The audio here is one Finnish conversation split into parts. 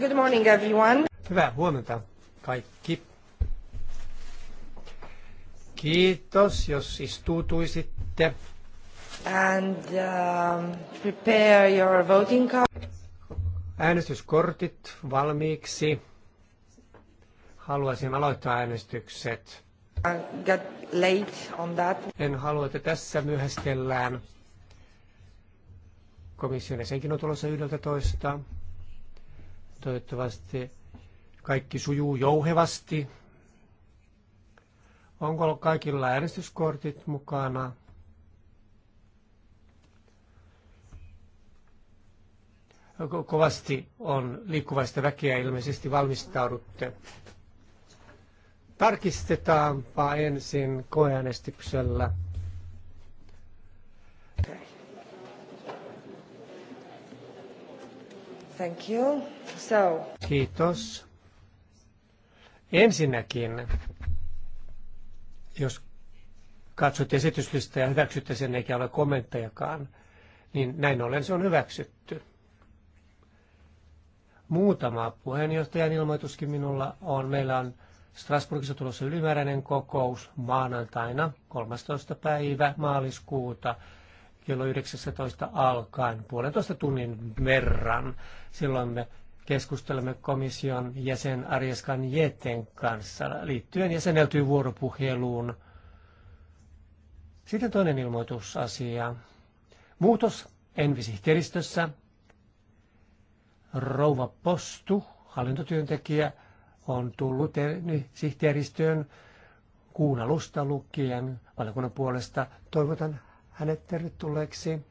Good morning everyone. Hyvää huomenta kaikki. Kiitos, jos istuutuisitte. And uh, prepare your voting cards. Äänestyskortit valmiiksi. Haluaisin aloittaa äänestykset. I late on that. En halua, että tässä myöhästellään. Komission senkin on tulossa 11. Toivottavasti kaikki sujuu jouhevasti. Onko ollut kaikilla äänestyskortit mukana? Kovasti on liikkuvaista väkeä ilmeisesti valmistaudutte. Tarkistetaanpa ensin koeäänestyksellä. Thank you. So. Kiitos. Ensinnäkin, jos katsotte esityslistaa ja hyväksytte sen eikä ole kommenttejakaan, niin näin ollen se on hyväksytty. Muutama puheenjohtajan ilmoituskin minulla on. Meillä on Strasbourgissa tulossa ylimääräinen kokous maanantaina 13. päivä maaliskuuta kello 19 alkaen puolentoista tunnin verran. Silloin me keskustelemme komission jäsen Arjeskan Jeten kanssa liittyen jäseneltyy vuoropuheluun. Sitten toinen ilmoitusasia. Muutos Envisihteeristössä. Rouva Postu, hallintotyöntekijä, on tullut sihteeristöön kuunalusta lukien valiokunnan puolesta. Toivotan hänet tervetulleeksi.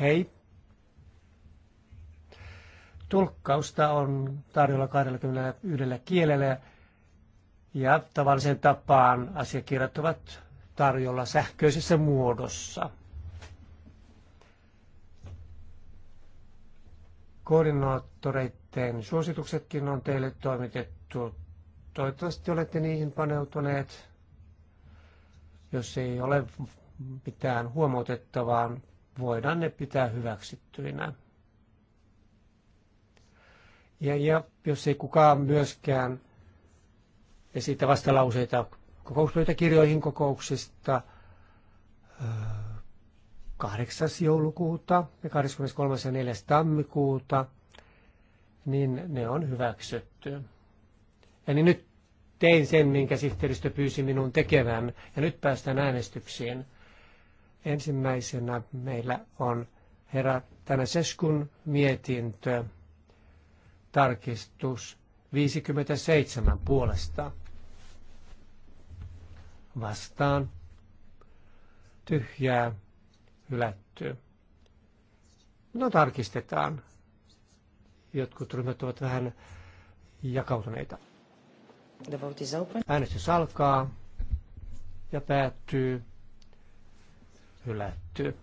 Hei! Tulkkausta on tarjolla 21 kielellä ja tavalliseen tapaan asiakirjat ovat tarjolla sähköisessä muodossa. Koordinaattoreiden suosituksetkin on teille toimitettu. Toivottavasti olette niihin paneutuneet. Jos ei ole mitään huomautettavaa, voidaan ne pitää hyväksyttyinä. Ja, ja jos ei kukaan myöskään esitä vastalauseita kokouspöytäkirjoihin kokouksista 8. Äh, joulukuuta ja 23. ja 4. tammikuuta, niin ne on hyväksytty. Eli nyt tein sen, minkä sihteeristö pyysi minun tekevän, ja nyt päästään äänestyksiin. Ensimmäisenä meillä on herra Tänäseskun mietintö, tarkistus 57 puolesta. Vastaan. Tyhjää. Hylätty. No tarkistetaan. Jotkut ryhmät ovat vähän jakautuneita. Äänestys alkaa ja päättyy hylätty.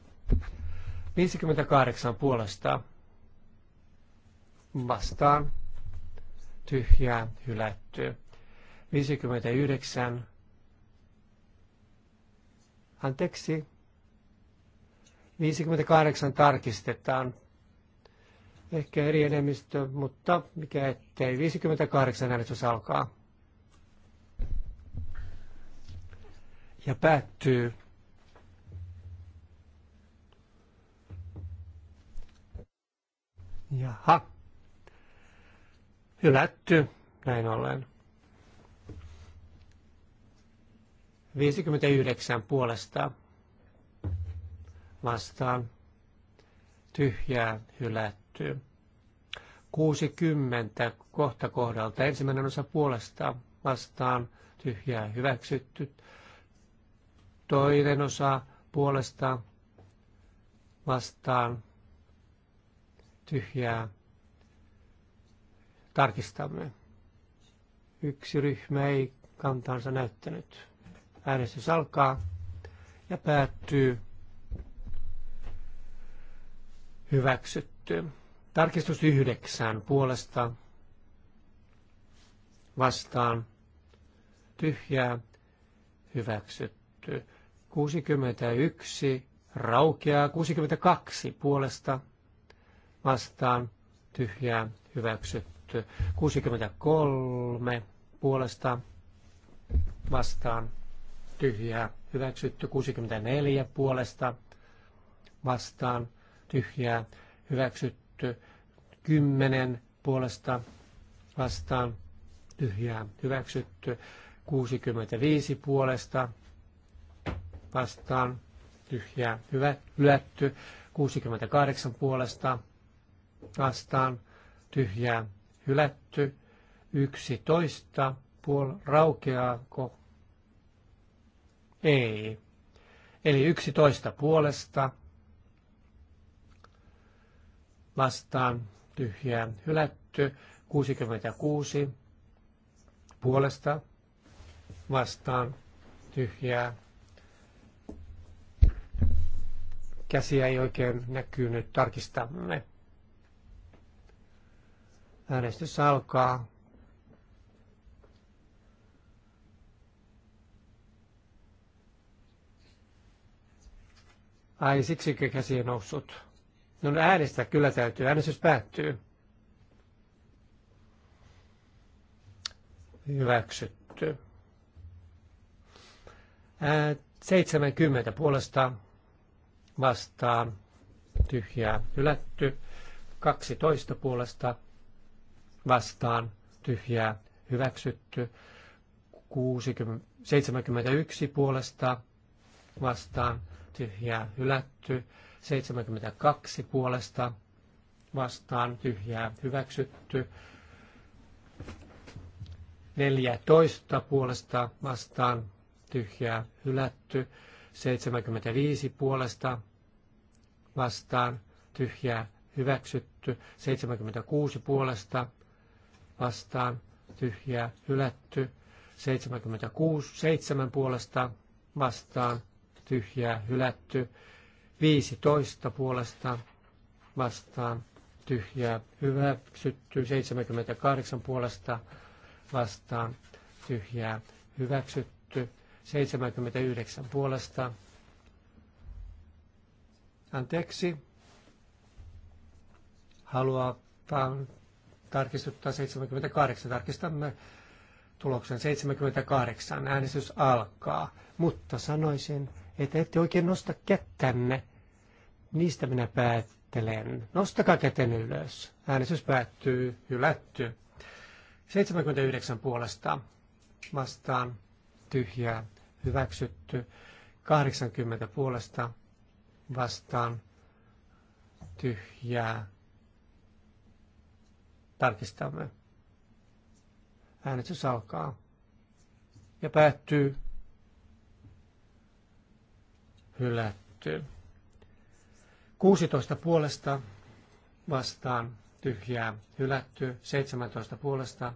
58 puolesta vastaan tyhjää hylätty. 59 anteeksi 58 tarkistetaan. Ehkä eri enemmistö, mutta mikä ettei. 58 äänestys alkaa. Ja päättyy Jaha. Hylätty, näin ollen. 59 puolesta vastaan tyhjää hylätty. 60 kohta kohdalta ensimmäinen osa puolesta vastaan tyhjää hyväksytty. Toinen osa puolesta vastaan tyhjää. Tarkistamme. Yksi ryhmä ei kantaansa näyttänyt. Äänestys alkaa ja päättyy. Hyväksytty. Tarkistus yhdeksään puolesta vastaan tyhjää hyväksytty. 61 raukeaa 62 puolesta vastaan tyhjää hyväksytty. 63 puolesta vastaan tyhjää hyväksytty. 64 puolesta vastaan tyhjää hyväksytty. 10 puolesta vastaan tyhjää hyväksytty. 65 puolesta vastaan tyhjää hyvä, lyötty. 68 puolesta vastaan tyhjää hylätty. toista puol raukeaako? Ei. Eli yksi toista puolesta vastaan tyhjää hylätty. 66 puolesta vastaan tyhjää. Käsiä ei oikein näkynyt, tarkistamme. Äänestys alkaa. Ai, siksi käsi on noussut. No äänestää kyllä täytyy. Äänestys päättyy. Hyväksytty. Ää, 70 puolesta vastaan. Tyhjää hylätty. 12 puolesta vastaan tyhjää hyväksytty. 60, 71 puolesta vastaan tyhjää hylätty. 72 puolesta vastaan tyhjää hyväksytty. 14 puolesta vastaan tyhjää hylätty. 75 puolesta vastaan tyhjää hyväksytty. 76 puolesta vastaan tyhjää hylätty. 76, 7 puolesta vastaan tyhjää hylätty. 15 puolesta vastaan tyhjää hyväksytty. 78 puolesta vastaan tyhjää hyväksytty. 79 puolesta. Anteeksi. Haluaa tarkistuttaa 78. Tarkistamme tuloksen 78. Äänestys alkaa. Mutta sanoisin, että ette oikein nosta kättänne. Niistä minä päättelen. Nostakaa käten ylös. Äänestys päättyy. Hylätty. 79 puolesta vastaan tyhjää. Hyväksytty. 80 puolesta vastaan tyhjää Tarkistamme. Äänestys alkaa ja päättyy. Hylätty. 16 puolesta vastaan tyhjää hylätty, 17 puolesta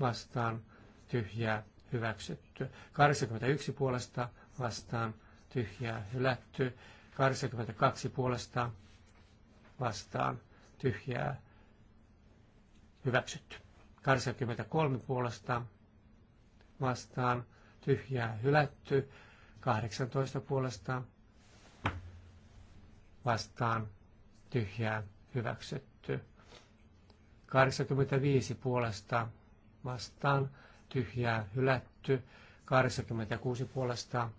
vastaan tyhjää hyväksytty, 81 puolesta vastaan tyhjää hylätty, 82 puolesta vastaan tyhjää hyväksytty. 83 puolesta vastaan tyhjää hylätty. 18 puolesta vastaan tyhjää hyväksytty. 85 puolesta vastaan tyhjää hylätty. 86 puolesta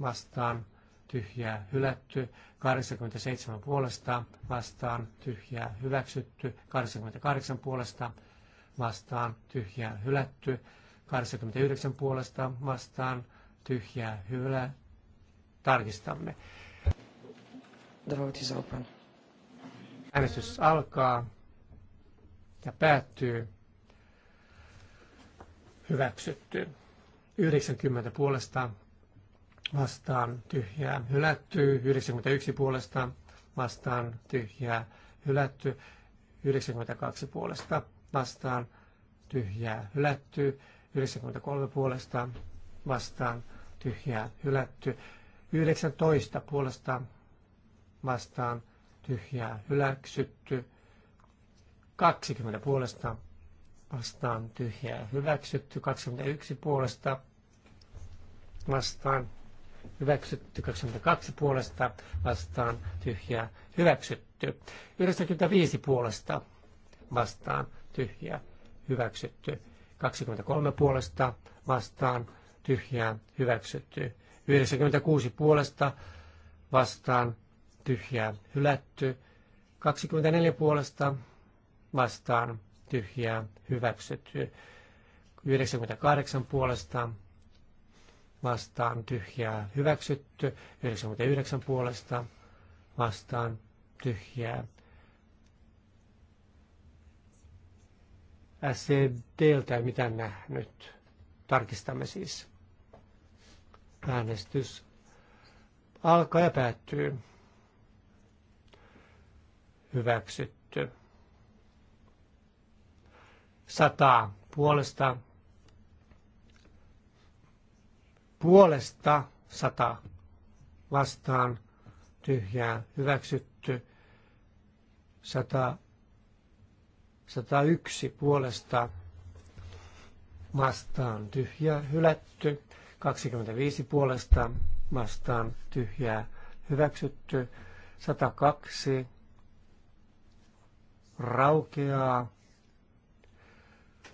vastaan tyhjää hylätty, 87 puolesta vastaan tyhjää hyväksytty, 88 puolesta vastaan tyhjää hylätty, 89 puolesta vastaan tyhjää hylä. Tarkistamme. The vote is open. Äänestys alkaa ja päättyy. Hyväksytty. 90 puolesta vastaan tyhjää hylätty, 91 puolesta vastaan tyhjää hylätty, 92 puolesta vastaan tyhjää hylätty, 93 puolesta vastaan tyhjää hylätty, 19 puolesta vastaan tyhjää hyväksytty, 20 puolesta vastaan tyhjää hyväksytty, 21 puolesta vastaan hyväksytty, 22 puolesta vastaan tyhjää hyväksytty, 95 puolesta vastaan tyhjää hyväksytty, 23 puolesta vastaan tyhjää hyväksytty, 96 puolesta vastaan tyhjää hylätty, 24 puolesta vastaan tyhjää hyväksytty, 98 puolesta vastaan tyhjää hyväksytty, 99 puolesta vastaan tyhjää. SCDltä ei mitään nähnyt. Tarkistamme siis. Äänestys alkaa ja päättyy. Hyväksytty. 100 puolesta puolesta 100 vastaan tyhjää hyväksytty 100, 101 puolesta vastaan tyhjää hylätty 25 puolesta vastaan tyhjää hyväksytty 102 raukeaa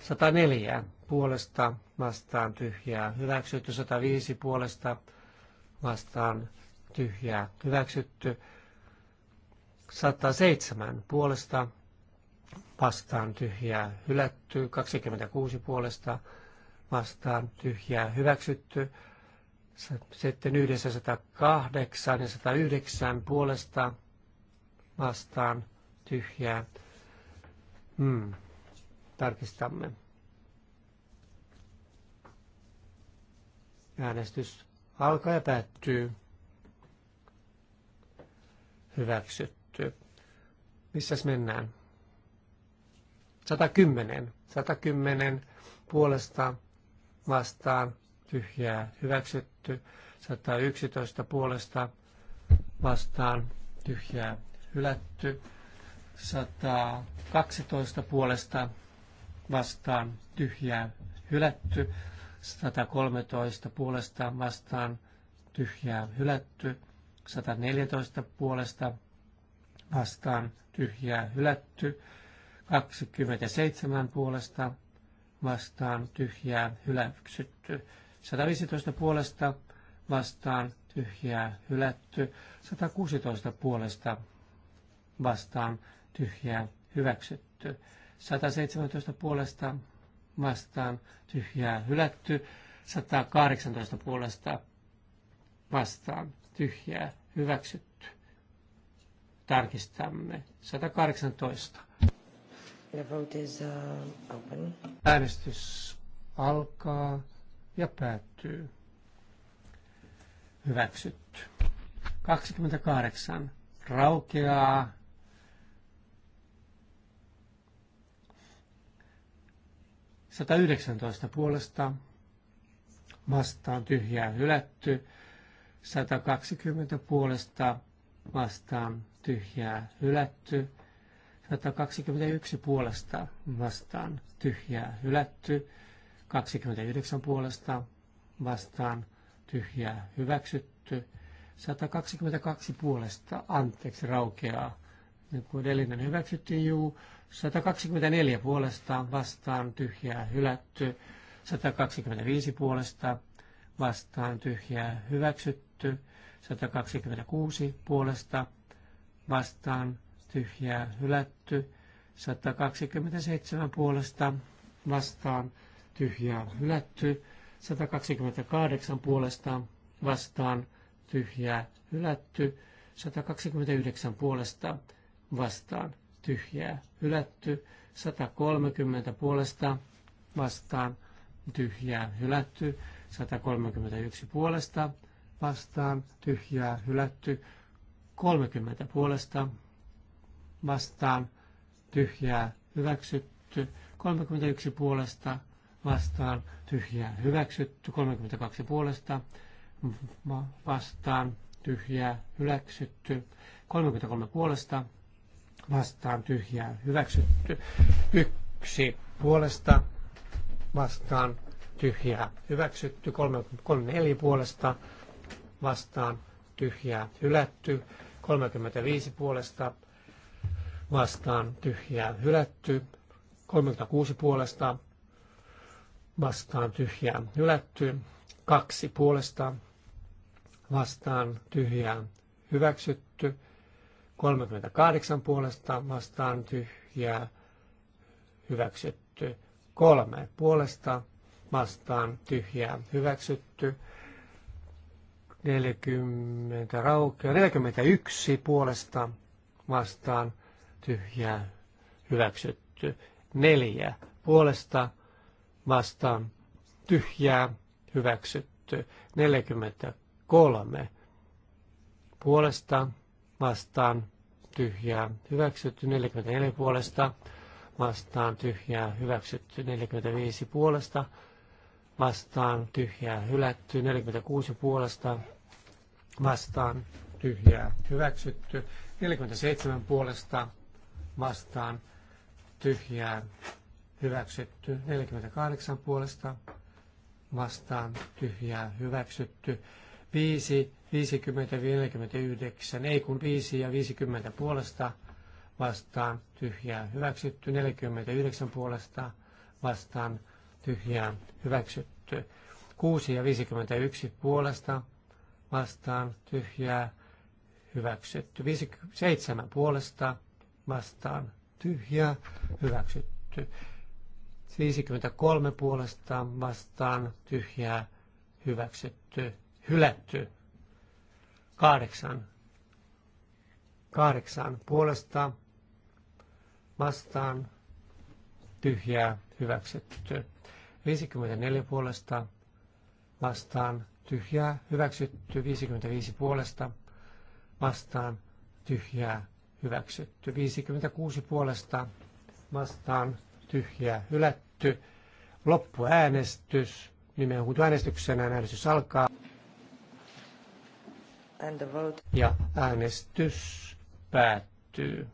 104 puolesta vastaan tyhjää hyväksytty, 105 puolesta vastaan tyhjää hyväksytty, 107 puolesta vastaan tyhjää hylätty, 26 puolesta vastaan tyhjää hyväksytty, sitten yhdessä 108 ja 109 puolesta vastaan tyhjää. Hmm. Tarkistamme. Äänestys alkaa ja päättyy. Hyväksytty. Missäs mennään? 110. 110 puolesta vastaan tyhjää hyväksytty. 111 puolesta vastaan tyhjää hylätty. 112 puolesta vastaan tyhjää hylätty. 113 puolesta vastaan tyhjää hylätty, 114 puolesta vastaan tyhjää hylätty, 27 puolesta vastaan tyhjää hyväksytty, 115 puolesta vastaan tyhjää hylätty, 116 puolesta vastaan tyhjää hyväksytty, 117 puolesta vastaan tyhjää hylätty. 118 puolesta vastaan tyhjää hyväksytty. Tarkistamme. 118. The vote is, uh, open. Äänestys alkaa ja päättyy. Hyväksytty. 28. Raukeaa 119 puolesta vastaan tyhjää hylätty. 120 puolesta vastaan tyhjää hylätty. 121 puolesta vastaan tyhjää hylätty. 29 puolesta vastaan tyhjää hyväksytty. 122 puolesta anteeksi raukeaa. Niin kuin edellinen hyväksyttiin juu. 124 puolesta vastaan tyhjää hylätty, 125 puolesta vastaan tyhjää hyväksytty, 126 puolesta vastaan tyhjää hylätty, 127 puolesta vastaan tyhjää hylätty, 128 puolesta vastaan tyhjää hylätty, 129 puolesta vastaan tyhjää hylätty, 130 puolesta vastaan tyhjää hylätty, 131 puolesta vastaan tyhjää hylätty, 30 puolesta vastaan tyhjää hyväksytty, 31 puolesta vastaan tyhjää hyväksytty, 32 puolesta vastaan tyhjää hyväksytty, 33 puolesta vastaan tyhjää hyväksytty. Yksi puolesta vastaan tyhjää hyväksytty. Kolme, kolme neljä puolesta vastaan tyhjää hylätty. 35 puolesta vastaan tyhjää hylätty. 36 puolesta vastaan tyhjää hylätty. Kaksi puolesta vastaan tyhjää hyväksytty. 38 puolesta vastaan tyhjää hyväksytty. 3 puolesta vastaan tyhjää hyväksytty. 40 raukea, 41 puolesta vastaan tyhjää hyväksytty. 4 puolesta vastaan tyhjää hyväksytty. 43 puolesta vastaan tyhjää hyväksytty 44 puolesta, vastaan tyhjää hyväksytty 45 puolesta, vastaan tyhjää hylätty 46 puolesta, vastaan tyhjää hyväksytty 47 puolesta, vastaan tyhjää hyväksytty 48 puolesta, vastaan tyhjää hyväksytty 5 50-49, ei kun 5 ja 50 puolesta vastaan tyhjää hyväksytty, 49 puolesta vastaan tyhjää hyväksytty, 6 ja 51 puolesta vastaan tyhjää hyväksytty, 7 puolesta vastaan tyhjää hyväksytty, 53 puolesta vastaan tyhjää hyväksytty, hylätty. Kahdeksan. Kahdeksan puolesta vastaan tyhjää hyväksytty. 54 puolesta vastaan tyhjää hyväksytty. 55 puolesta vastaan tyhjää hyväksytty. 56 puolesta vastaan tyhjää hylätty. Loppuäänestys nimenhuutoäänestyksenä äänestys alkaa. And the vote. Ja äänestys päättyy.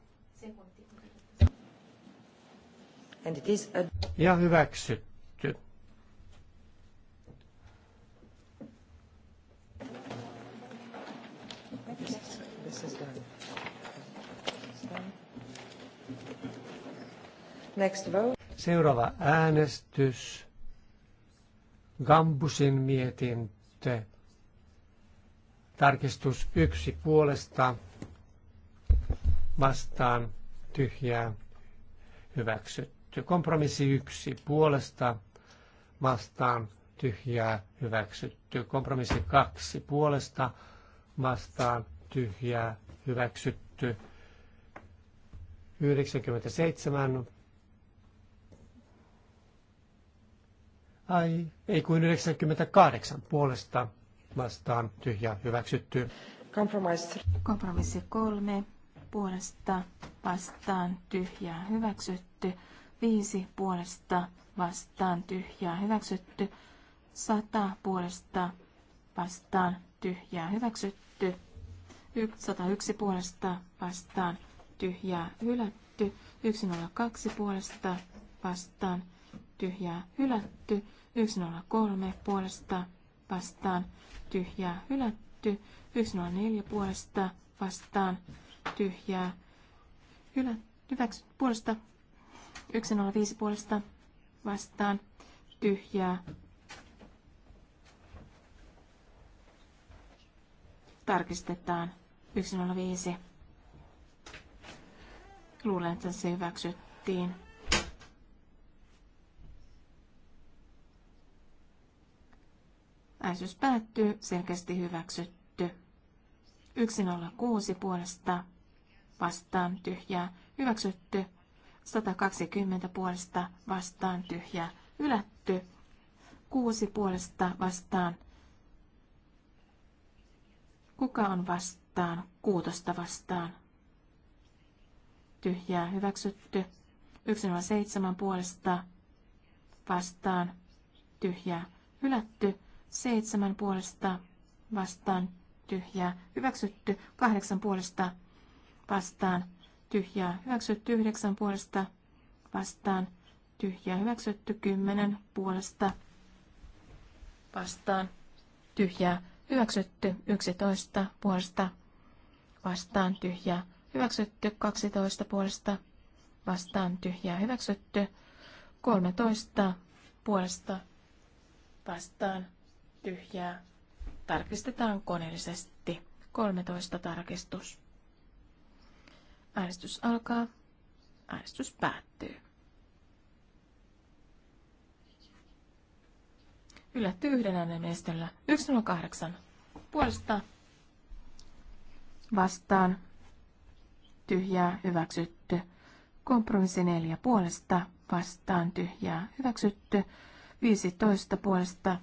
And it is a... Ja hyväksytty. This, is done. Next vote. Seuraava äänestys. Gambusin mietintö Tarkistus yksi puolesta vastaan tyhjää hyväksytty. Kompromissi yksi puolesta vastaan tyhjää hyväksytty. Kompromissi kaksi puolesta vastaan tyhjää hyväksytty. 97 ai ei kuin 98 puolesta vastaan tyhjä hyväksytty. Kompromissi. kolme puolesta vastaan tyhjää hyväksytty. Viisi puolesta vastaan tyhjää hyväksytty. Sata puolesta vastaan tyhjää hyväksytty. 101 puolesta vastaan tyhjää hylätty. 102 puolesta vastaan tyhjää hylätty. 103 puolesta vastaan tyhjää hylätty. 104 puolesta vastaan tyhjää hylätty. puolesta 105 puolesta vastaan tyhjää. Tarkistetaan 105. Luulen, että se hyväksyttiin. Äänestys päättyy, selkeästi hyväksytty. 106 puolesta vastaan tyhjää, hyväksytty. 120 puolesta vastaan tyhjää, ylätty. 6 puolesta vastaan. Kuka on vastaan? Kuutosta vastaan. Tyhjää, hyväksytty. 107 puolesta vastaan. Tyhjää, hylätty seitsemän puolesta vastaan tyhjää hyväksytty, kahdeksan puolesta vastaan tyhjää hyväksytty, yhdeksän puolesta vastaan tyhjää hyväksytty, kymmenen puolesta vastaan tyhjää hyväksytty, yksitoista puolesta vastaan tyhjää hyväksytty, kaksitoista puolesta vastaan tyhjää hyväksytty, kolmetoista puolesta vastaan tyhjää. Tarkistetaan koneellisesti. 13 tarkistus. Äänestys alkaa. Äänestys päättyy. Yllätty yhden äänen menestyllä. 108. Puolesta. Vastaan. Tyhjää. Hyväksytty. Kompromissi 4. Puolesta. Vastaan. Tyhjää. Hyväksytty. 15. Puolesta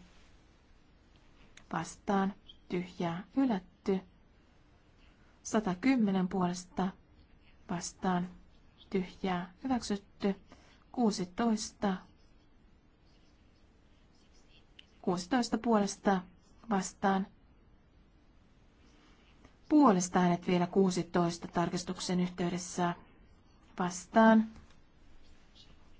vastaan tyhjää hylätty. 110 puolesta vastaan tyhjää hyväksytty. 16 16 puolesta vastaan. Puolesta hänet vielä 16 tarkistuksen yhteydessä vastaan.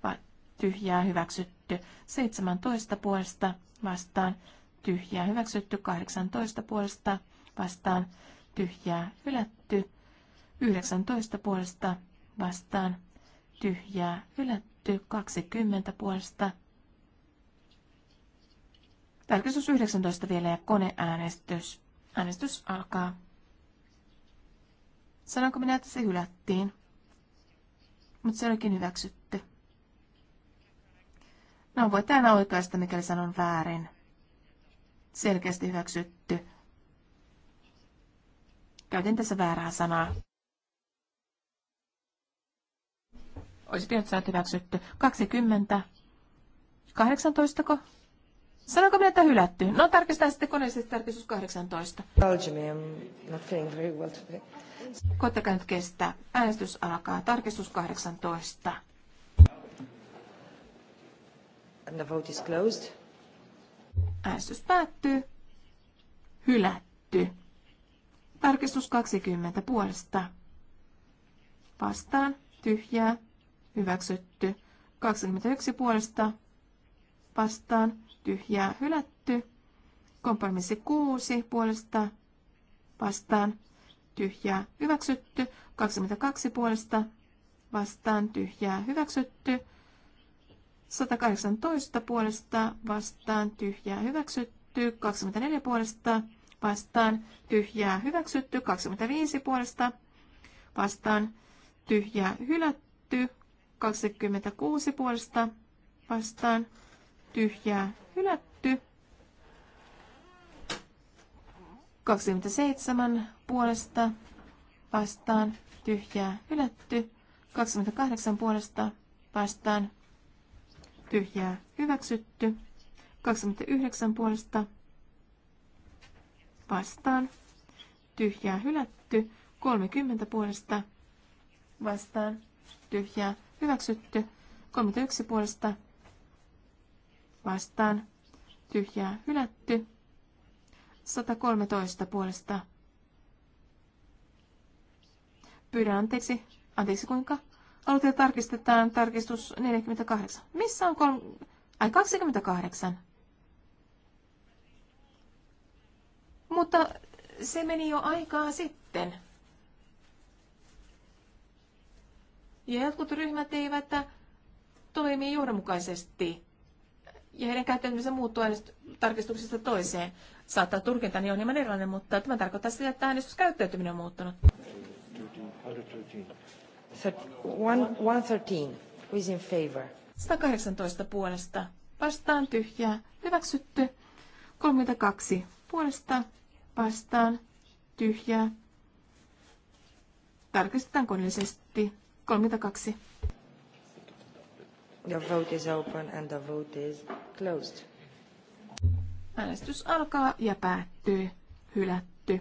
Va- tyhjää hyväksytty. 17 puolesta vastaan tyhjää hyväksytty, 18 puolesta vastaan tyhjää hylätty, 19 puolesta vastaan tyhjää hylätty, 20 puolesta. Tarkistus 19 vielä ja koneäänestys. Äänestys alkaa. Sanonko minä, että se hylättiin? Mutta se olikin hyväksytty. No voit aina oikaista, mikäli sanon väärin selkeästi hyväksytty. Käytin tässä väärää sanaa. Olisi pitänyt saada hyväksytty. 20. 18 ko? Sanonko minä, että hylätty? No tarkistetaan sitten koneellisesti tarkistus 18. Koittakaa nyt kestää. Äänestys alkaa. Tarkistus 18. And the vote is closed. Äänestys päättyy. Hylätty. Tarkistus 20 puolesta. Vastaan. Tyhjää. Hyväksytty. 21 puolesta. Vastaan. Tyhjää. Hylätty. Kompromissi 6 puolesta. Vastaan. Tyhjää. Hyväksytty. 22 puolesta. Vastaan. Tyhjää. Hyväksytty. 118 puolesta vastaan tyhjää hyväksytty, 24 puolesta vastaan tyhjää hyväksytty, 25 puolesta vastaan tyhjää hylätty, 26 puolesta vastaan tyhjää hylätty, 27 puolesta vastaan tyhjää hylätty, 28 puolesta vastaan tyhjää hyväksytty. 29 puolesta vastaan tyhjää hylätty. 30 puolesta vastaan tyhjää hyväksytty. 31 puolesta vastaan tyhjää hylätty. 113 puolesta. Pyydän anteeksi. Anteeksi kuinka? Aloite tarkistetaan tarkistus 48. Missä on kolme... Ai 28. Mutta se meni jo aikaa sitten. Ja jotkut ryhmät eivät toimi johdonmukaisesti. Ja heidän käyttäytymisensä muuttuu tarkistuksesta toiseen. Saattaa niin on hieman erilainen, mutta tämä tarkoittaa sitä, että äänestyskäyttäytyminen on muuttunut. 13, 113. Who is in favor? 118 puolesta. Vastaan tyhjää. Hyväksytty. 32 puolesta. Vastaan tyhjää. Tarkistetaan koneellisesti. 32. The vote is open and the vote is closed. Äänestys alkaa ja päättyy. Hylätty.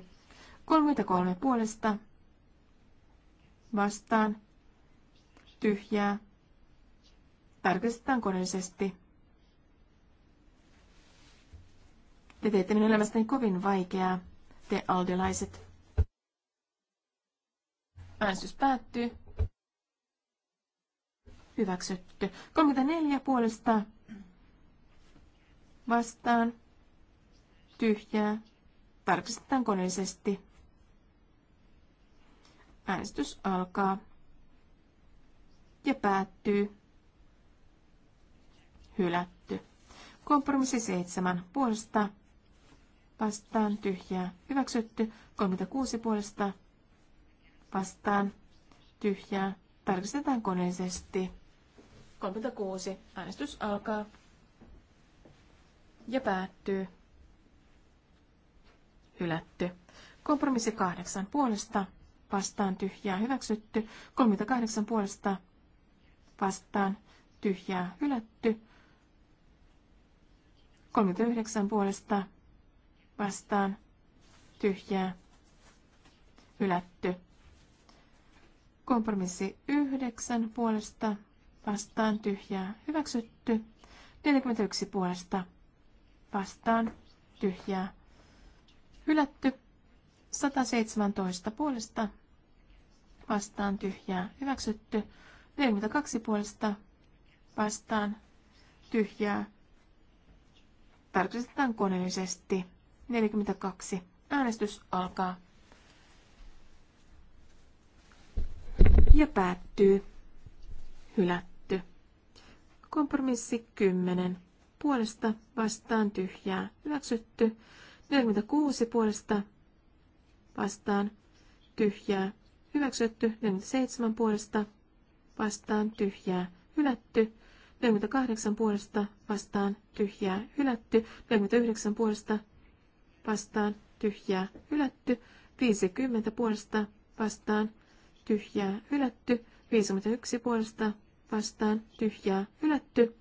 33 puolesta vastaan, tyhjää, tarkistetaan koneellisesti. Te teette minun elämästäni kovin vaikeaa, te aldelaiset. Äänestys päättyy. Hyväksytty. 34 puolesta vastaan. Tyhjää. Tarkistetaan koneellisesti. Äänestys alkaa ja päättyy. Hylätty. Kompromissi 7 puolesta vastaan tyhjää. Hyväksytty. 36 puolesta vastaan tyhjää. Tarkistetaan koneellisesti. 36. Äänestys alkaa ja päättyy. Hylätty. Kompromissi 8 puolesta vastaan tyhjää hyväksytty, 38 puolesta vastaan tyhjää hylätty, 39 puolesta vastaan tyhjää hylätty. Kompromissi 9 puolesta vastaan tyhjää hyväksytty, 41 puolesta vastaan tyhjää hylätty, 117 puolesta vastaan tyhjää hyväksytty. 42 puolesta vastaan tyhjää tarkistetaan koneellisesti. 42. Äänestys alkaa. Ja päättyy. Hylätty. Kompromissi 10. Puolesta vastaan tyhjää. Hyväksytty. 46 puolesta vastaan tyhjää. Hyväksytty 47 puolesta vastaan tyhjää hylätty. 48 puolesta vastaan tyhjää hylätty. 49 puolesta vastaan tyhjää hylätty. 50 puolesta vastaan tyhjää hylätty. 51 puolesta vastaan tyhjää hylätty.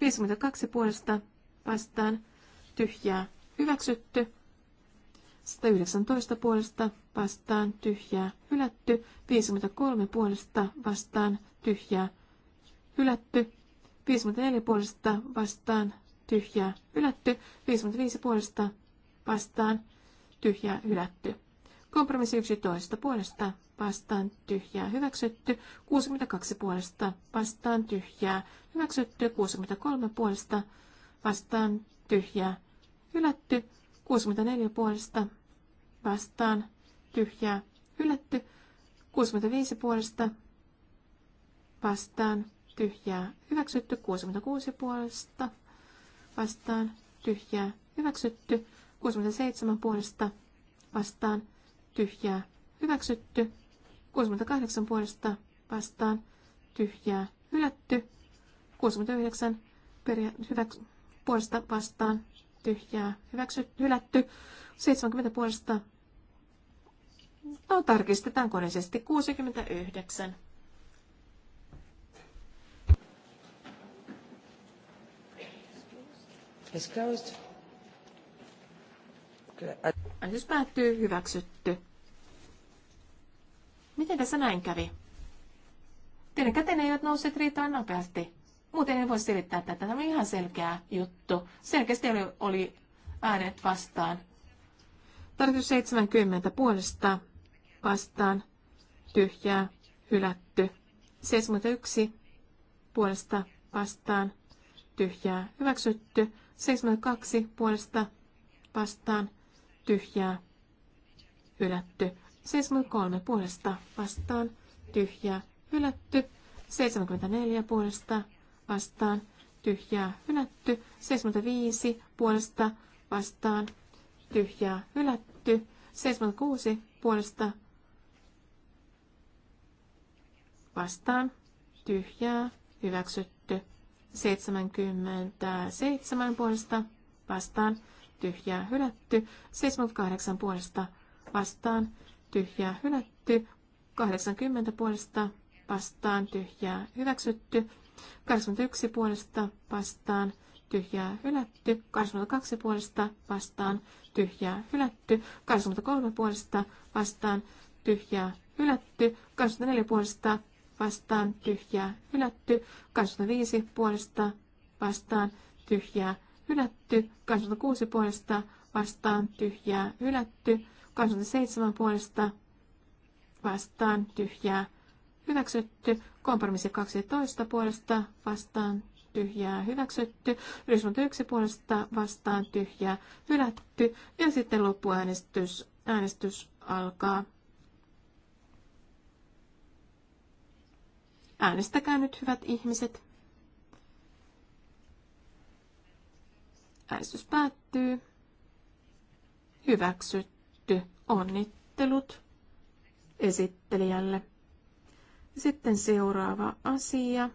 52 puolesta vastaan tyhjää hyväksytty. 119 puolesta vastaan tyhjää hylätty. 53 puolesta vastaan tyhjää hylätty. 54 puolesta vastaan tyhjää hylätty. 55 puolesta vastaan tyhjää hylätty. Kompromissi 11 puolesta vastaan tyhjää hyväksytty, 62 puolesta vastaan tyhjää hyväksytty, 63 puolesta vastaan tyhjää hylätty, 64 puolesta vastaan tyhjää hylätty. 65 puolesta vastaan tyhjää hyväksytty. 66 puolesta vastaan tyhjää hyväksytty. 67 puolesta vastaan tyhjää hyväksytty. 68 puolesta vastaan tyhjää hylätty. 69 peria- hyvä, puolesta vastaan ja hyväksy, hylätty. 70 puolesta. No, tarkistetaan koneisesti 69. Is closed. Äänestys päättyy hyväksytty. Miten tässä näin kävi? Teidän käteen eivät nousseet riittävän nopeasti. Muuten en voi selittää tätä. Tämä on ihan selkeä juttu. Selkeästi oli, oli äänet vastaan. Tarkoitus 70 puolesta vastaan tyhjää hylätty. 71 puolesta vastaan tyhjää hyväksytty. 72 puolesta vastaan tyhjää hylätty. 73 puolesta vastaan tyhjää hylätty. 74 puolesta vastaan tyhjää hylätty. 75 puolesta vastaan tyhjää hylätty. 76 puolesta vastaan tyhjää hyväksytty. 77 puolesta vastaan tyhjää hylätty. 78 puolesta vastaan tyhjää hylätty. 80 puolesta vastaan tyhjää hyväksytty. 81 puolesta vastaan tyhjää hylätty, 82 puolesta vastaan tyhjää hylätty, 83 puolesta vastaan tyhjää hylätty, 84 puolesta vastaan tyhjää hylätty, 85 puolesta vastaan tyhjää hylätty, 86 puolesta vastaan tyhjää hylätty, 87 puolesta vastaan tyhjää hyväksytty. Kompromissi 12 puolesta vastaan tyhjää hyväksytty. 1 puolesta vastaan tyhjää hylätty. Ja sitten loppuäänestys äänestys alkaa. Äänestäkää nyt, hyvät ihmiset. Äänestys päättyy. Hyväksytty. Onnittelut esittelijälle. Sitten seuraava asia.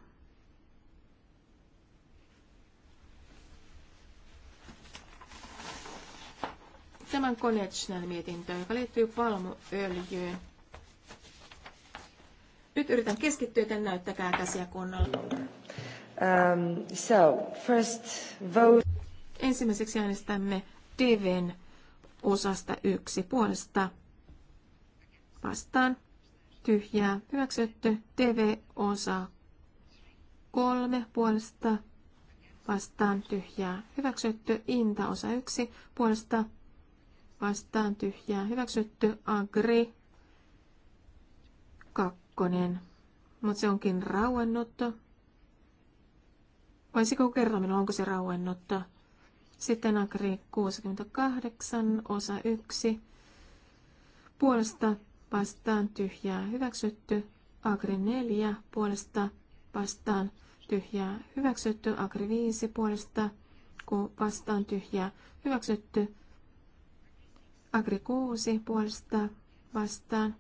Tämän Konechnan mietintö, joka liittyy palmuöljyyn. Nyt yritän keskittyä, joten näyttäkää käsiä kunnolla. Um, so, first vote. Ensimmäiseksi äänestämme divin osasta yksi puolesta vastaan tyhjää hyväksytty. TV-osa kolme puolesta vastaan tyhjää hyväksytty. Inta osa yksi puolesta vastaan tyhjää hyväksytty. Agri kakkonen, mutta se onkin rauennut. Voisiko kertoa minulle, onko se rauennut? Sitten Agri 68 osa 1 puolesta vastaan tyhjää hyväksytty. Agri 4 puolesta vastaan tyhjää hyväksytty. Agri 5 puolesta vastaan tyhjää hyväksytty. Agri 6 puolesta vastaan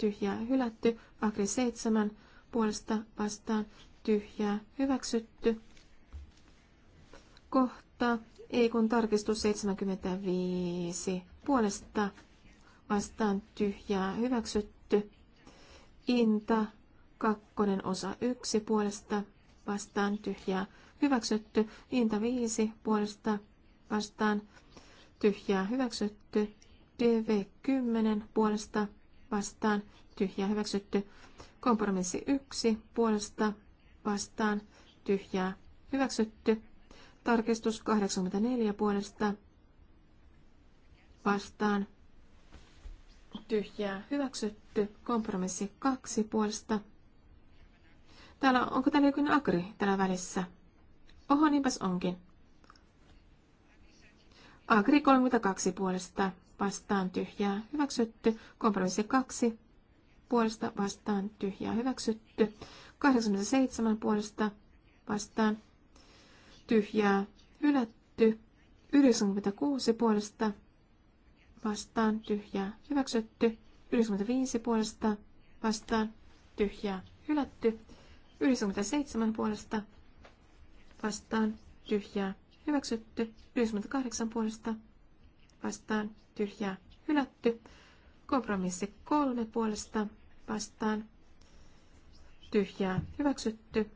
tyhjää hylätty. Agri 7 puolesta vastaan tyhjää hyväksytty. Kohta ei kun tarkistus 75 puolesta vastaan tyhjää hyväksytty. Inta kakkonen osa yksi puolesta vastaan tyhjää hyväksytty. Inta viisi puolesta vastaan tyhjää hyväksytty. DV10 puolesta vastaan tyhjää hyväksytty. Kompromissi 1 puolesta vastaan tyhjää hyväksytty. Tarkistus 84 puolesta vastaan tyhjää hyväksytty. Kompromissi kaksi puolesta. Täällä, onko täällä jokin agri täällä välissä? Oho, niinpäs onkin. Agri 32 puolesta vastaan tyhjää hyväksytty. Kompromissi 2 puolesta vastaan tyhjää hyväksytty. 87 puolesta vastaan tyhjää hylätty. 96 puolesta vastaan tyhjää hyväksytty. 95 puolesta vastaan tyhjää hylätty. 97 puolesta vastaan tyhjää hyväksytty. 98 puolesta vastaan tyhjää hylätty. Kompromissi 3 puolesta vastaan tyhjää hyväksytty.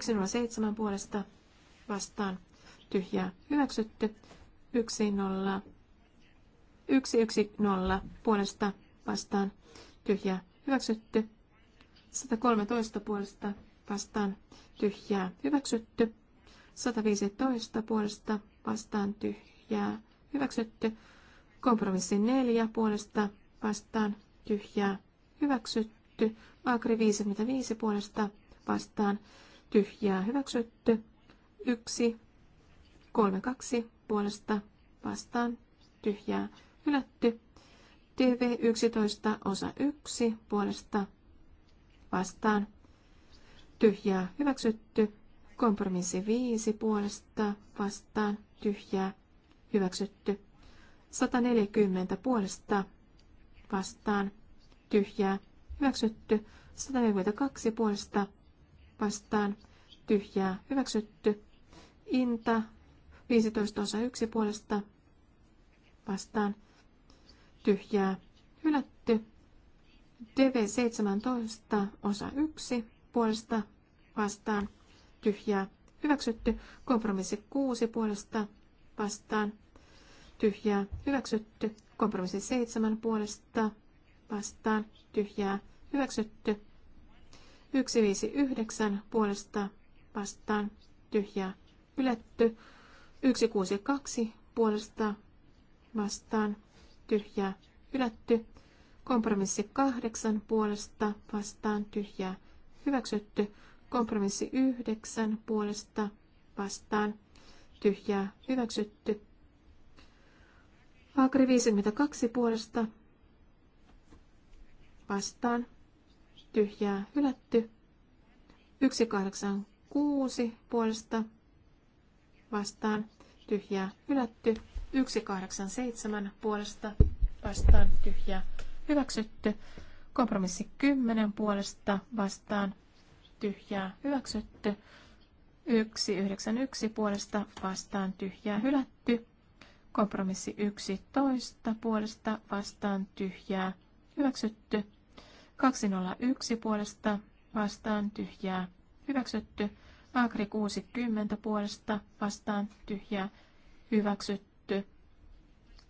107 puolesta vastaan tyhjää hyväksytty. 10 110 puolesta vastaan tyhjää hyväksytty. 113 puolesta vastaan tyhjää hyväksytty. 115 puolesta vastaan tyhjää hyväksytty. Kompromissi 4 puolesta vastaan tyhjää hyväksytty. Agri 55 puolesta vastaan tyhjää hyväksytty. 1 3 2 puolesta vastaan tyhjää Hylätty. TV11 osa 1 puolesta vastaan. Tyhjää hyväksytty. Kompromissi 5 puolesta vastaan. Tyhjää hyväksytty. 140 puolesta vastaan. Tyhjää hyväksytty. 142 puolesta vastaan. Tyhjää hyväksytty. Inta 15 osa 1 puolesta vastaan tyhjää, hylätty. TV 17 osa 1 puolesta vastaan tyhjää, hyväksytty. Kompromissi 6 puolesta vastaan tyhjää, hyväksytty. Kompromissi 7 puolesta vastaan tyhjää, hyväksytty. 159 puolesta vastaan tyhjää, hylätty. 162 puolesta vastaan tyhjää, hylätty. Kompromissi kahdeksan puolesta vastaan tyhjää, hyväksytty. Kompromissi yhdeksän puolesta vastaan tyhjää, hyväksytty. Agri 52 puolesta vastaan tyhjää, hylätty. 186 puolesta vastaan tyhjää, hylätty. 187 puolesta vastaan tyhjää hyväksytty. Kompromissi 10 puolesta vastaan tyhjää hyväksytty. 191 puolesta vastaan tyhjää hylätty. Kompromissi 11 puolesta vastaan tyhjää hyväksytty. 201 puolesta vastaan tyhjää hyväksytty. Agri 60 puolesta vastaan tyhjää hyväksytty.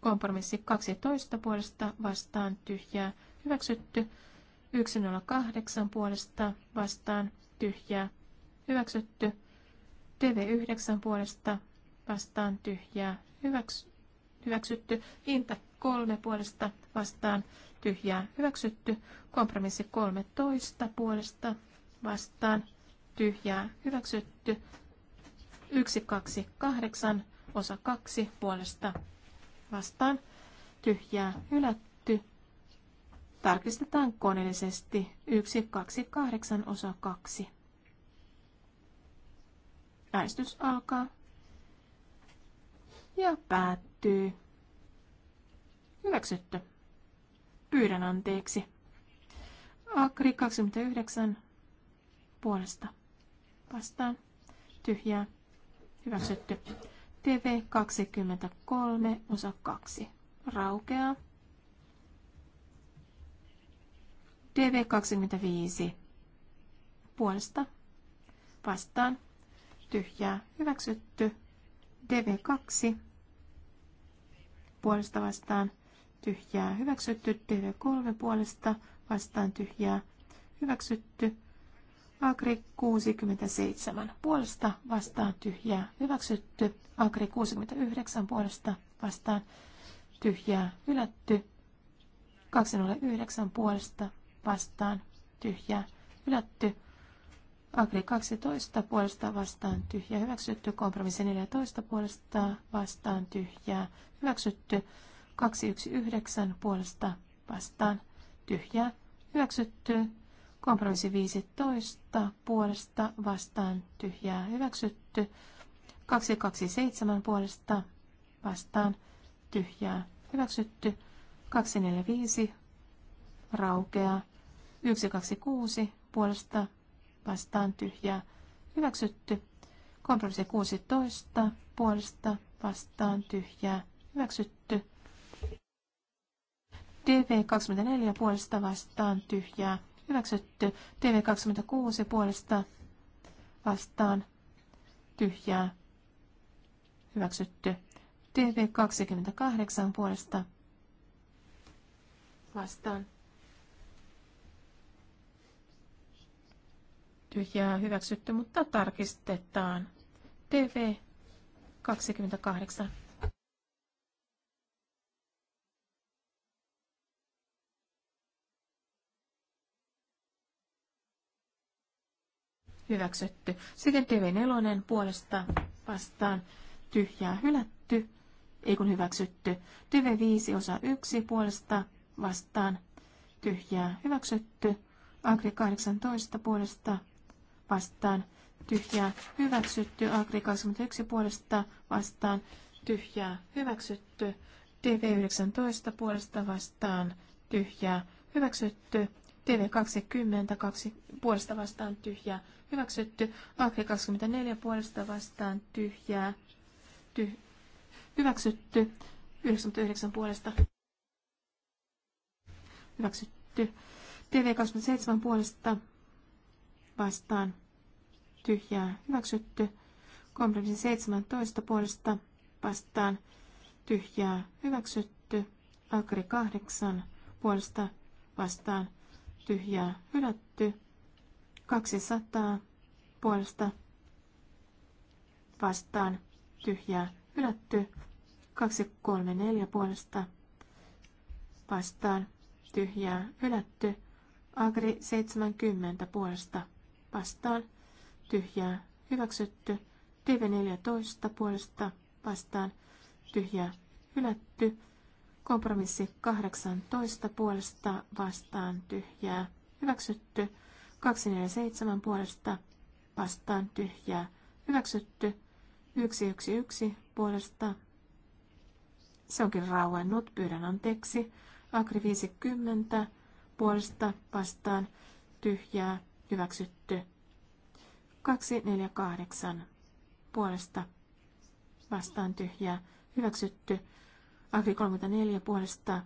Kompromissi 12 puolesta vastaan tyhjää hyväksytty. 108 puolesta vastaan tyhjää hyväksytty. TV9 puolesta vastaan tyhjää hyväks, hyväksytty. Inta 3 puolesta vastaan tyhjää hyväksytty. Kompromissi 13 puolesta vastaan tyhjää hyväksytty. 128 osa 2 puolesta vastaan tyhjää hylätty. Tarkistetaan koneellisesti 1, 2, 8, osa 2. Äistys alkaa ja päättyy. Hyväksytty. Pyydän anteeksi. Akri 29 puolesta. Vastaan. Tyhjää. Hyväksytty. TV23 osa 2 raukeaa. TV25 puolesta vastaan tyhjää hyväksytty. TV2 puolesta vastaan tyhjää hyväksytty. TV3 puolesta vastaan tyhjää hyväksytty. Agri 67 puolesta vastaan tyhjää hyväksytty. Agri 69 puolesta vastaan tyhjää hylätty. 209 puolesta vastaan tyhjää hylätty. Agri 12 puolesta vastaan tyhjää hyväksytty. Kompromissi 14 puolesta vastaan tyhjää hyväksytty. 219 puolesta vastaan tyhjää hyväksytty. Kompromissi 15 puolesta vastaan tyhjää hyväksytty. 227 puolesta vastaan tyhjää hyväksytty. 245 raukeaa. 126 puolesta vastaan tyhjää hyväksytty. Kompromissi 16 puolesta vastaan tyhjää hyväksytty. DV24 puolesta vastaan tyhjää Hyväksytty. TV26 puolesta vastaan. Tyhjää. Hyväksytty. TV28 puolesta vastaan. Tyhjää hyväksytty, mutta tarkistetaan. TV 28. hyväksytty. Sitten tv 4 puolesta vastaan tyhjää hylätty, ei kun hyväksytty. tv 5 osa 1 puolesta vastaan tyhjää hyväksytty. Agri 18 puolesta vastaan tyhjää hyväksytty. Agri 21 puolesta vastaan tyhjää hyväksytty. tv 19 puolesta vastaan tyhjää hyväksytty. TV20 puolesta vastaan tyhjää hyväksytty. Agri 24 puolesta vastaan tyhjää, ty, hyväksytty. 99 puolesta hyväksytty. TV27 puolesta vastaan tyhjää, hyväksytty. Kompromissi 17 puolesta vastaan tyhjää, hyväksytty. Alkari 8 puolesta vastaan tyhjää, hylätty. 200 puolesta vastaan tyhjää hylätty. 234 puolesta vastaan tyhjää hylätty. Agri 70 puolesta vastaan tyhjää hyväksytty. TV14 puolesta vastaan tyhjää hylätty. Kompromissi 18 puolesta vastaan tyhjää hyväksytty. 247 puolesta vastaan tyhjää hyväksytty. 111 puolesta. Se onkin rauennut, pyydän anteeksi. Agri 50 puolesta vastaan tyhjää hyväksytty. 248 puolesta vastaan tyhjää hyväksytty. Agri 34 puolesta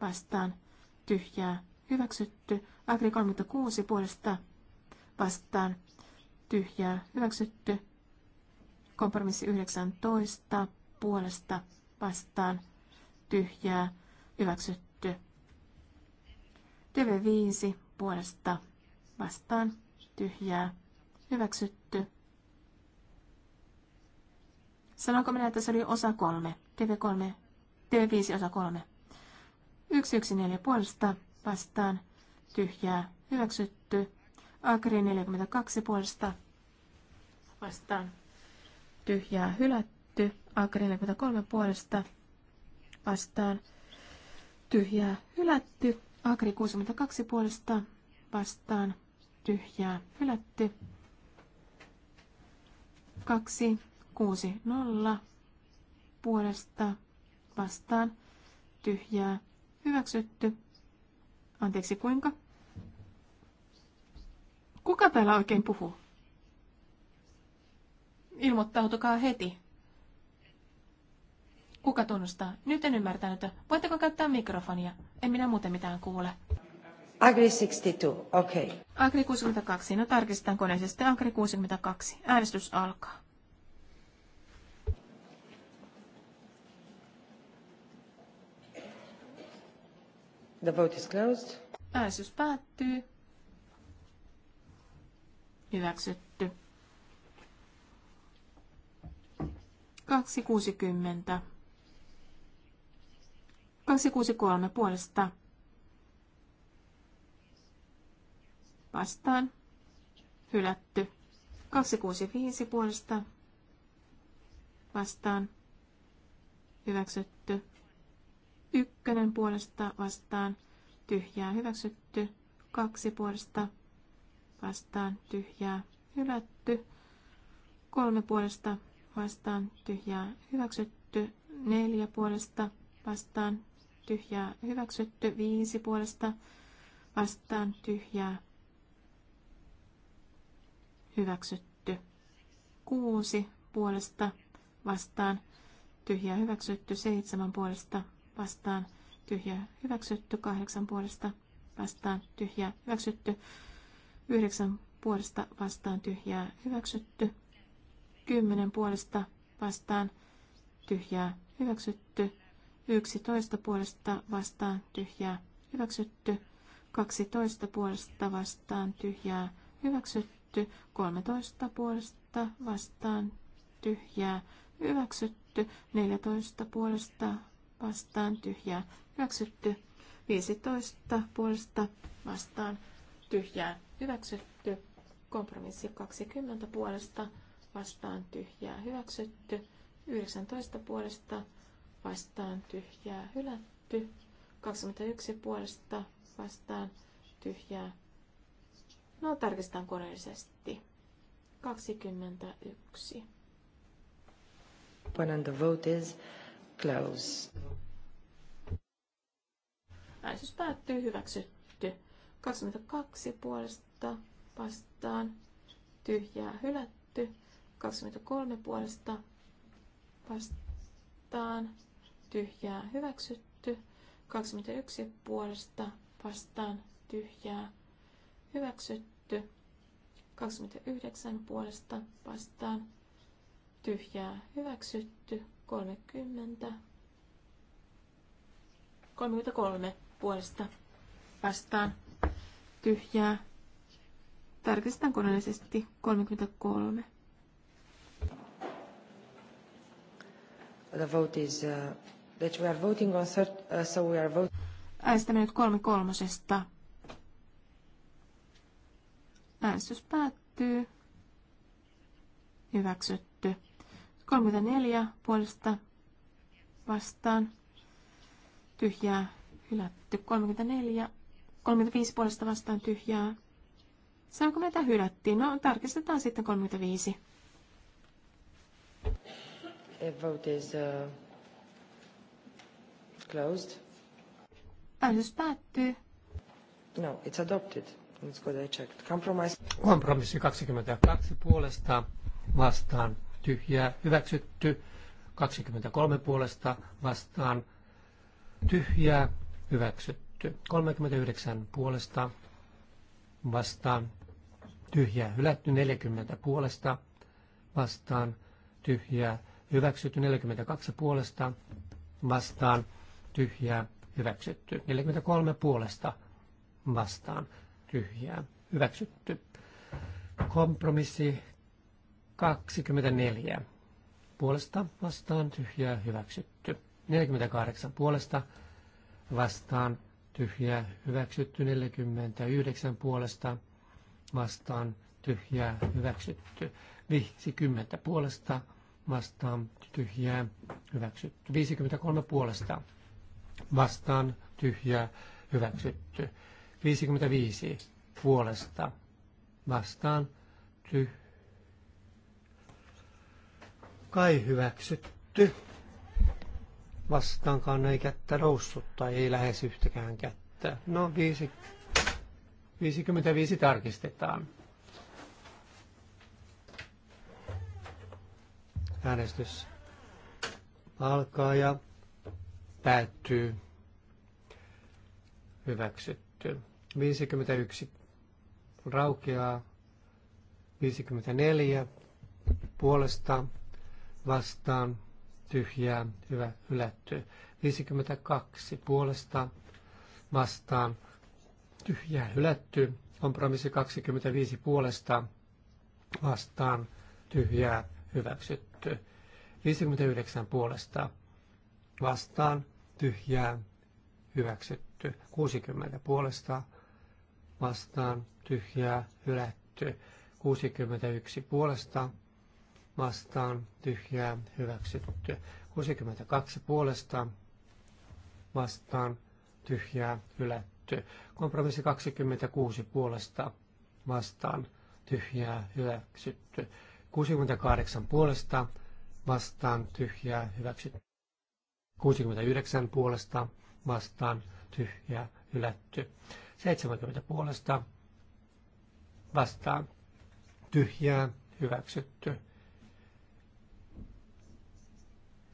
vastaan tyhjää hyväksytty. Agri 36 puolesta vastaan tyhjää hyväksytty. Kompromissi 19 puolesta vastaan tyhjää hyväksytty. TV5 puolesta vastaan tyhjää hyväksytty. Sanonko minä, että se oli osa kolme? TV3, TV5 osa kolme. 114 puolesta vastaan tyhjää hyväksytty. Agri 42 puolesta vastaan tyhjää hylätty. Agri 43 puolesta vastaan tyhjää hylätty. Agri 62 puolesta vastaan tyhjää hylätty. 2, 6, 0 puolesta vastaan tyhjää hyväksytty. Anteeksi, kuinka? Kuka täällä oikein puhuu? Ilmoittautukaa heti. Kuka tunnustaa? Nyt en ymmärtänyt. Voitteko käyttää mikrofonia? En minä muuten mitään kuule. Agri 62, okei. Okay. Agri 62, no tarkistetaan koneeseen. Agri 62. Äänestys alkaa. The vote is closed. Äänestys päättyy. Hyväksytty. 260. 263 puolesta. Vastaan. Hylätty. 265 puolesta. Vastaan. Hyväksytty. Ykkönen puolesta vastaan tyhjää hyväksytty. Kaksi puolesta vastaan tyhjää hylätty. Kolme puolesta vastaan tyhjää hyväksytty. Neljä puolesta vastaan tyhjää hyväksytty. Viisi puolesta vastaan tyhjää hyväksytty. Kuusi puolesta vastaan tyhjää hyväksytty. Seitsemän puolesta vastaan tyhjää hyväksytty, kahdeksan puolesta vastaan tyhjää hyväksytty, yhdeksän puolesta vastaan tyhjää hyväksytty, kymmenen puolesta vastaan tyhjää hyväksytty, yksitoista puolesta vastaan tyhjää hyväksytty, kaksitoista puolesta vastaan tyhjää hyväksytty, kolmetoista puolesta vastaan tyhjää hyväksytty, neljätoista puolesta vastaan tyhjää hyväksytty. 15 puolesta vastaan tyhjää hyväksytty. Kompromissi 20 puolesta vastaan tyhjää hyväksytty. 19 puolesta vastaan tyhjää hylätty. 21 puolesta vastaan tyhjää. No tarkistan koneellisesti. 21. When the vote is Close. Äänestys päättyy. Hyväksytty. 22 puolesta vastaan. Tyhjää hylätty. 23 puolesta vastaan. Tyhjää hyväksytty. 21 puolesta vastaan. Tyhjää hyväksytty. 29 puolesta vastaan tyhjää hyväksytty, 30. 33 puolesta vastaan tyhjää. Tarkistetaan koneellisesti 33. The vote is uh, that we are voting on third, uh, so we are voting. Äänestämme nyt kolme kolmosesta. Äänestys päättyy. Hyväksyt. 34 puolesta vastaan. Tyhjää hylätty. 34, 35 puolesta vastaan tyhjää. Saanko meitä hylättiin? No, tarkistetaan sitten 35. The vote is uh, closed. Äänestys päättyy. No, it's adopted. Let's go I checked. Compromise. Kompromissi 22 puolesta vastaan tyhjää hyväksytty. 23 puolesta vastaan tyhjää hyväksytty. 39 puolesta vastaan tyhjää hylätty. 40 puolesta vastaan tyhjää hyväksytty. 42 puolesta vastaan tyhjää hyväksytty. 43 puolesta vastaan tyhjää hyväksytty. Kompromissi 24 puolesta vastaan tyhjää hyväksytty. 48 puolesta vastaan tyhjää hyväksytty. 49 puolesta vastaan tyhjää hyväksytty. 50 puolesta vastaan tyhjää hyväksytty. 53 puolesta vastaan tyhjää hyväksytty. 55 puolesta vastaan tyhjää kai hyväksytty. Vastaankaan ei kättä noussut tai ei lähes yhtäkään kättä. No, viisi, 55 tarkistetaan. Äänestys alkaa ja päättyy. Hyväksytty. 51 raukeaa. 54 puolesta vastaan tyhjää hyvä hylätty. 52 puolesta vastaan tyhjää hylätty. Kompromissi 25 puolesta vastaan tyhjää hyväksytty. 59 puolesta vastaan tyhjää hyväksytty. 60 puolesta vastaan tyhjää hylätty. 61 puolesta vastaan tyhjää hyväksytty. 62 puolesta vastaan tyhjää hylätty. Kompromissi 26 puolesta vastaan tyhjää hyväksytty. 68 puolesta vastaan tyhjää hyväksytty. 69 puolesta vastaan tyhjää hylätty. 70 puolesta vastaan tyhjää hyväksytty.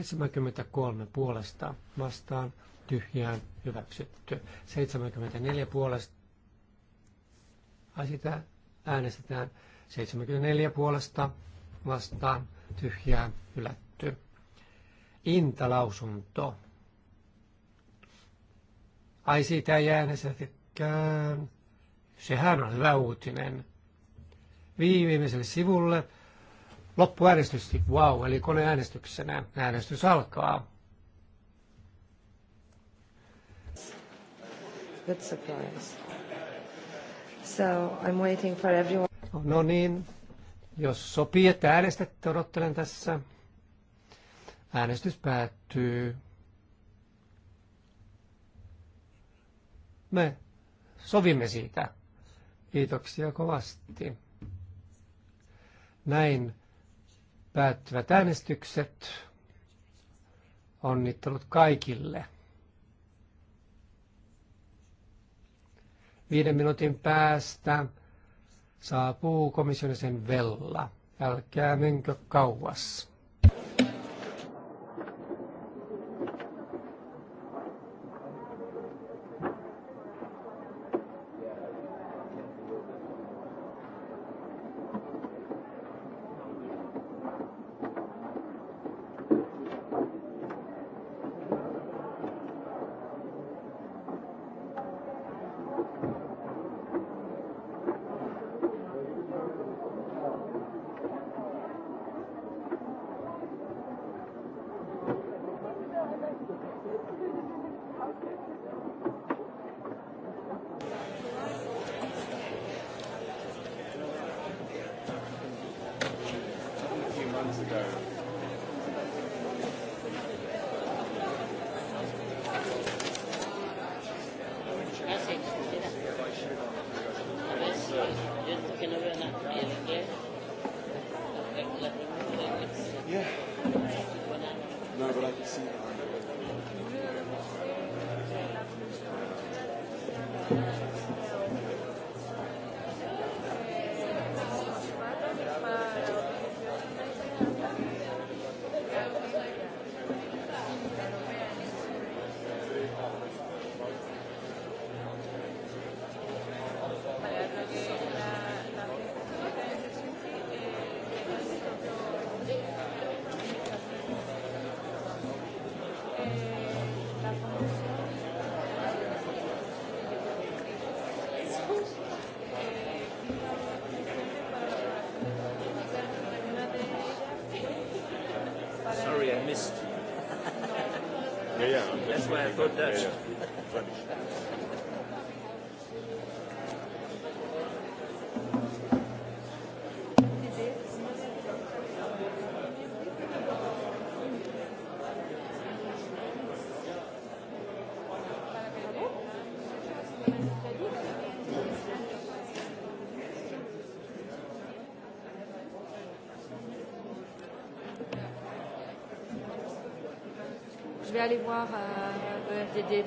73 puolesta vastaan tyhjään hyväksytty. 74 puolesta. ja sitä äänestetään 74 puolesta vastaan tyhjää hylätty. Intalausunto. Ai siitä ei äänestetäkään. Sehän on hyvä uutinen. Viimeiselle sivulle Loppuäänestys, wow, eli koneäänestyksenä äänestys alkaa. Good surprise. So I'm waiting for everyone. No niin, jos sopii, että äänestätte, odottelen tässä. Äänestys päättyy. Me sovimme siitä. Kiitoksia kovasti. Näin päättyvät äänestykset. Onnittelut kaikille. Viiden minuutin päästä saapuu komissionisen vella. Älkää menkö kauas. aller voir euh, euh des, des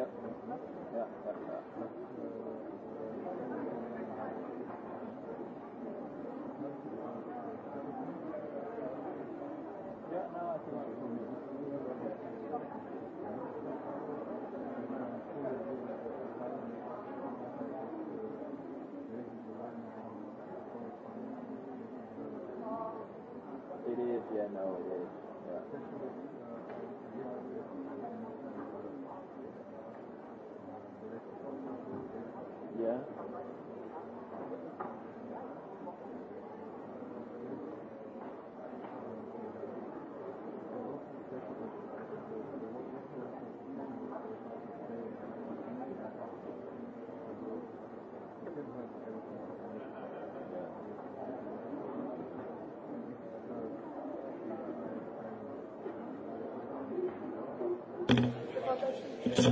Yeah. Yeah. Yeah. Yeah. Yeah. No, I think. Kiitos.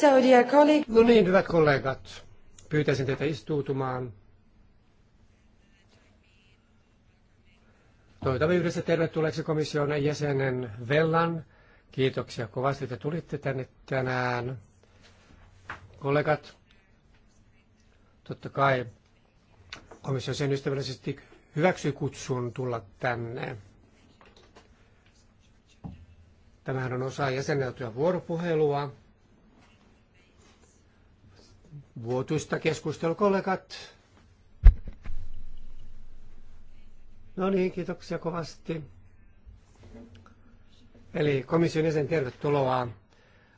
So, dear colleague... No niin, hyvät kollegat, pyytäisin teitä istuutumaan. Toivotamme yhdessä tervetulleeksi komission jäsenen Vellan. Kiitoksia kovasti, että tulitte tänne tänään. Kollegat, totta kai komissio sen ystävällisesti hyväksyi kutsun tulla tänne. Tämähän on osa jäsenneltyä vuoropuhelua vuotuista keskustelukollegat. No niin, kiitoksia kovasti. Eli komission jäsen, tervetuloa.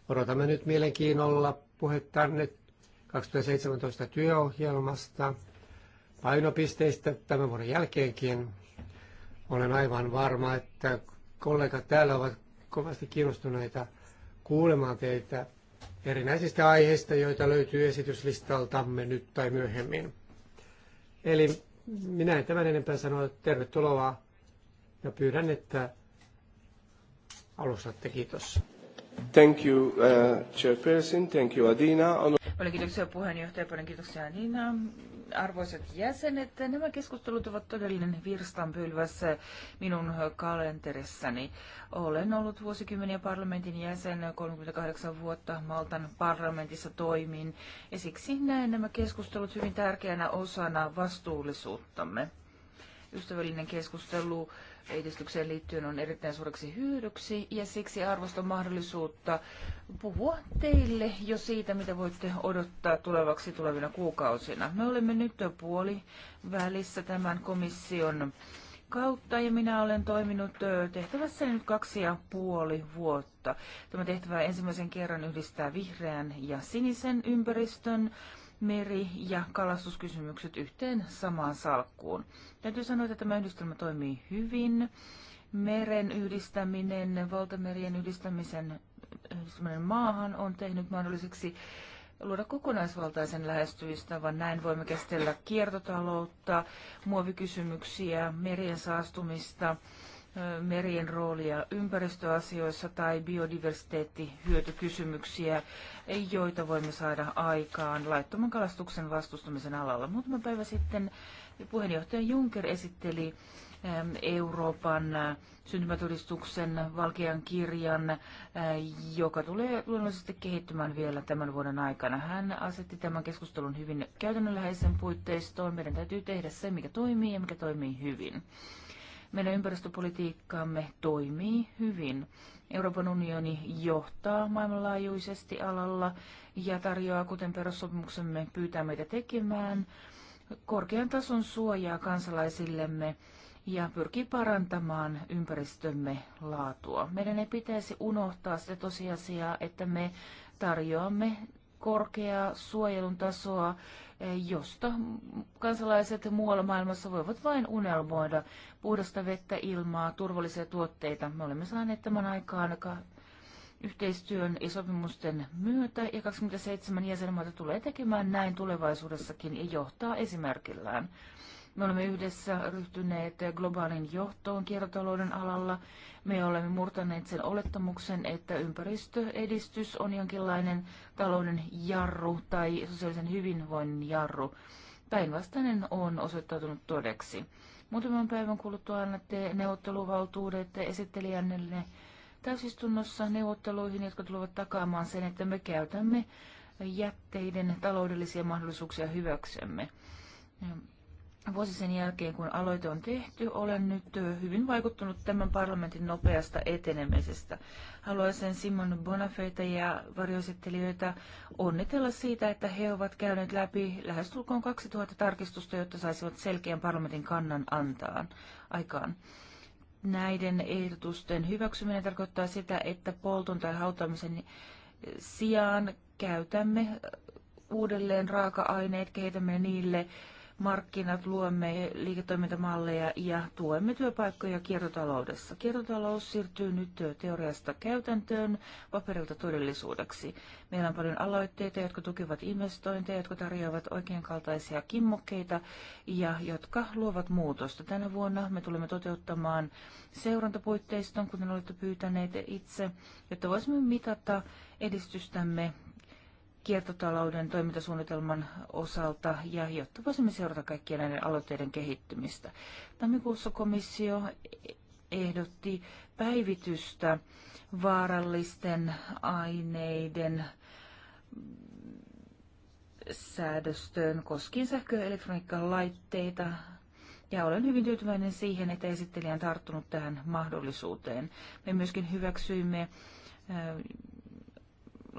Odotamme nyt mielenkiinnolla puhettanne 2017 työohjelmasta, painopisteistä tämän vuoden jälkeenkin. Olen aivan varma, että kollegat täällä ovat kovasti kiinnostuneita kuulemaan teitä erinäisistä aiheista, joita löytyy esityslistaltamme nyt tai myöhemmin. Eli minä en tämän enempää sano tervetuloa ja pyydän, että alustatte. Kiitos. Thank you, uh, Chairperson. Thank you, Adina. Paljon kiitoksia puheenjohtaja, paljon kiitoksia Nina. Arvoisat jäsenet, nämä keskustelut ovat todellinen virstanpylväs minun kalenterissani. Olen ollut vuosikymmeniä parlamentin jäsen, 38 vuotta Maltan parlamentissa toimin ja siksi näen nämä keskustelut hyvin tärkeänä osana vastuullisuuttamme. Ystävällinen keskustelu edistykseen liittyen on erittäin suureksi hyödyksi ja siksi arvostan mahdollisuutta puhua teille jo siitä, mitä voitte odottaa tulevaksi tulevina kuukausina. Me olemme nyt jo puoli välissä tämän komission kautta ja minä olen toiminut tehtävässä nyt kaksi ja puoli vuotta. Tämä tehtävä ensimmäisen kerran yhdistää vihreän ja sinisen ympäristön meri- ja kalastuskysymykset yhteen samaan salkkuun. Täytyy sanoa, että tämä yhdistelmä toimii hyvin. Meren yhdistäminen, valtamerien yhdistämisen yhdistäminen maahan on tehnyt mahdolliseksi luoda kokonaisvaltaisen lähestymistavan. Näin voimme kestellä kiertotaloutta, muovikysymyksiä, merien saastumista, merien roolia ympäristöasioissa tai biodiversiteettihyötykysymyksiä, joita voimme saada aikaan laittoman kalastuksen vastustamisen alalla. Muutama päivä sitten puheenjohtaja Juncker esitteli Euroopan syntymätodistuksen valkean kirjan, joka tulee luonnollisesti kehittymään vielä tämän vuoden aikana. Hän asetti tämän keskustelun hyvin käytännönläheisen puitteistoon. Meidän täytyy tehdä se, mikä toimii ja mikä toimii hyvin meidän ympäristöpolitiikkaamme toimii hyvin. Euroopan unioni johtaa maailmanlaajuisesti alalla ja tarjoaa, kuten perussopimuksemme pyytää meitä tekemään, korkean tason suojaa kansalaisillemme ja pyrkii parantamaan ympäristömme laatua. Meidän ei pitäisi unohtaa sitä tosiasiaa, että me tarjoamme korkeaa suojelun tasoa, eh, josta kansalaiset muualla maailmassa voivat vain unelmoida. Puhdasta vettä, ilmaa, turvallisia tuotteita. Me olemme saaneet tämän aikaan yhteistyön ja sopimusten myötä, ja 27 jäsenmaata tulee tekemään näin tulevaisuudessakin ja johtaa esimerkillään. Me olemme yhdessä ryhtyneet globaalin johtoon kiertotalouden alalla. Me olemme murtaneet sen olettamuksen, että ympäristöedistys on jonkinlainen talouden jarru tai sosiaalisen hyvinvoinnin jarru. Päinvastainen on osoittautunut todeksi. Muutaman päivän kuluttua annatte neuvotteluvaltuudet esittelijänne täysistunnossa neuvotteluihin, jotka tulevat takaamaan sen, että me käytämme jätteiden taloudellisia mahdollisuuksia hyväksemme. Vuosi sen jälkeen, kun aloite on tehty, olen nyt hyvin vaikuttunut tämän parlamentin nopeasta etenemisestä. Haluaisin Simon Bonafeita ja varjoesittelijöitä onnitella siitä, että he ovat käyneet läpi lähestulkoon 2000 tarkistusta, jotta saisivat selkeän parlamentin kannan antaa aikaan. Näiden ehdotusten hyväksyminen tarkoittaa sitä, että polton tai hautaamisen sijaan käytämme uudelleen raaka-aineet, kehitämme niille markkinat, luomme liiketoimintamalleja ja tuemme työpaikkoja kiertotaloudessa. Kiertotalous siirtyy nyt teoriasta käytäntöön, paperilta todellisuudeksi. Meillä on paljon aloitteita, jotka tukevat investointeja, jotka tarjoavat oikeankaltaisia kimmokkeita ja jotka luovat muutosta. Tänä vuonna me tulemme toteuttamaan seurantapuitteiston, kuten olette pyytäneet itse, jotta voisimme mitata edistystämme kiertotalouden toimintasuunnitelman osalta ja jotta voisimme seurata kaikkia näiden aloitteiden kehittymistä. Tammikuussa komissio ehdotti päivitystä vaarallisten aineiden säädöstöön koskien sähkö- ja elektroniikan laitteita, ja olen hyvin tyytyväinen siihen, että esittelijä on tarttunut tähän mahdollisuuteen. Me myöskin hyväksyimme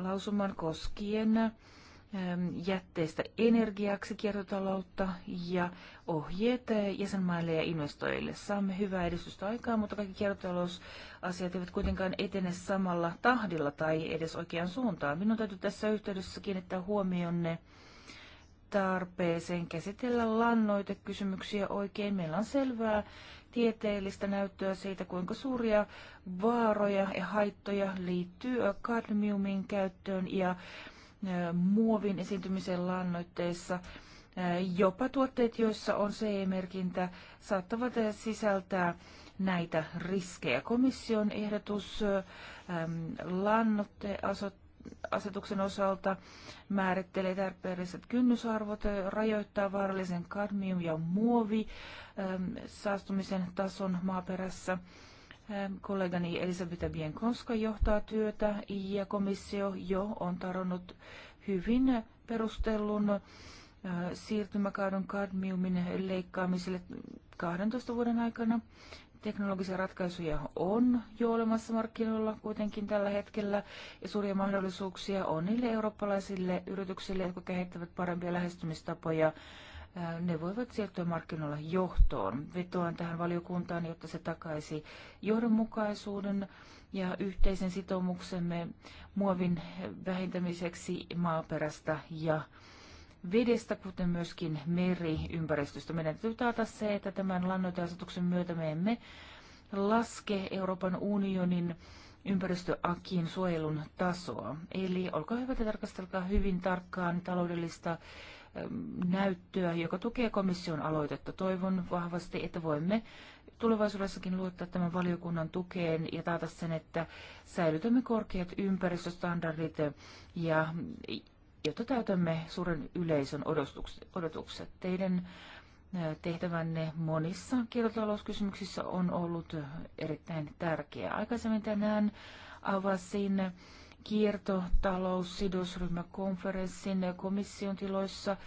lausuman koskien ähm, jätteistä energiaksi kiertotaloutta ja ohjeet jäsenmaille ja investoijille. Saamme hyvää edistystä aikaa, mutta kaikki kiertotalousasiat eivät kuitenkaan etene samalla tahdilla tai edes oikeaan suuntaan. Minun täytyy tässä yhteydessä kiinnittää huomionne tarpeeseen käsitellä lannoitekysymyksiä oikein. Meillä on selvää tieteellistä näyttöä siitä, kuinka suuria vaaroja ja haittoja liittyy kadmiumin käyttöön ja muovin esiintymiseen lannoitteissa. Jopa tuotteet, joissa on CE-merkintä, saattavat sisältää näitä riskejä. Komission ehdotus lannoitteasot asetuksen osalta määrittelee tarpeelliset kynnysarvot, rajoittaa vaarallisen kadmium- ja muovi ähm, saastumisen tason maaperässä. Ähm, kollegani Elisabeth Bienkonska johtaa työtä ja komissio jo on tarjonnut hyvin perustellun äh, siirtymäkauden kadmiumin leikkaamiselle 12 vuoden aikana teknologisia ratkaisuja on jo olemassa markkinoilla kuitenkin tällä hetkellä ja suuria mahdollisuuksia on niille eurooppalaisille yrityksille, jotka kehittävät parempia lähestymistapoja. Ne voivat siirtyä markkinoilla johtoon. Vetoan tähän valiokuntaan, jotta se takaisi johdonmukaisuuden ja yhteisen sitoumuksemme muovin vähentämiseksi maaperästä ja vedestä, kuten myöskin meriympäristöstä. Meidän täytyy taata se, että tämän lannoiteasetuksen myötä me emme laske Euroopan unionin ympäristöakin suojelun tasoa. Eli olkaa hyvä, että tarkastelkaa hyvin tarkkaan taloudellista ähm, näyttöä, joka tukee komission aloitetta. Toivon vahvasti, että voimme tulevaisuudessakin luottaa tämän valiokunnan tukeen ja taata sen, että säilytämme korkeat ympäristöstandardit ja jotta täytämme suuren yleisön odotukset. Teidän tehtävänne monissa kiertotalouskysymyksissä on ollut erittäin tärkeä. Aikaisemmin tänään avasin kiertotaloussidosryhmäkonferenssin komission tiloissa.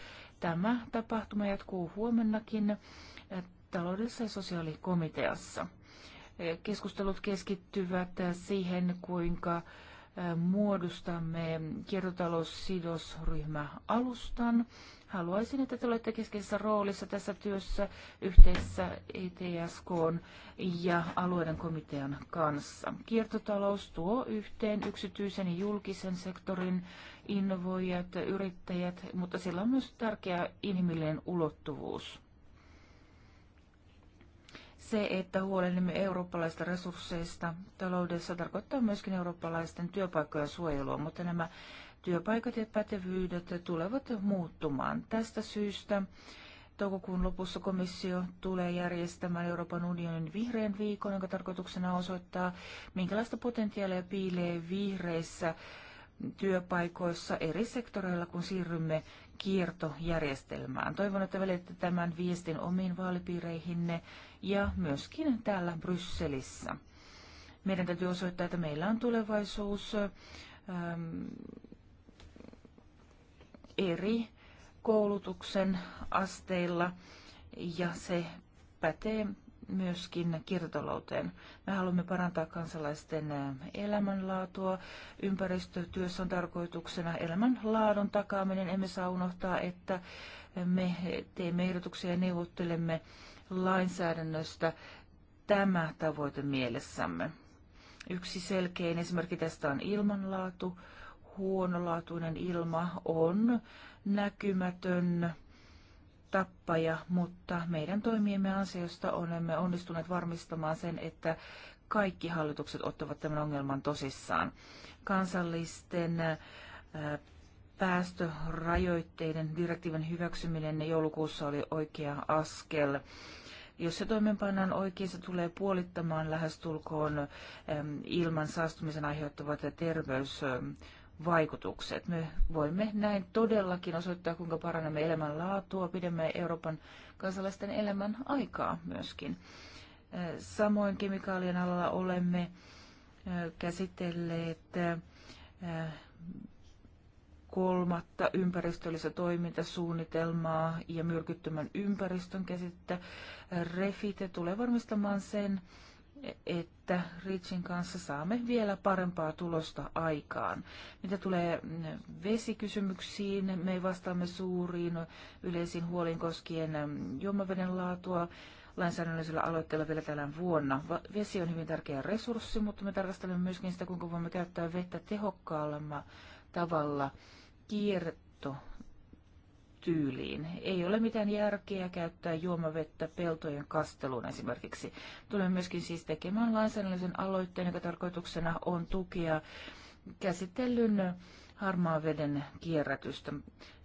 Tämä tapahtuma jatkuu huomennakin taloudellisessa ja sosiaalikomiteassa. Keskustelut keskittyvät siihen, kuinka muodostamme kiertotaloussidosryhmäalustan. Haluaisin, että te olette keskeisessä roolissa tässä työssä yhteisessä ETSK ja alueiden komitean kanssa. Kiertotalous tuo yhteen yksityisen ja julkisen sektorin innovoijat, yrittäjät, mutta sillä on myös tärkeä inhimillinen ulottuvuus. Se, että huolehdimme eurooppalaisista resursseista taloudessa, tarkoittaa myöskin eurooppalaisten työpaikkojen suojelua, mutta nämä työpaikat ja pätevyydet tulevat muuttumaan. Tästä syystä toukokuun lopussa komissio tulee järjestämään Euroopan unionin vihreän viikon, jonka tarkoituksena osoittaa, minkälaista potentiaalia piilee vihreissä työpaikoissa eri sektoreilla, kun siirrymme kiertojärjestelmään. Toivon, että välitte tämän viestin omiin vaalipiireihinne ja myöskin täällä Brysselissä. Meidän täytyy osoittaa, että meillä on tulevaisuus ähm, eri koulutuksen asteilla ja se pätee myöskin kiertotalouteen. Me haluamme parantaa kansalaisten elämänlaatua. Ympäristötyössä on tarkoituksena elämänlaadun takaaminen. Emme saa unohtaa, että me teemme ehdotuksia ja neuvottelemme lainsäädännöstä tämä tavoite mielessämme. Yksi selkein esimerkki tästä on ilmanlaatu. Huonolaatuinen ilma on näkymätön tappaja, mutta meidän toimiemme ansiosta olemme onnistuneet varmistamaan sen, että kaikki hallitukset ottavat tämän ongelman tosissaan. Kansallisten äh, päästörajoitteiden direktiivin hyväksyminen joulukuussa oli oikea askel. Jos se toimeenpannaan oikein, se tulee puolittamaan lähestulkoon ähm, ilman saastumisen aiheuttavat terveys ähm, vaikutukset. Me voimme näin todellakin osoittaa, kuinka parannamme elämänlaatua, pidemme Euroopan kansalaisten elämän aikaa myöskin. Samoin kemikaalien alalla olemme käsitelleet kolmatta ympäristöllistä toimintasuunnitelmaa ja myrkyttömän ympäristön käsittää. Refite tulee varmistamaan sen, että Richin kanssa saamme vielä parempaa tulosta aikaan. Mitä tulee vesikysymyksiin, me vastaamme suuriin yleisiin huoliin koskien juomaveden laatua lainsäädännöllisellä aloitteella vielä tällä vuonna. Vesi on hyvin tärkeä resurssi, mutta me tarkastelemme myöskin sitä, kuinka voimme käyttää vettä tehokkaalla tavalla kierto tyyliin. Ei ole mitään järkeä käyttää juomavettä peltojen kasteluun esimerkiksi. Tulemme myöskin siis tekemään lainsäädännöllisen aloitteen, joka tarkoituksena on tukea käsitellyn harmaan veden kierrätystä.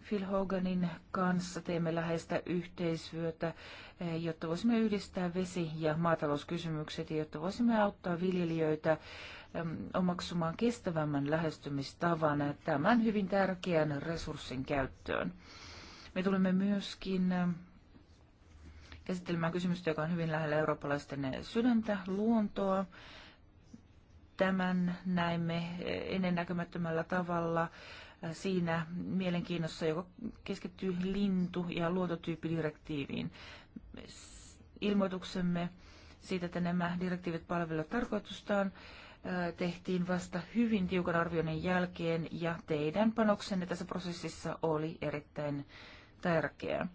Phil Hoganin kanssa teemme läheistä yhteisvyötä, eh, jotta voisimme yhdistää vesi- ja maatalouskysymykset, jotta voisimme auttaa viljelijöitä omaksumaan kestävämmän lähestymistavan tämän hyvin tärkeän resurssin käyttöön. Me tulemme myöskin äh, käsittelemään kysymystä, joka on hyvin lähellä eurooppalaisten sydäntä, luontoa. Tämän näimme ennennäkemättömällä tavalla äh, siinä mielenkiinnossa, joka keskittyy lintu- ja luontotyyppidirektiiviin. Ilmoituksemme siitä, että nämä direktiivit palvelevat tarkoitustaan, äh, tehtiin vasta hyvin tiukan arvioinnin jälkeen ja teidän panoksenne tässä prosessissa oli erittäin tärkeä.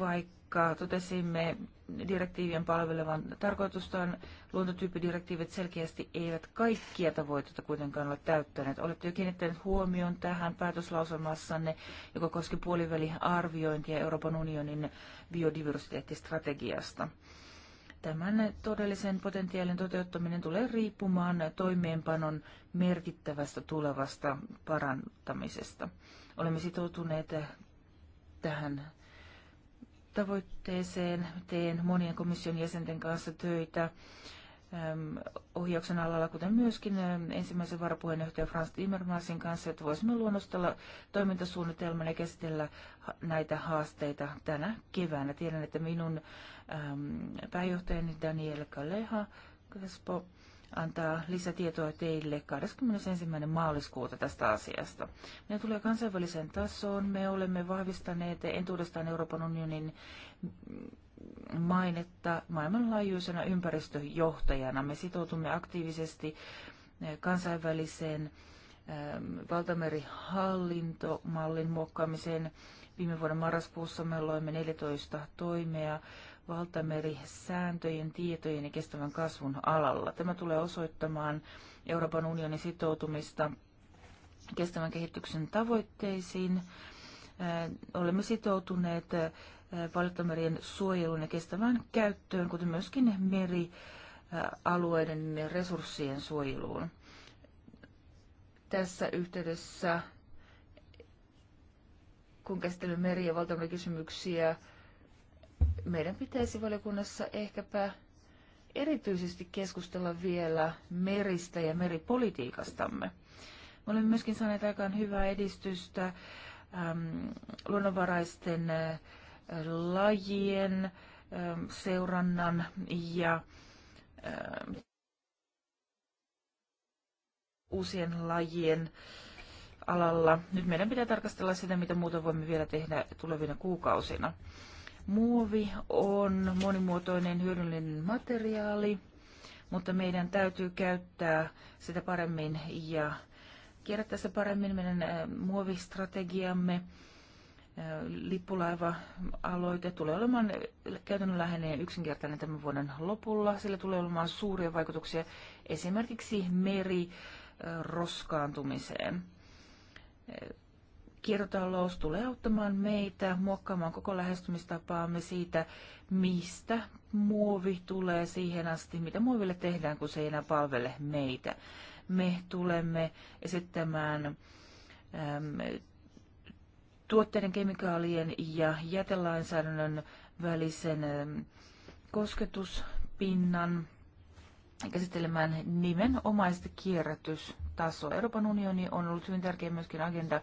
Vaikka totesimme direktiivien palvelevan tarkoitustaan, luontotyyppidirektiivit selkeästi eivät kaikkia tavoitteita kuitenkaan ole täyttäneet. Olette jo kiinnittäneet huomion tähän päätöslauselmassanne, joka koski puoliväliarviointia Euroopan unionin biodiversiteettistrategiasta. Tämän todellisen potentiaalin toteuttaminen tulee riippumaan toimeenpanon merkittävästä tulevasta parantamisesta. Olemme sitoutuneet tähän tavoitteeseen. Teen monien komission jäsenten kanssa töitä ähm, ohjauksen alalla, kuten myöskin ähm, ensimmäisen varapuheenjohtajan Frans Timmermansin kanssa, että voisimme luonnostella toimintasuunnitelman ja käsitellä näitä haasteita tänä keväänä. Tiedän, että minun ähm, pääjohtajani Daniel Kaleha Crespo antaa lisätietoa teille 21. maaliskuuta tästä asiasta. Ne tulee kansainväliseen tasoon. Me olemme vahvistaneet entuudestaan Euroopan unionin mainetta maailmanlaajuisena ympäristöjohtajana. Me sitoutumme aktiivisesti eh, kansainväliseen eh, valtamerihallintomallin muokkaamiseen. Viime vuoden marraskuussa me loimme 14 toimea sääntöjen, tietojen ja kestävän kasvun alalla. Tämä tulee osoittamaan Euroopan unionin sitoutumista kestävän kehityksen tavoitteisiin. Olemme sitoutuneet valtamerien suojeluun ja kestävään käyttöön, kuten myöskin merialueiden resurssien suojeluun. Tässä yhteydessä, kun käsittelemme meri- ja valtamerikysymyksiä, kysymyksiä, meidän pitäisi valiokunnassa ehkäpä erityisesti keskustella vielä meristä ja meripolitiikastamme. Me olemme myöskin saaneet aikaan hyvää edistystä äm, luonnonvaraisten ä, äh, lajien ä, seurannan ja ä, uusien lajien alalla. Nyt meidän pitää tarkastella sitä, mitä muuta voimme vielä tehdä tulevina kuukausina. Muovi on monimuotoinen hyödyllinen materiaali, mutta meidän täytyy käyttää sitä paremmin ja kierrättää se paremmin meidän äh, muovistrategiamme. Äh, Lippulaiva-aloite tulee olemaan käytännönläheinen ja yksinkertainen tämän vuoden lopulla. Sillä tulee olemaan suuria vaikutuksia esimerkiksi meri äh, roskaantumiseen Kiertotalous tulee auttamaan meitä muokkaamaan koko lähestymistapaamme siitä, mistä muovi tulee siihen asti, mitä muoville tehdään, kun se ei enää palvele meitä. Me tulemme esittämään äm, tuotteiden, kemikaalien ja jätelainsäädännön välisen äm, kosketuspinnan käsittelemään nimenomaisesti kierrätystasoa. Euroopan unioni on ollut hyvin tärkeä myöskin agenda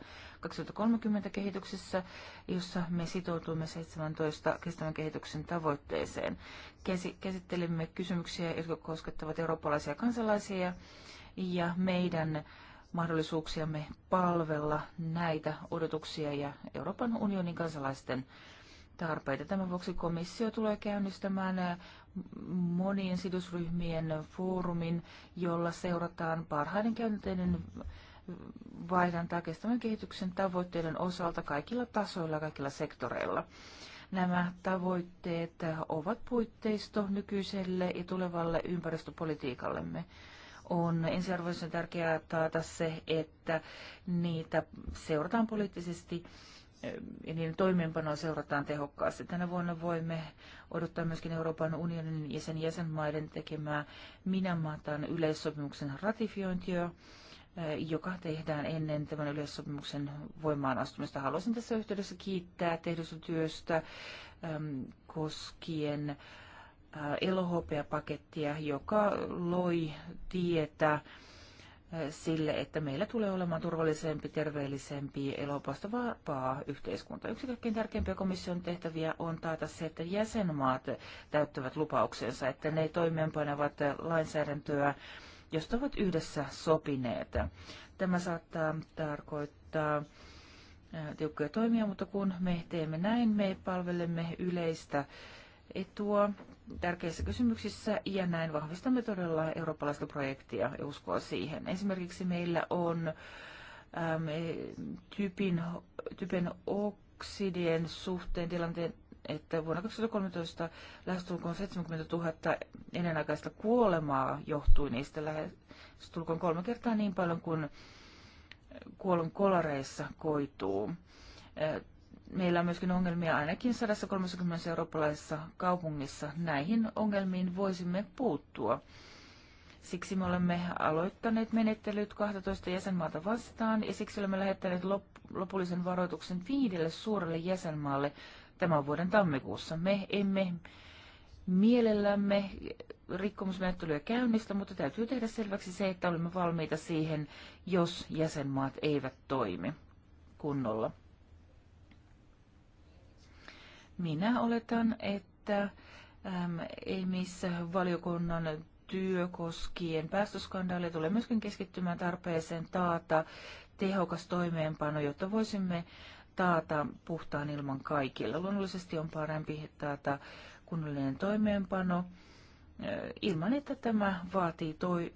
2030 kehityksessä, jossa me sitoutuimme 17 kestävän kehityksen tavoitteeseen. Käsittelimme kysymyksiä, jotka koskettavat eurooppalaisia kansalaisia ja meidän mahdollisuuksiamme palvella näitä odotuksia ja Euroopan unionin kansalaisten tarpeita. Tämän vuoksi komissio tulee käynnistämään äh, monien sidosryhmien foorumin, jolla seurataan parhaiden käytänteiden vaihdantaa kestävän kehityksen tavoitteiden osalta kaikilla tasoilla ja kaikilla sektoreilla. Nämä tavoitteet ovat puitteisto nykyiselle ja tulevalle ympäristöpolitiikallemme. On ensiarvoisen tärkeää taata se, että niitä seurataan poliittisesti eh, ja niiden toimeenpanoa seurataan tehokkaasti. Tänä vuonna voimme odottaa myöskin Euroopan unionin ja sen jäsenmaiden tekemää Minamatan yleissopimuksen ratifiointia joka tehdään ennen tämän yleissopimuksen voimaan astumista. Haluaisin tässä yhteydessä kiittää tehdystä työstä koskien elohopeapakettia, äh, joka loi tietä äh, sille, että meillä tulee olemaan turvallisempi, terveellisempi, elopasta vapaa yhteiskunta. Yksi kaikkein tärkeimpiä komission tehtäviä on taata se, että jäsenmaat täyttävät lupauksensa, että ne toimeenpanevat lainsäädäntöä josta ovat yhdessä sopineet. Tämä saattaa tarkoittaa äh, tiukkoja toimia, mutta kun me teemme näin, me palvelemme yleistä etua tärkeissä kysymyksissä ja näin vahvistamme todella eurooppalaista projektia ja uskoa siihen. Esimerkiksi meillä on ähm, e, typin, typen oksidien suhteen tilanteen että vuonna 2013 lähestulkoon 70 000 ennenaikaista kuolemaa johtui niistä lähestulkoon kolme kertaa niin paljon kuin kuollon kolareissa koituu. Meillä on myöskin ongelmia ainakin 130 eurooppalaisessa kaupungissa. Näihin ongelmiin voisimme puuttua. Siksi me olemme aloittaneet menettelyt 12 jäsenmaata vastaan ja siksi olemme lähettäneet lop- lopullisen varoituksen viidelle suurelle jäsenmaalle, tämän vuoden tammikuussa. Me emme mielellämme rikkomusmenettelyä käynnistä, mutta täytyy tehdä selväksi se, että olemme valmiita siihen, jos jäsenmaat eivät toimi kunnolla. Minä oletan, että äm, missä valiokunnan työ koskien päästöskandaaleja tulee myöskin keskittymään tarpeeseen taata tehokas toimeenpano, jotta voisimme taata puhtaan ilman kaikille. Luonnollisesti on parempi taata kunnollinen toimeenpano eh, ilman, että tämä vaatii toi,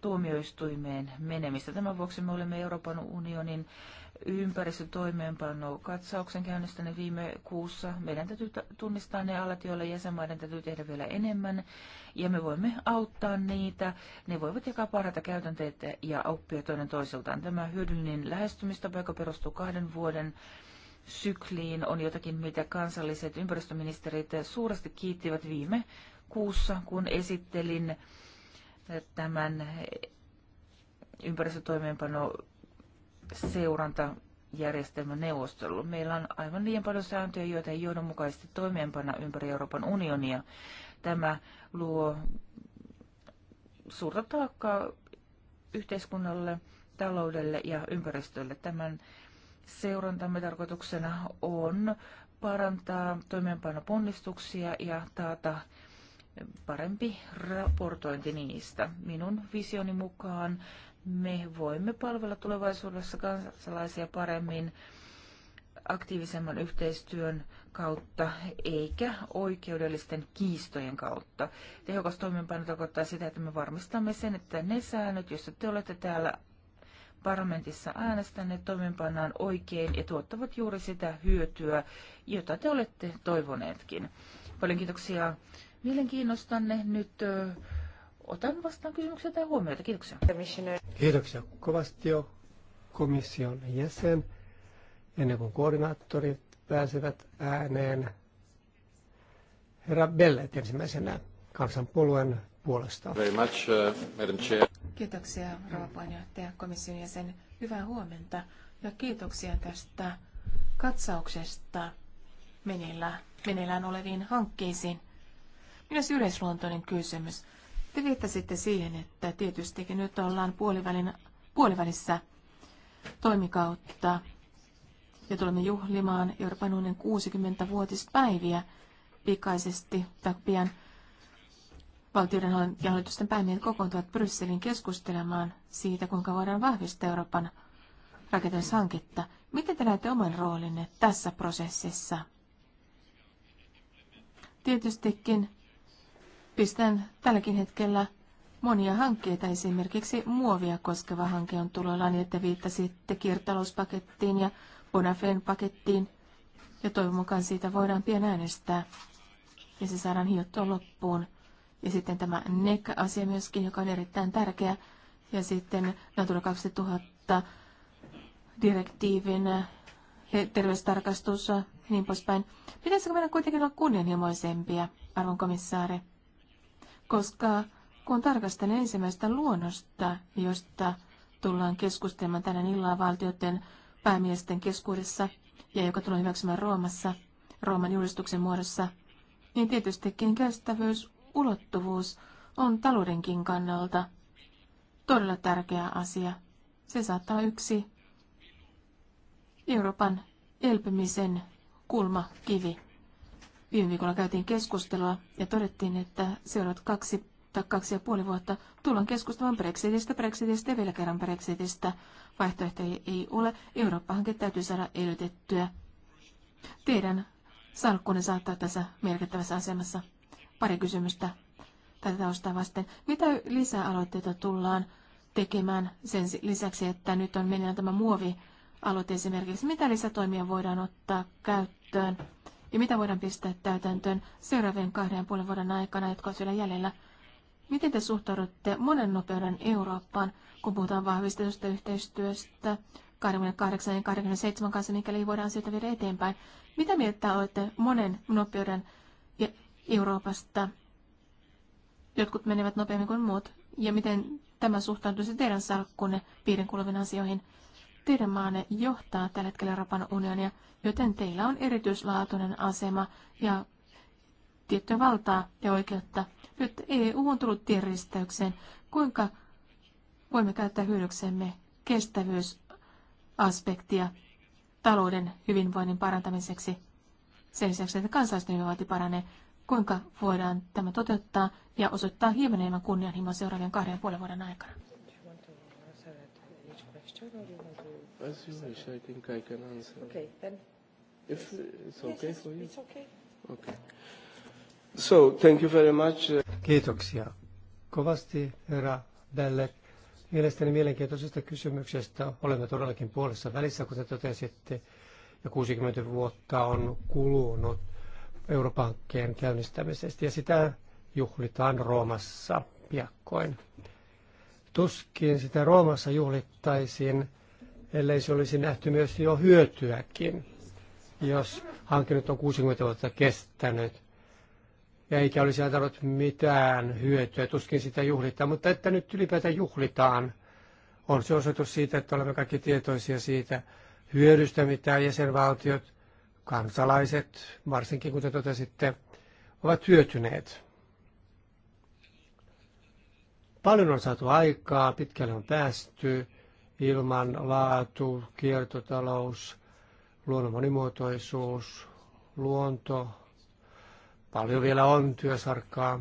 tuomioistuimeen menemistä. Tämän vuoksi me olemme Euroopan unionin ympäristötoimeenpano katsauksen käynnistäne viime kuussa. Meidän täytyy tunnistaa ne alat, joilla jäsenmaiden täytyy tehdä vielä enemmän, ja me voimme auttaa niitä. Ne voivat jakaa parhaita käytänteitä ja oppia toinen toisiltaan. Tämä hyödyllinen lähestymistapa, joka perustuu kahden vuoden sykliin, on jotakin, mitä kansalliset ympäristöministerit suuresti kiittivät viime kuussa, kun esittelin tämän ympäristötoimeenpano seurantajärjestelmä neuvostelu Meillä on aivan liian paljon sääntöjä, joita ei johdonmukaisesti toimeenpanna ympäri Euroopan unionia. Tämä luo suurta taakkaa yhteiskunnalle, taloudelle ja ympäristölle. Tämän seurantamme tarkoituksena on parantaa toimeenpanoponnistuksia ja taata parempi raportointi niistä. Minun visioni mukaan me voimme palvella tulevaisuudessa kansalaisia paremmin aktiivisemman yhteistyön kautta eikä oikeudellisten kiistojen kautta. Tehokas toimeenpano tarkoittaa sitä, että me varmistamme sen, että ne säännöt, joissa te olette täällä parlamentissa äänestäneet, toimeenpannaan oikein ja tuottavat juuri sitä hyötyä, jota te olette toivoneetkin. Paljon kiitoksia mielenkiinnostanne. Nyt otan vastaan kysymyksiä tai huomioita. Kiitoksia. Kiitoksia kovasti jo komission jäsen. Ennen kuin koordinaattorit pääsevät ääneen, herra Bellet ensimmäisenä kansanpuolueen puolesta. Very much, uh, Madam Chair. Kiitoksia, rouva puheenjohtaja, komission jäsen. Hyvää huomenta ja kiitoksia tästä katsauksesta meneillään, meneillään oleviin hankkeisiin. Minä yleisluontoinen kysymys. Te viittasitte siihen, että tietystikin nyt ollaan puolivälin, puolivälissä toimikautta ja tulemme juhlimaan Euroopan unionin 60-vuotispäiviä pikaisesti tai pian valtioiden ja hallitusten päämiehet kokoontuvat Brysselin keskustelemaan siitä, kuinka voidaan vahvistaa Euroopan rakentamishanketta. Miten te näette oman roolinne tässä prosessissa? Tietystikin Pistän tälläkin hetkellä monia hankkeita, esimerkiksi muovia koskeva hanke on tulolla, niin että viittasitte kiertalouspakettiin ja Bonafen pakettiin. Ja toivon mukaan siitä voidaan pian äänestää ja se saadaan hiottua loppuun. Ja sitten tämä NEC-asia myöskin, joka on erittäin tärkeä. Ja sitten Natura 2000 direktiivin terveystarkastus ja niin poispäin. Pitäisikö meidän kuitenkin olla kunnianhimoisempia, arvon komissaari? koska kun tarkastelen ensimmäistä luonnosta, josta tullaan keskustelemaan tänään illalla valtioiden päämiesten keskuudessa ja joka tulee hyväksymään Roomassa, Rooman julistuksen muodossa, niin tietystikin ulottuvuus on taloudenkin kannalta todella tärkeä asia. Se saattaa yksi Euroopan elpymisen kulmakivi. Viime viikolla käytiin keskustelua ja todettiin, että seuraavat kaksi tai kaksi ja puoli vuotta tullaan keskustelemaan Brexitistä, Brexitistä ja vielä kerran Brexitistä. Vaihtoehtoja ei ole. Eurooppa-hanke täytyy saada elvytettyä. Teidän salkkunne saattaa tässä merkittävässä asemassa. Pari kysymystä tätä taustaa vasten. Mitä lisäaloitteita tullaan tekemään sen lisäksi, että nyt on meneillään tämä muovi aloite esimerkiksi? Mitä lisätoimia voidaan ottaa käyttöön? ja mitä voidaan pistää täytäntöön seuraavien kahden ja puolen vuoden aikana, jotka on siellä jäljellä. Miten te suhtaudutte monen nopeuden Eurooppaan, kun puhutaan vahvistetusta yhteistyöstä 28 ja 27 kanssa, mikäli voidaan siitä viedä eteenpäin? Mitä mieltä olette monen nopeuden Euroopasta? Jotkut menevät nopeammin kuin muut. Ja miten tämä suhtautuisi teidän salkkunne piirin kuuluviin asioihin? Teidän maanne johtaa tällä hetkellä Euroopan unionia, joten teillä on erityislaatuinen asema ja tiettyä valtaa ja oikeutta. Nyt EU on tullut tienristeykseen. Kuinka voimme käyttää hyödyksemme kestävyysaspektia talouden hyvinvoinnin parantamiseksi sen lisäksi, että kansalaisten hyvinvointi paranee? Kuinka voidaan tämä toteuttaa ja osoittaa hieman enemmän kunnianhimoa seuraavien kahden ja puolen vuoden aikana? As you wish, I think I can answer. Okay, then. If it's yes, okay yes, for you. It's okay. Okay. So, thank you very much. Kiitoksia kovasti, herra Bellet. Mielestäni mielenkiintoisesta kysymyksestä olemme todellakin puolessa välissä, kuten totesitte, ja 60 vuotta on kulunut europankkeen käynnistämisestä, ja sitä juhlitaan Roomassa piakkoin. Tuskin sitä Roomassa juhlittaisiin ellei se olisi nähty myös jo hyötyäkin, jos hanke nyt on 60 vuotta kestänyt. Ja eikä olisi antanut mitään hyötyä, tuskin sitä juhlitaan, mutta että nyt ylipäätään juhlitaan, on se osoitus siitä, että olemme kaikki tietoisia siitä hyödystä, mitä jäsenvaltiot, kansalaiset, varsinkin kuten totesitte, ovat hyötyneet. Paljon on saatu aikaa, pitkälle on päästy ilman laatu, kiertotalous, luonnon monimuotoisuus, luonto. Paljon vielä on työsarkkaa.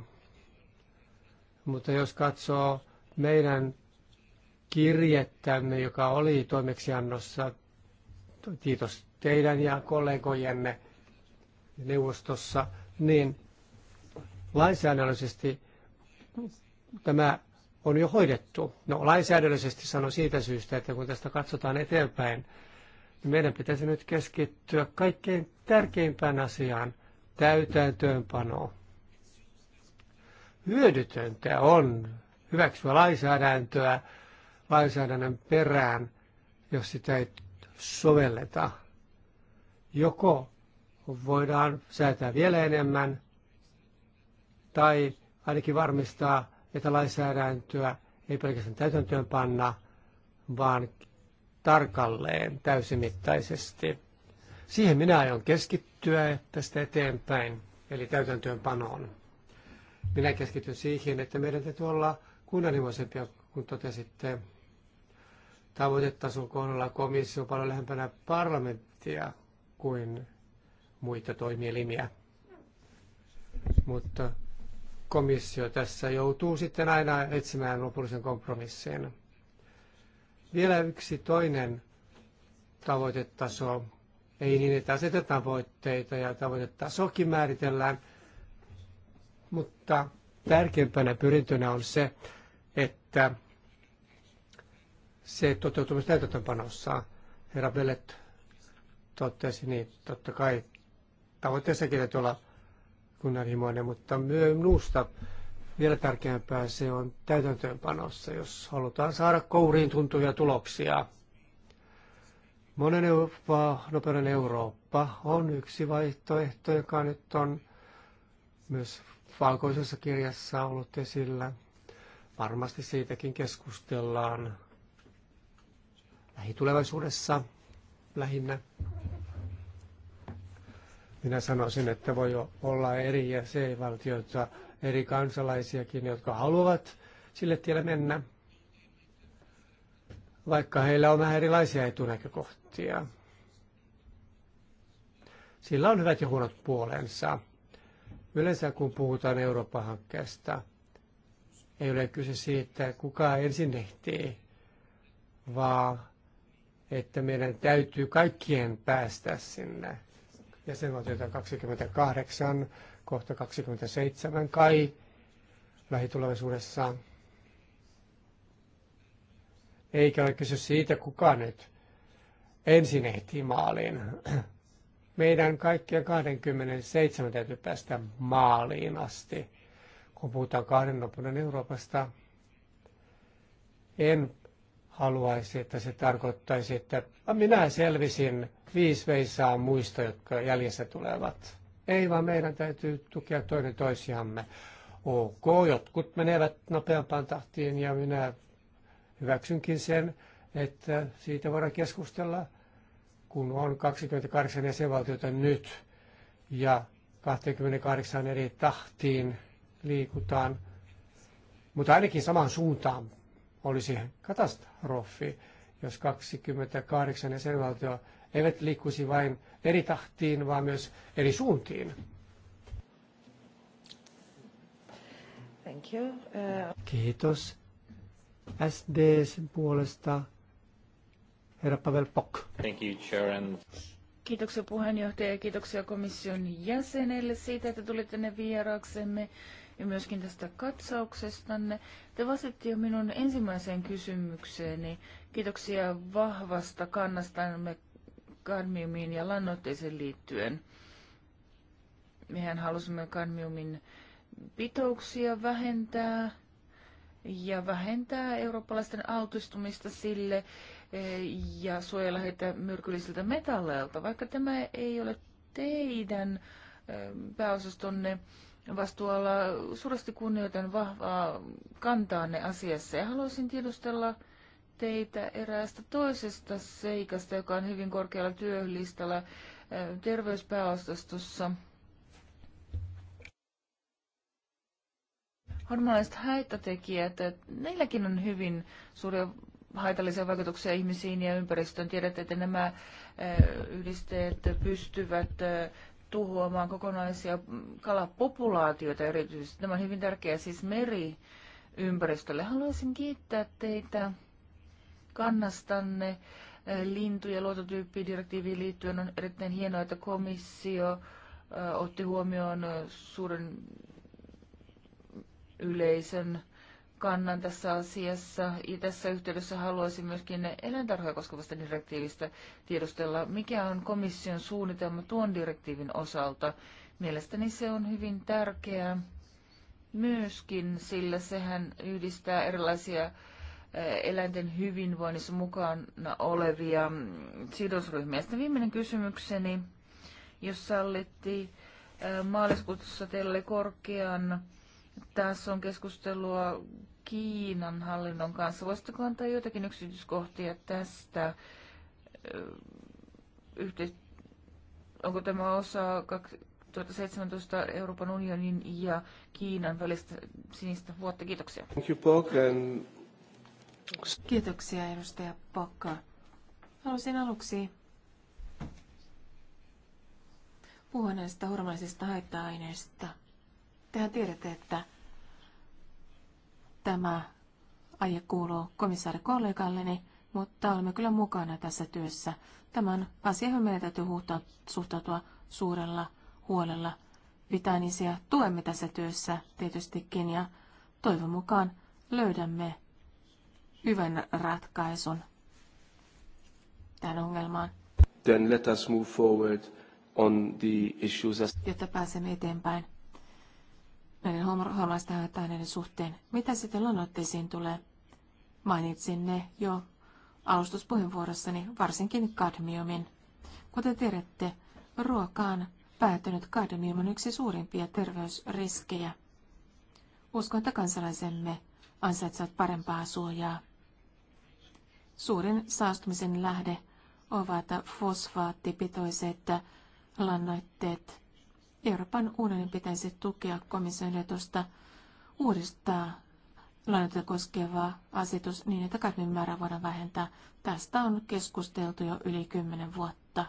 Mutta jos katsoo meidän kirjettämme, joka oli toimeksiannossa, kiitos teidän ja kollegojenne neuvostossa, niin lainsäädännöllisesti tämä on jo hoidettu. No lainsäädännöllisesti sano siitä syystä, että kun tästä katsotaan eteenpäin, niin meidän pitäisi nyt keskittyä kaikkein tärkeimpään asiaan, täytäntöönpanoon. Hyödytöntä on hyväksyä lainsäädäntöä lainsäädännön perään, jos sitä ei sovelleta. Joko voidaan säätää vielä enemmän, tai ainakin varmistaa, että lainsäädäntöä ei pelkästään täytäntöön panna, vaan tarkalleen täysimittaisesti. Siihen minä aion keskittyä tästä eteenpäin, eli täytäntöönpanoon. Minä keskityn siihen, että meidän täytyy olla kunnianhimoisempia, kun totesitte tavoitetason kohdalla komissio paljon lähempänä parlamenttia kuin muita toimielimiä. Mutta komissio tässä joutuu sitten aina etsimään lopullisen kompromissin. Vielä yksi toinen tavoitetaso. Ei niin, että asetetaan tavoitteita ja tavoitetasokin määritellään, mutta tärkeimpänä pyrintönä on se, että se toteutumista täytäntöönpanossa. Herra Bellet totesi, niin totta kai tavoitteessakin, täytyy olla kunnianhimoinen, mutta minusta vielä tärkeämpää se on täytäntöönpanossa, jos halutaan saada kouriin tuntuvia tuloksia. Monen Eurooppa, nopeuden Eurooppa on yksi vaihtoehto, joka nyt on myös valkoisessa kirjassa ollut esillä. Varmasti siitäkin keskustellaan lähitulevaisuudessa lähinnä. Minä sanoisin, että voi olla eri jäsenvaltioita, eri kansalaisiakin, jotka haluavat sille tielle mennä, vaikka heillä on vähän erilaisia etunäkökohtia. Sillä on hyvät ja huonot puolensa. Yleensä kun puhutaan Euroopan hankkeesta ei ole kyse siitä, kuka ensin ehtii, vaan että meidän täytyy kaikkien päästä sinne jäsenvaltioita 28, kohta 27 kai lähitulevaisuudessa. Eikä ole kyse siitä, kuka nyt ensin ehtii maaliin. Meidän kaikkia 27 täytyy päästä maaliin asti. Kun puhutaan kahden nopeuden Euroopasta, en haluaisi, että se tarkoittaisi, että minä selvisin viisi veisaa muista, jotka jäljessä tulevat. Ei vaan meidän täytyy tukea toinen toisiamme. Ok, jotkut menevät nopeampaan tahtiin ja minä hyväksynkin sen, että siitä voidaan keskustella, kun on 28 jäsenvaltiota nyt ja 28 eri tahtiin liikutaan. Mutta ainakin samaan suuntaan olisi katastrofi, jos 28 jäsenvaltiota eivät liikkuisi vain eri tahtiin, vaan myös eri suuntiin. Thank you. Uh... Kiitos. SDSn puolesta herra Pavel Pok. Thank you, Chair. Kiitoksia puheenjohtaja ja kiitoksia komission jäsenelle siitä, että tulitte tänne vieraaksemme ja myöskin tästä katsauksestanne. Te vastitte jo minun ensimmäiseen kysymykseeni. Kiitoksia vahvasta kannastamme kadmiumiin ja lannoitteeseen liittyen. Mehän halusimme kadmiumin pitouksia vähentää ja vähentää eurooppalaisten altistumista sille eh, ja suojella heitä myrkyllisiltä metalleilta, vaikka tämä ei ole teidän eh, pääosastonne vastuulla. Suuresti kunnioitan vahvaa kantaanne asiassa ja haluaisin tiedustella teitä eräästä toisesta seikasta, joka on hyvin korkealla työlistalla äh, terveyspääostostossa. Hormonaiset haittatekijät, niilläkin on hyvin suuria haitallisia vaikutuksia ihmisiin ja ympäristöön. Tiedätte, että nämä äh, yhdisteet pystyvät äh, tuhoamaan kokonaisia kalapopulaatioita erityisesti. Tämä on hyvin tärkeää siis meri ympäristölle. Haluaisin kiittää teitä kannastanne äh, lintu- ja luontotyyppidirektiiviin liittyen. On erittäin hienoa, että komissio äh, otti huomioon äh, suuren yleisön kannan tässä asiassa. Ja tässä yhteydessä haluaisin myöskin eläintarhoja koskevasta direktiivistä tiedustella, mikä on komission suunnitelma tuon direktiivin osalta. Mielestäni se on hyvin tärkeää myöskin, sillä sehän yhdistää erilaisia eläinten hyvinvoinnissa mukana olevia sidosryhmiä. Sitten viimeinen kysymykseni, jos sallittiin. Maaliskuussa teillä oli korkean on keskustelua Kiinan hallinnon kanssa. Voisitteko antaa jotakin yksityiskohtia tästä? Yhteis- Onko tämä osa 2017 Euroopan unionin ja Kiinan välistä sinistä vuotta? Kiitoksia. Thank you, and Kiitoksia edustaja Pakka. Haluaisin aluksi puhua näistä hormonallisista haitta-aineista. Tehän tiedätte, että tämä aihe kuuluu kollegalleni, mutta olemme kyllä mukana tässä työssä. Tämän asian meidän täytyy suhtautua suurella huolella. Vitaanisia tuemme tässä työssä tietystikin ja toivon mukaan löydämme hyvän ratkaisun tähän ongelmaan. Then let us move forward on the issues as... Jotta pääsemme eteenpäin näiden huomaistahätäinen suhteen. Mitä sitten luonnotteisiin tulee? Mainitsin ne jo alustuspuheenvuorossani, varsinkin kadmiumin. Kuten tiedätte, ruokaan päätynyt kadmium on yksi suurimpia terveysriskejä. Uskon, että kansalaisemme ansaitsevat parempaa suojaa Suurin saastumisen lähde ovat fosfaattipitoiset lannoitteet. Euroopan unionin pitäisi tukea komission ehdotusta uudistaa lannoitteita koskeva asetus niin, että kadmin määrä voidaan vähentää. Tästä on keskusteltu jo yli kymmenen vuotta. Jo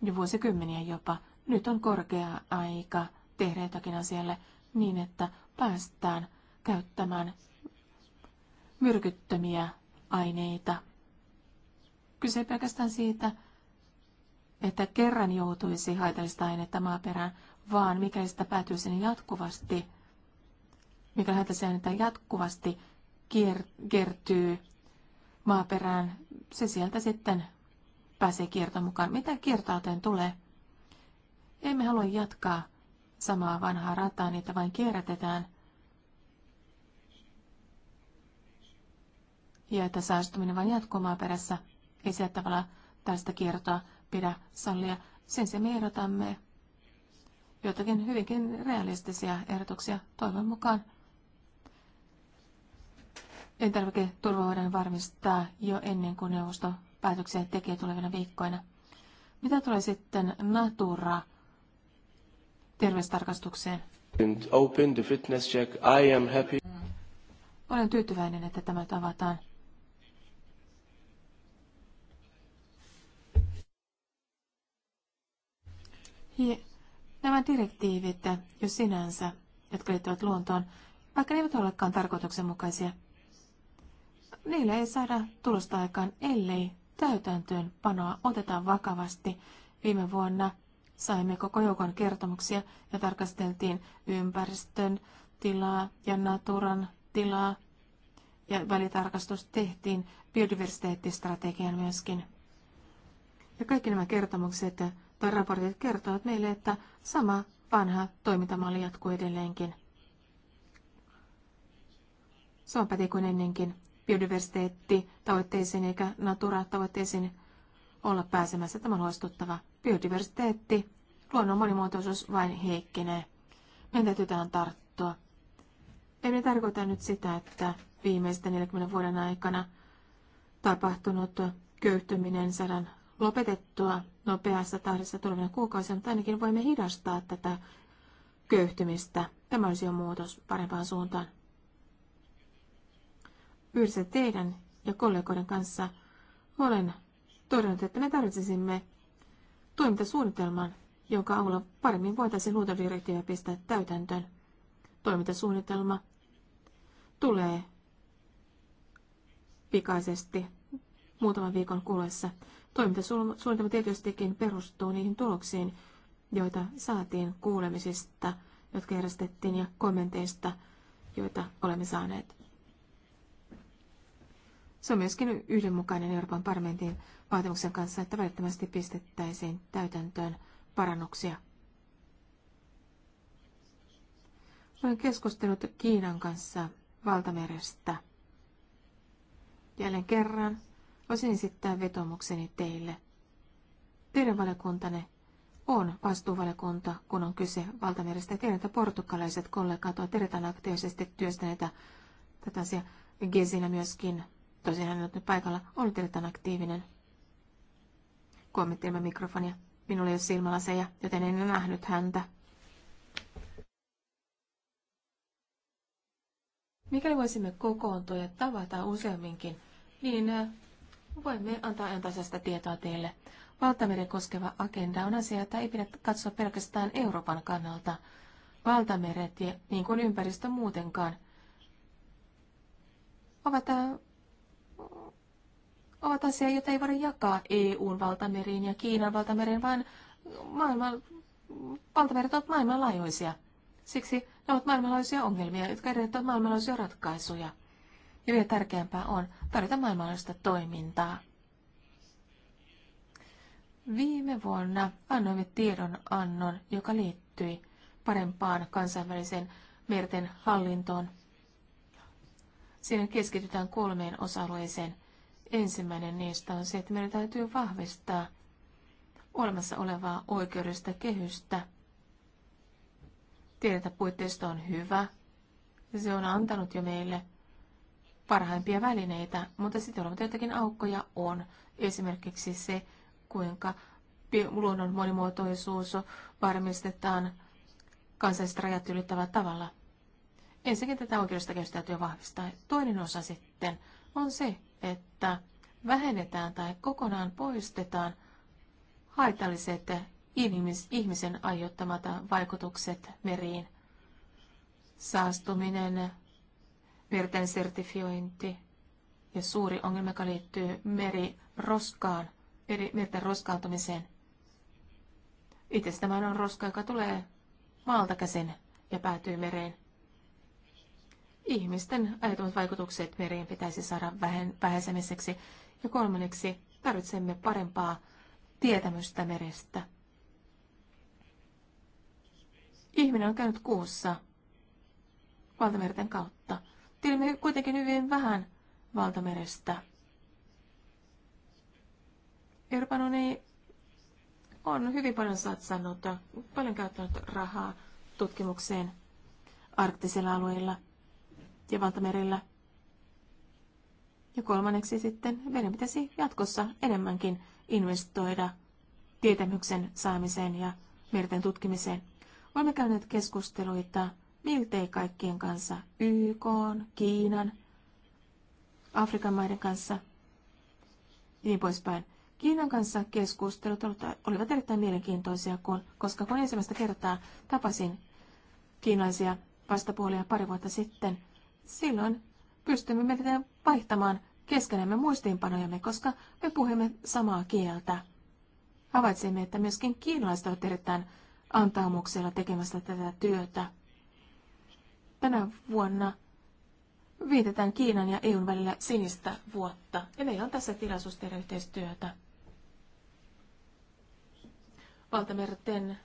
niin vuosikymmeniä jopa. Nyt on korkea aika tehdä jotakin asialle niin, että päästään käyttämään myrkyttömiä aineita. Kyse pelkästään siitä, että kerran joutuisi haitallista ainetta maaperään, vaan mikäli sitä päätyisi niin jatkuvasti, mikä haitallista ainetta jatkuvasti kier- kertyy maaperään, se sieltä sitten pääsee kiertoon mukaan. Mitä kiertauteen tulee? Emme halua jatkaa samaa vanhaa rataa, niitä vain kierrätetään – ja että saastuminen vain jatkuu maaperässä. Ei sillä tavalla tästä kiertoa pidä sallia. Sen se me ehdotamme jotakin hyvinkin realistisia ehdotuksia toivon mukaan. Elintarviketurva voidaan varmistaa jo ennen kuin neuvosto päätöksiä tekee tulevina viikkoina. Mitä tulee sitten Natura terveystarkastukseen? Open the fitness check. I am happy. Olen tyytyväinen, että tämä tavataan. nämä direktiivit jo sinänsä, jotka liittyvät luontoon, vaikka ne eivät olekaan tarkoituksenmukaisia, niillä ei saada tulosta aikaan, ellei täytäntöön panoa oteta vakavasti. Viime vuonna saimme koko joukon kertomuksia ja tarkasteltiin ympäristön tilaa ja naturan tilaa. Ja välitarkastus tehtiin biodiversiteettistrategian myöskin. Ja kaikki nämä kertomukset tai raportit kertovat meille, että sama vanha toimintamalli jatkuu edelleenkin. Se on päti kuin ennenkin biodiversiteetti tavoitteisiin eikä natura tavoitteisiin olla pääsemässä. Tämä on huolestuttava. Biodiversiteetti, luonnon monimuotoisuus vain heikkenee. Meidän täytyy tähän tarttua. Ei me tarkoita nyt sitä, että viimeisten 40 vuoden aikana tapahtunut köyhtyminen sadan lopetettua nopeassa tahdissa tulevina kuukausina, mutta ainakin voimme hidastaa tätä köyhtymistä. Tämä olisi jo muutos parempaan suuntaan. Yhdessä teidän ja kollegoiden kanssa olen todennut, että me tarvitsisimme toimintasuunnitelman, jonka avulla paremmin voitaisiin luontodirektiiviä pistää täytäntöön. Toimintasuunnitelma tulee pikaisesti muutaman viikon kuluessa. Toimintasuunnitelma tietystikin perustuu niihin tuloksiin, joita saatiin kuulemisista, jotka järjestettiin, ja kommenteista, joita olemme saaneet. Se on myöskin yhdenmukainen Euroopan parlamentin vaatimuksen kanssa, että välittömästi pistettäisiin täytäntöön parannuksia. Olen keskustellut Kiinan kanssa valtamerestä. Jälleen kerran voisin esittää vetomukseni teille. Teidän valiokuntanne on vastuuvalikunta, kun on kyse valtamerestä. Tiedän, että portugalaiset kollegat ovat erittäin aktiivisesti työstäneet tätä asiaa. Gesillä myöskin, tosiaan hän on nyt paikalla, on erittäin aktiivinen. Kommentti mikrofonia. Minulla ei ole silmälaseja, joten en nähnyt häntä. Mikäli voisimme kokoontua ja tavata useamminkin, niin voimme antaa ajantasaista tietoa teille. Valtameren koskeva agenda on asia, jota ei pidä katsoa pelkästään Euroopan kannalta. Valtameret ja niin kuin ympäristö muutenkaan ovat, äh, ovat asia, jota ei voida jakaa EUn valtameriin ja Kiinan valtameriin, vaan maailman, valtameret ovat maailmanlaajuisia. Siksi ne ovat maailmanlaajuisia ongelmia, jotka edellyttävät maailmanlaajuisia ratkaisuja. Ja vielä tärkeämpää on tarjota maailmanlaista toimintaa. Viime vuonna annoimme tiedonannon, joka liittyi parempaan kansainväliseen merten hallintoon. Siinä keskitytään kolmeen osa-alueeseen. Ensimmäinen niistä on se, että meidän täytyy vahvistaa olemassa olevaa oikeudesta kehystä. Tiedetä puitteisto on hyvä. Se on antanut jo meille parhaimpia välineitä, mutta sitten on joitakin aukkoja on. Esimerkiksi se, kuinka luonnon monimuotoisuus varmistetaan kansalliset rajat ylittävällä tavalla. Ensinnäkin tätä oikeudesta täytyy vahvistaa. Toinen osa sitten on se, että vähennetään tai kokonaan poistetaan haitalliset ihmisen aiheuttamat vaikutukset meriin. Saastuminen, merten sertifiointi ja suuri ongelma, joka liittyy meriroskaan, eri merten roskautumiseen. Itse tämä on roska, joka tulee maalta käsin ja päätyy mereen. Ihmisten aiheuttamat vaikutukset meriin pitäisi saada vähäisemiseksi. Ja kolmanneksi, tarvitsemme parempaa tietämystä merestä. Ihminen on käynyt kuussa valtamerten kautta. Tiedämme kuitenkin hyvin vähän valtamerestä. Euroopan unioni on hyvin paljon satsannut, paljon käyttänyt rahaa tutkimukseen arktisilla alueilla ja valtamerillä. Ja kolmanneksi sitten meidän pitäisi jatkossa enemmänkin investoida tietämyksen saamiseen ja merten tutkimiseen. Olemme käyneet keskusteluita miltei kaikkien kanssa, YK, Kiinan, Afrikan maiden kanssa ja niin poispäin. Kiinan kanssa keskustelut olivat erittäin mielenkiintoisia, kun, koska kun ensimmäistä kertaa tapasin kiinalaisia vastapuolia pari vuotta sitten, silloin pystymme melkein vaihtamaan keskenämme muistiinpanojamme, koska me puhumme samaa kieltä. Havaitsimme, että myöskin kiinalaiset ovat erittäin antaumuksella tekemässä tätä työtä. Tänä vuonna vietetään Kiinan ja EUn välillä sinistä vuotta, ja meillä on tässä tilaisuus tehdä yhteistyötä. Valtamerten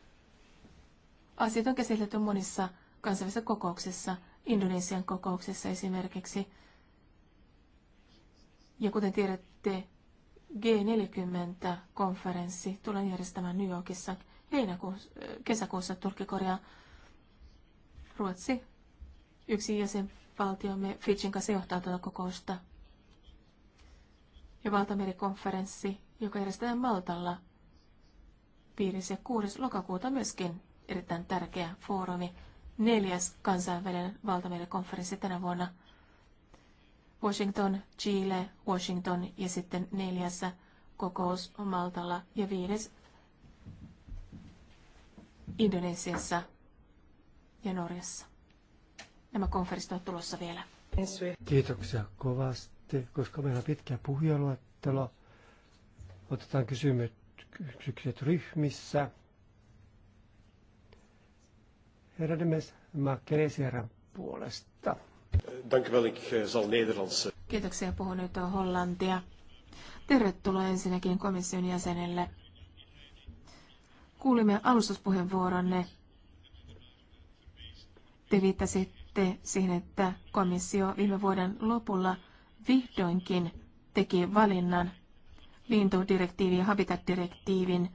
asiat on käsitelty monissa kansainvälisissä kokouksissa, Indonesian kokouksessa esimerkiksi. Ja kuten tiedätte, G40-konferenssi tullaan järjestämään New Yorkissa heinäkuussa, kesäkuussa Turkki-Korea. Ruotsi Yksi jäsenvaltiomme Fidjin kanssa johtaa tuota kokousta. Ja valtamerikonferenssi, joka järjestetään Maltalla 5. ja 6. lokakuuta myöskin erittäin tärkeä foorumi. Neljäs kansainvälinen valtamerikonferenssi tänä vuonna. Washington, Chile, Washington ja sitten neljässä kokous Maltalla ja viides Indonesiassa ja Norjassa. Nämä konferenssit ovat tulossa vielä. Kiitoksia kovasti, koska meillä on pitkä puhujaluettelo. Otetaan kysymykset ryhmissä. Herra Demes Makeesierän puolesta. ik eh, zal Nederlands. Eh. Kiitoksia, puhun nyt hollantia. Tervetuloa ensinnäkin komission jäsenelle. Kuulimme alustuspuheenvuoronne. Te viittasitte viitatte siihen, että komissio viime vuoden lopulla vihdoinkin teki valinnan lintudirektiivin ja habitat-direktiivin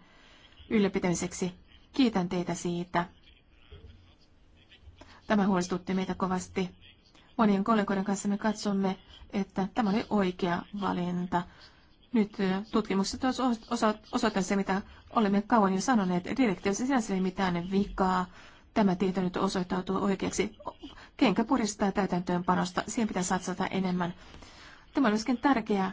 ylläpitämiseksi. Kiitän teitä siitä. Tämä huolestutti meitä kovasti. Monien kollegoiden kanssa me katsomme, että tämä oli oikea valinta. Nyt tutkimukset osoittavat se, mitä olemme kauan jo sanoneet. Direktiivissä sinänsä ei mitään vikaa. Tämä tieto nyt osoittautuu oikeaksi. Kenkä puristaa täytäntöönpanosta, siihen pitää satsata enemmän. Tämä on myöskin tärkeä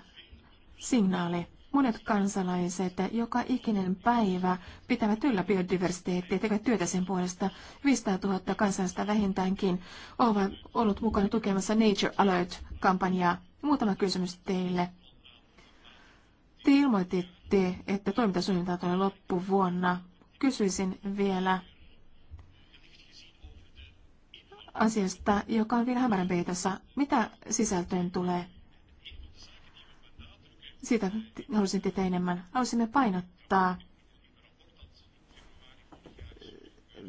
signaali. Monet kansalaiset joka ikinen päivä pitävät yllä biodiversiteettiä, tekevät työtä sen puolesta. 500 000 kansalaista vähintäänkin ovat olleet mukana tukemassa Nature Alert-kampanjaa. Muutama kysymys teille. Te ilmoititte, että toimintasuunnitelma tulee loppuvuonna. Kysyisin vielä, asiasta, joka on vielä hämärän peitossa, Mitä sisältöön tulee? Siitä haluaisin tietää enemmän. Haluaisimme painottaa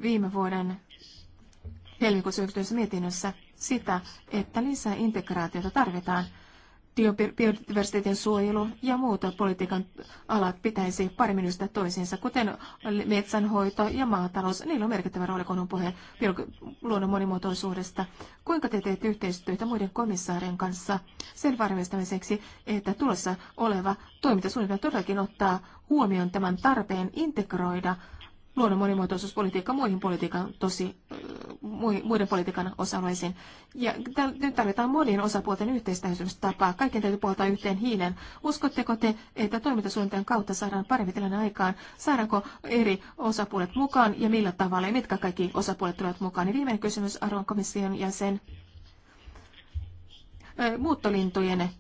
viime vuoden helmikuussa yhteydessä mietinnössä sitä, että lisää integraatiota tarvitaan biodiversiteetin suojelu ja muut politiikan alat pitäisi paremmin yhdistää toisiinsa, kuten metsänhoito ja maatalous. Niillä on merkittävä rooli, kun on puhe luonnon monimuotoisuudesta. Kuinka te teet yhteistyötä muiden komissaarien kanssa sen varmistamiseksi, että tulossa oleva toimintasuunnitelma todellakin ottaa huomioon tämän tarpeen integroida luonnon monimuotoisuuspolitiikka muihin politiikan, tosi, äh, muiden politiikan osa-alueisiin. Ja nyt tarvitaan monien osapuolten tapaa. Kaiken täytyy puolta yhteen hiilen. Uskotteko te, että toimintasuunnitelman kautta saadaan parempi tilanne aikaan? Saadaanko eri osapuolet mukaan ja millä tavalla ja mitkä kaikki osapuolet tulevat mukaan? Ja viimeinen kysymys arvon komission jäsen äh, muuttolintujen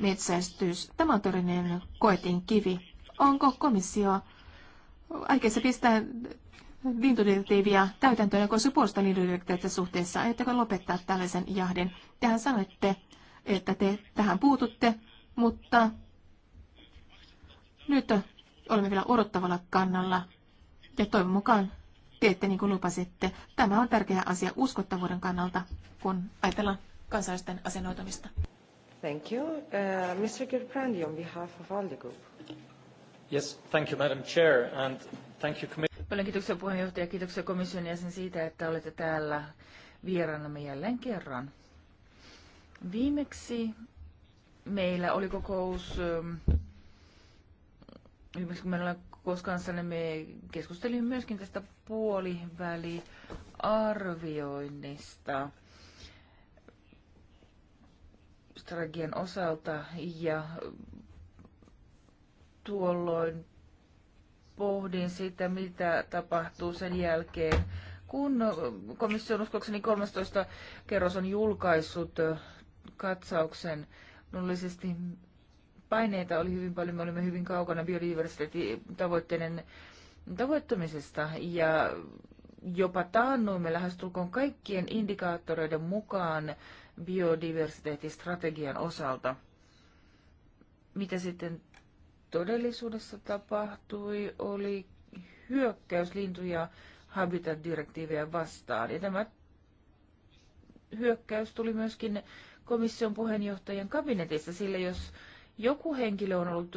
metsästys. Tämä on todellinen koetin kivi. Onko komissio aikeissa pistää lintudirektiiviä täytäntöön, joka olisi puolustaa lintudirektiiviä suhteessa. Aiotteko lopettaa tällaisen jahdin? Tähän sanoitte, että te tähän puututte, mutta nyt olemme vielä odottavalla kannalla ja toivon mukaan teette niin kuin lupasitte. Tämä on tärkeä asia uskottavuuden kannalta, kun ajatellaan kansalaisten asennoitumista. Thank you. Uh, Mr. Gerbrandi on behalf of all the group thank you, Madam Chair, and thank you, Paljon kiitoksia puheenjohtaja, kiitoksia komission jäsen siitä, että olette täällä vieraanamme jälleen kerran. Viimeksi meillä oli kokous, ähm, viimeksi kun meillä oli kokous kanssanne, niin me keskustelimme myöskin tästä puoliväliarvioinnista strategian osalta ja tuolloin pohdin sitä, mitä tapahtuu sen jälkeen, kun komission uskokseni 13. kerros on julkaissut katsauksen. nollisesti paineita oli hyvin paljon, me olimme hyvin kaukana biodiversiteettitavoitteiden tavoittamisesta ja jopa taannuimme lähestulkoon kaikkien indikaattoreiden mukaan biodiversiteettistrategian osalta. Mitä sitten todellisuudessa tapahtui, oli hyökkäys lintu- ja habitat-direktiivejä vastaan. Ja tämä hyökkäys tuli myöskin komission puheenjohtajan kabinetissa, sillä jos joku henkilö on ollut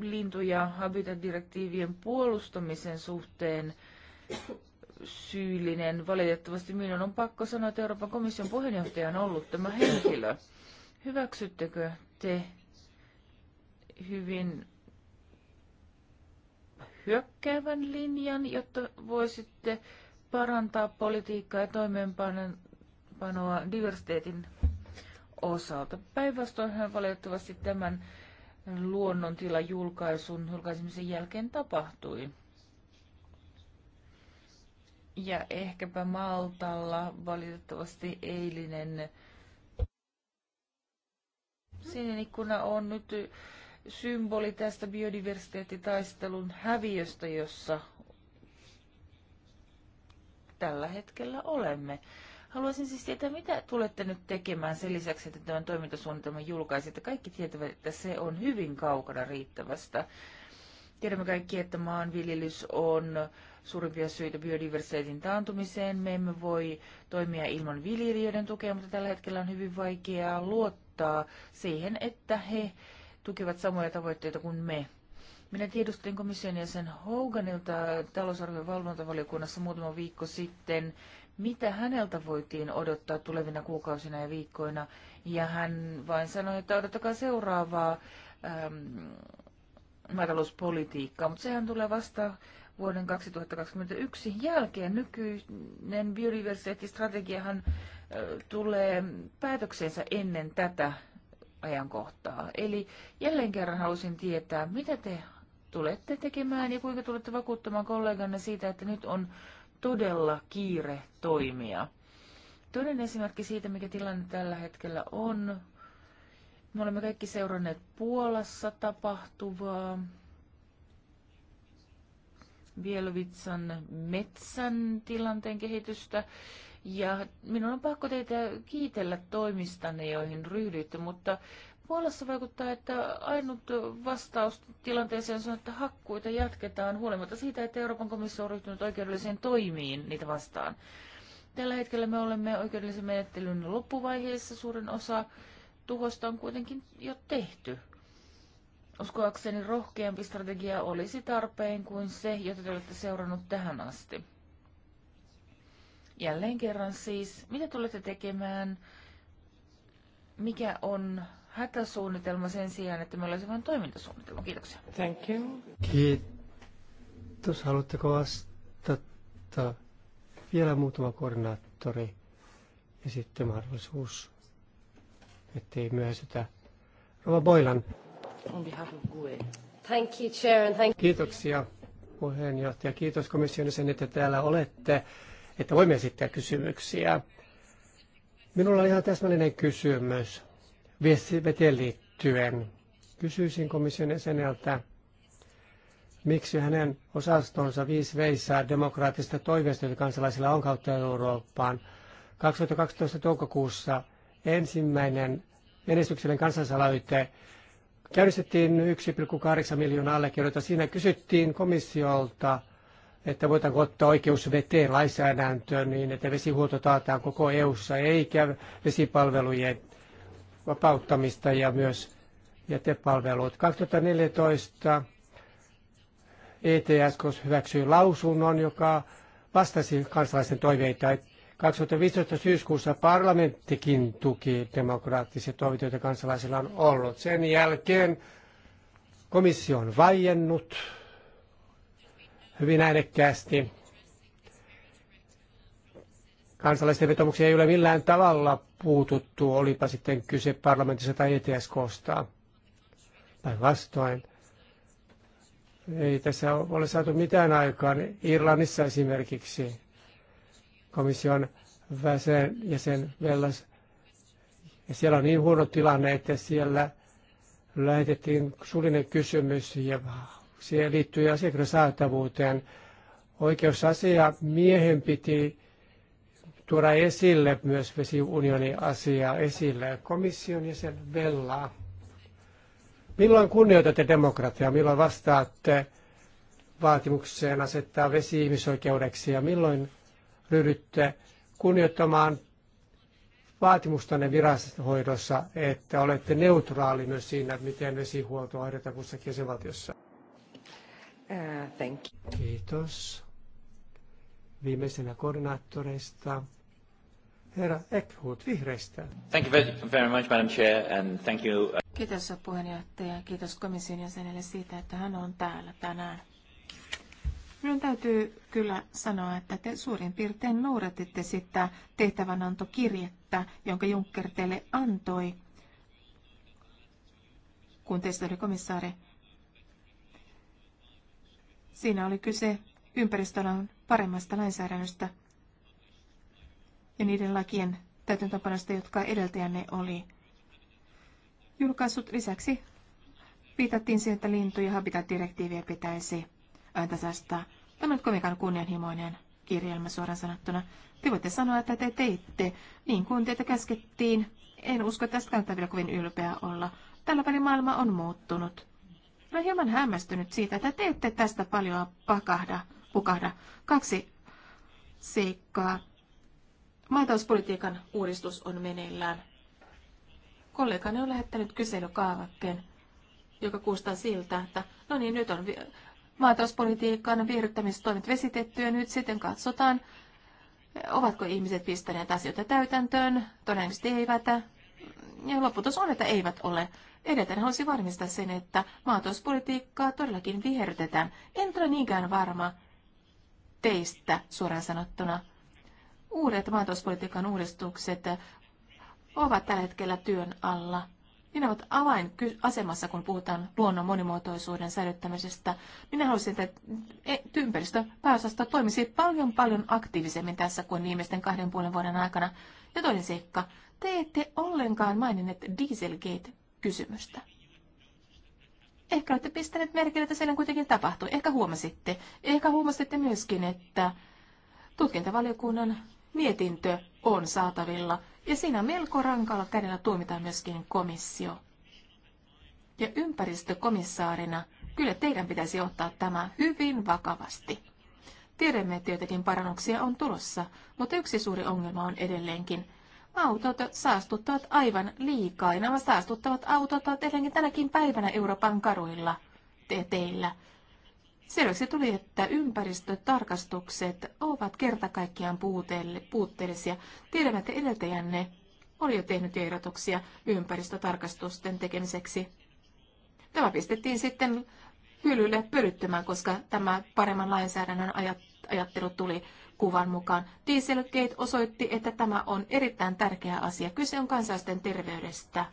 lintu- ja habitat-direktiivien puolustamisen suhteen syyllinen. Valitettavasti minun on pakko sanoa, että Euroopan komission puheenjohtaja on ollut tämä henkilö. Hyväksyttekö te hyvin hyökkäävän linjan, jotta voisitte parantaa politiikkaa ja toimeenpanoa diversiteetin osalta. hän valitettavasti tämän luonnontilajulkaisun julkaisun julkaisemisen jälkeen tapahtui. Ja ehkäpä Maltalla valitettavasti eilinen sinen, ikkuna on nyt symboli tästä biodiversiteettitaistelun häviöstä, jossa tällä hetkellä olemme. Haluaisin siis tietää, mitä tulette nyt tekemään sen lisäksi, että tämän toimintasuunnitelman julkaisitte. Kaikki tietävät, että se on hyvin kaukana riittävästä. Tiedämme kaikki, että maanviljelys on suurimpia syitä biodiversiteetin taantumiseen. Me emme voi toimia ilman viljelijöiden tukea, mutta tällä hetkellä on hyvin vaikeaa luottaa siihen, että he tukevat samoja tavoitteita kuin me. Minä tiedustelin komission jäsen Hoganilta talousarvion valvontavaliokunnassa muutama viikko sitten, mitä häneltä voitiin odottaa tulevina kuukausina ja viikkoina. Ja hän vain sanoi, että odottakaa seuraavaa ähm, maatalouspolitiikkaa, mutta sehän tulee vasta vuoden 2021 jälkeen. Nykyinen biodiversiteettistrategiahan äh, tulee päätöksensä ennen tätä ajankohtaa. Eli jälleen kerran halusin tietää, mitä te tulette tekemään ja kuinka tulette vakuuttamaan kolleganne siitä, että nyt on todella kiire toimia. Toinen esimerkki siitä, mikä tilanne tällä hetkellä on. Me olemme kaikki seuranneet Puolassa tapahtuvaa. Vielovitsan metsän tilanteen kehitystä. Ja minun on pakko teitä kiitellä toimistanne, joihin ryhdyitte, mutta Puolassa vaikuttaa, että ainut vastaus tilanteeseen on, että hakkuita jatketaan huolimatta siitä, että Euroopan komissio on ryhtynyt oikeudelliseen toimiin niitä vastaan. Tällä hetkellä me olemme oikeudellisen menettelyn loppuvaiheessa. Suurin osa tuhosta on kuitenkin jo tehty. Uskoakseni rohkeampi strategia olisi tarpeen kuin se, jota te olette seurannut tähän asti jälleen kerran siis, mitä tulette tekemään, mikä on hätäsuunnitelma sen sijaan, että meillä olisi vain toimintasuunnitelma. Kiitoksia. Thank you. Kiitos. Haluatteko vastata? Vielä muutama koordinaattori ja sitten mahdollisuus, ettei myöhästytä. Rova Boilan. On behalf of GUE. Thank you, Chair, and thank you. Kiitoksia puheenjohtaja. Kiitos komission sen, että täällä olette että voimme esittää kysymyksiä. Minulla on ihan täsmällinen kysymys veteen liittyen. Kysyisin komission jäseneltä, miksi hänen osastonsa viisi veisää demokraattista toiveista, joita kansalaisilla on kautta Eurooppaan. 2012 toukokuussa ensimmäinen menestyksellinen kansansalaite käynnistettiin 1,8 miljoonaa allekirjoita. Siinä kysyttiin komissiolta että voidaanko ottaa oikeus veteen lainsäädäntöön niin, että vesihuolto taataan koko EU-ssa, eikä vesipalvelujen vapauttamista ja myös jätepalvelut. 2014 ETS hyväksyi lausunnon, joka vastasi kansalaisten toiveita. 2015 syyskuussa parlamenttikin tuki demokraattisia toiveita, joita kansalaisilla on ollut. Sen jälkeen komissio on vaiennut hyvin äänekkäästi. Kansalaisten vetomuksia ei ole millään tavalla puututtu, olipa sitten kyse parlamentissa tai e Tai Päinvastoin. Ei tässä ole saatu mitään aikaan. Irlannissa esimerkiksi komission väsen sen Vellas. Ja siellä on niin huono tilanne, että siellä lähetettiin suullinen kysymys ja siihen liittyy asiakirjan saatavuuteen. Oikeusasia miehen piti tuoda esille myös vesiunionin asiaa esille. Komission jäsen Vella. Milloin kunnioitatte demokratiaa? Milloin vastaatte vaatimukseen asettaa vesi ihmisoikeudeksi ja milloin ryhdytte kunnioittamaan vaatimustanne virastohoidossa, että olette neutraali myös siinä, miten vesihuolto hoidetaan kussakin jäsenvaltiossa? Uh, thank you. Kiitos. Viimeisenä koordinaattoreista herra Ekhut vihreistä. Thank you very much, Madam Chair, and thank you. Uh, kiitos puheenjohtaja, kiitos komission jäsenelle siitä, että hän on täällä tänään. Minun täytyy kyllä sanoa, että te suurin piirtein noudatitte sitä tehtävänantokirjettä, jonka Juncker teille antoi, kun teistä oli komissaari Siinä oli kyse ympäristöalan paremmasta lainsäädännöstä ja niiden lakien täytäntöönpanosta, jotka edeltäjänne oli julkaissut. Lisäksi viitattiin siihen, että lintu- ja habitat-direktiiviä pitäisi ajantasasta. Tämä on kovinkaan kunnianhimoinen kirjelmä suoraan sanottuna. Te voitte sanoa, että te teitte niin kuin teitä käskettiin. En usko, että tästä kannattaa vielä kovin ylpeä olla. Tällä välin maailma on muuttunut. Olen hieman hämmästynyt siitä, että te ette tästä paljon pakahda, pukahda. Kaksi seikkaa. Maatalouspolitiikan uudistus on meneillään. Kollegani on lähettänyt kyselykaavakkeen, joka kuustaa siltä, että no niin, nyt on maatalouspolitiikan viihdyttämistoimet vesitetty ja nyt sitten katsotaan, ovatko ihmiset pistäneet asioita täytäntöön. Todennäköisesti eivät ja lopputus on, että eivät ole. Edetään halusi varmistaa sen, että maatalouspolitiikkaa todellakin vihertetään. En ole niinkään varma teistä, suoraan sanottuna. Uudet maatalouspolitiikan uudistukset ovat tällä hetkellä työn alla. Minä olen avainasemassa, kun puhutaan luonnon monimuotoisuuden säilyttämisestä. Minä haluaisin, että e- ympäristöpääosasto toimisi paljon paljon aktiivisemmin tässä kuin viimeisten kahden puolen vuoden aikana. Ja toinen seikka, te ette ollenkaan maininneet Dieselgate-kysymystä. Ehkä olette pistäneet merkille, että siellä kuitenkin tapahtui. Ehkä huomasitte. Ehkä huomasitte myöskin, että tutkintavaliokunnan mietintö on saatavilla. Ja siinä melko rankalla kädellä tuomitaan myöskin komissio. Ja ympäristökomissaarina kyllä teidän pitäisi ottaa tämä hyvin vakavasti. Tiedämme, että joitakin parannuksia on tulossa, mutta yksi suuri ongelma on edelleenkin – Autot saastuttavat aivan liikaa ja nämä saastuttavat autot ovat tietenkin tänäkin päivänä Euroopan karuilla te- teillä. Selväksi tuli, että ympäristötarkastukset ovat kertakaikkiaan puutteellisia. Tiedämme, että edeltäjänne oli jo tehnyt ehdotuksia ympäristötarkastusten tekemiseksi. Tämä pistettiin sitten hyllylle pölyttymään, koska tämä paremman lainsäädännön ajattelu tuli kuvan mukaan. Dieselgate osoitti, että tämä on erittäin tärkeä asia. Kyse on kansalaisten terveydestä.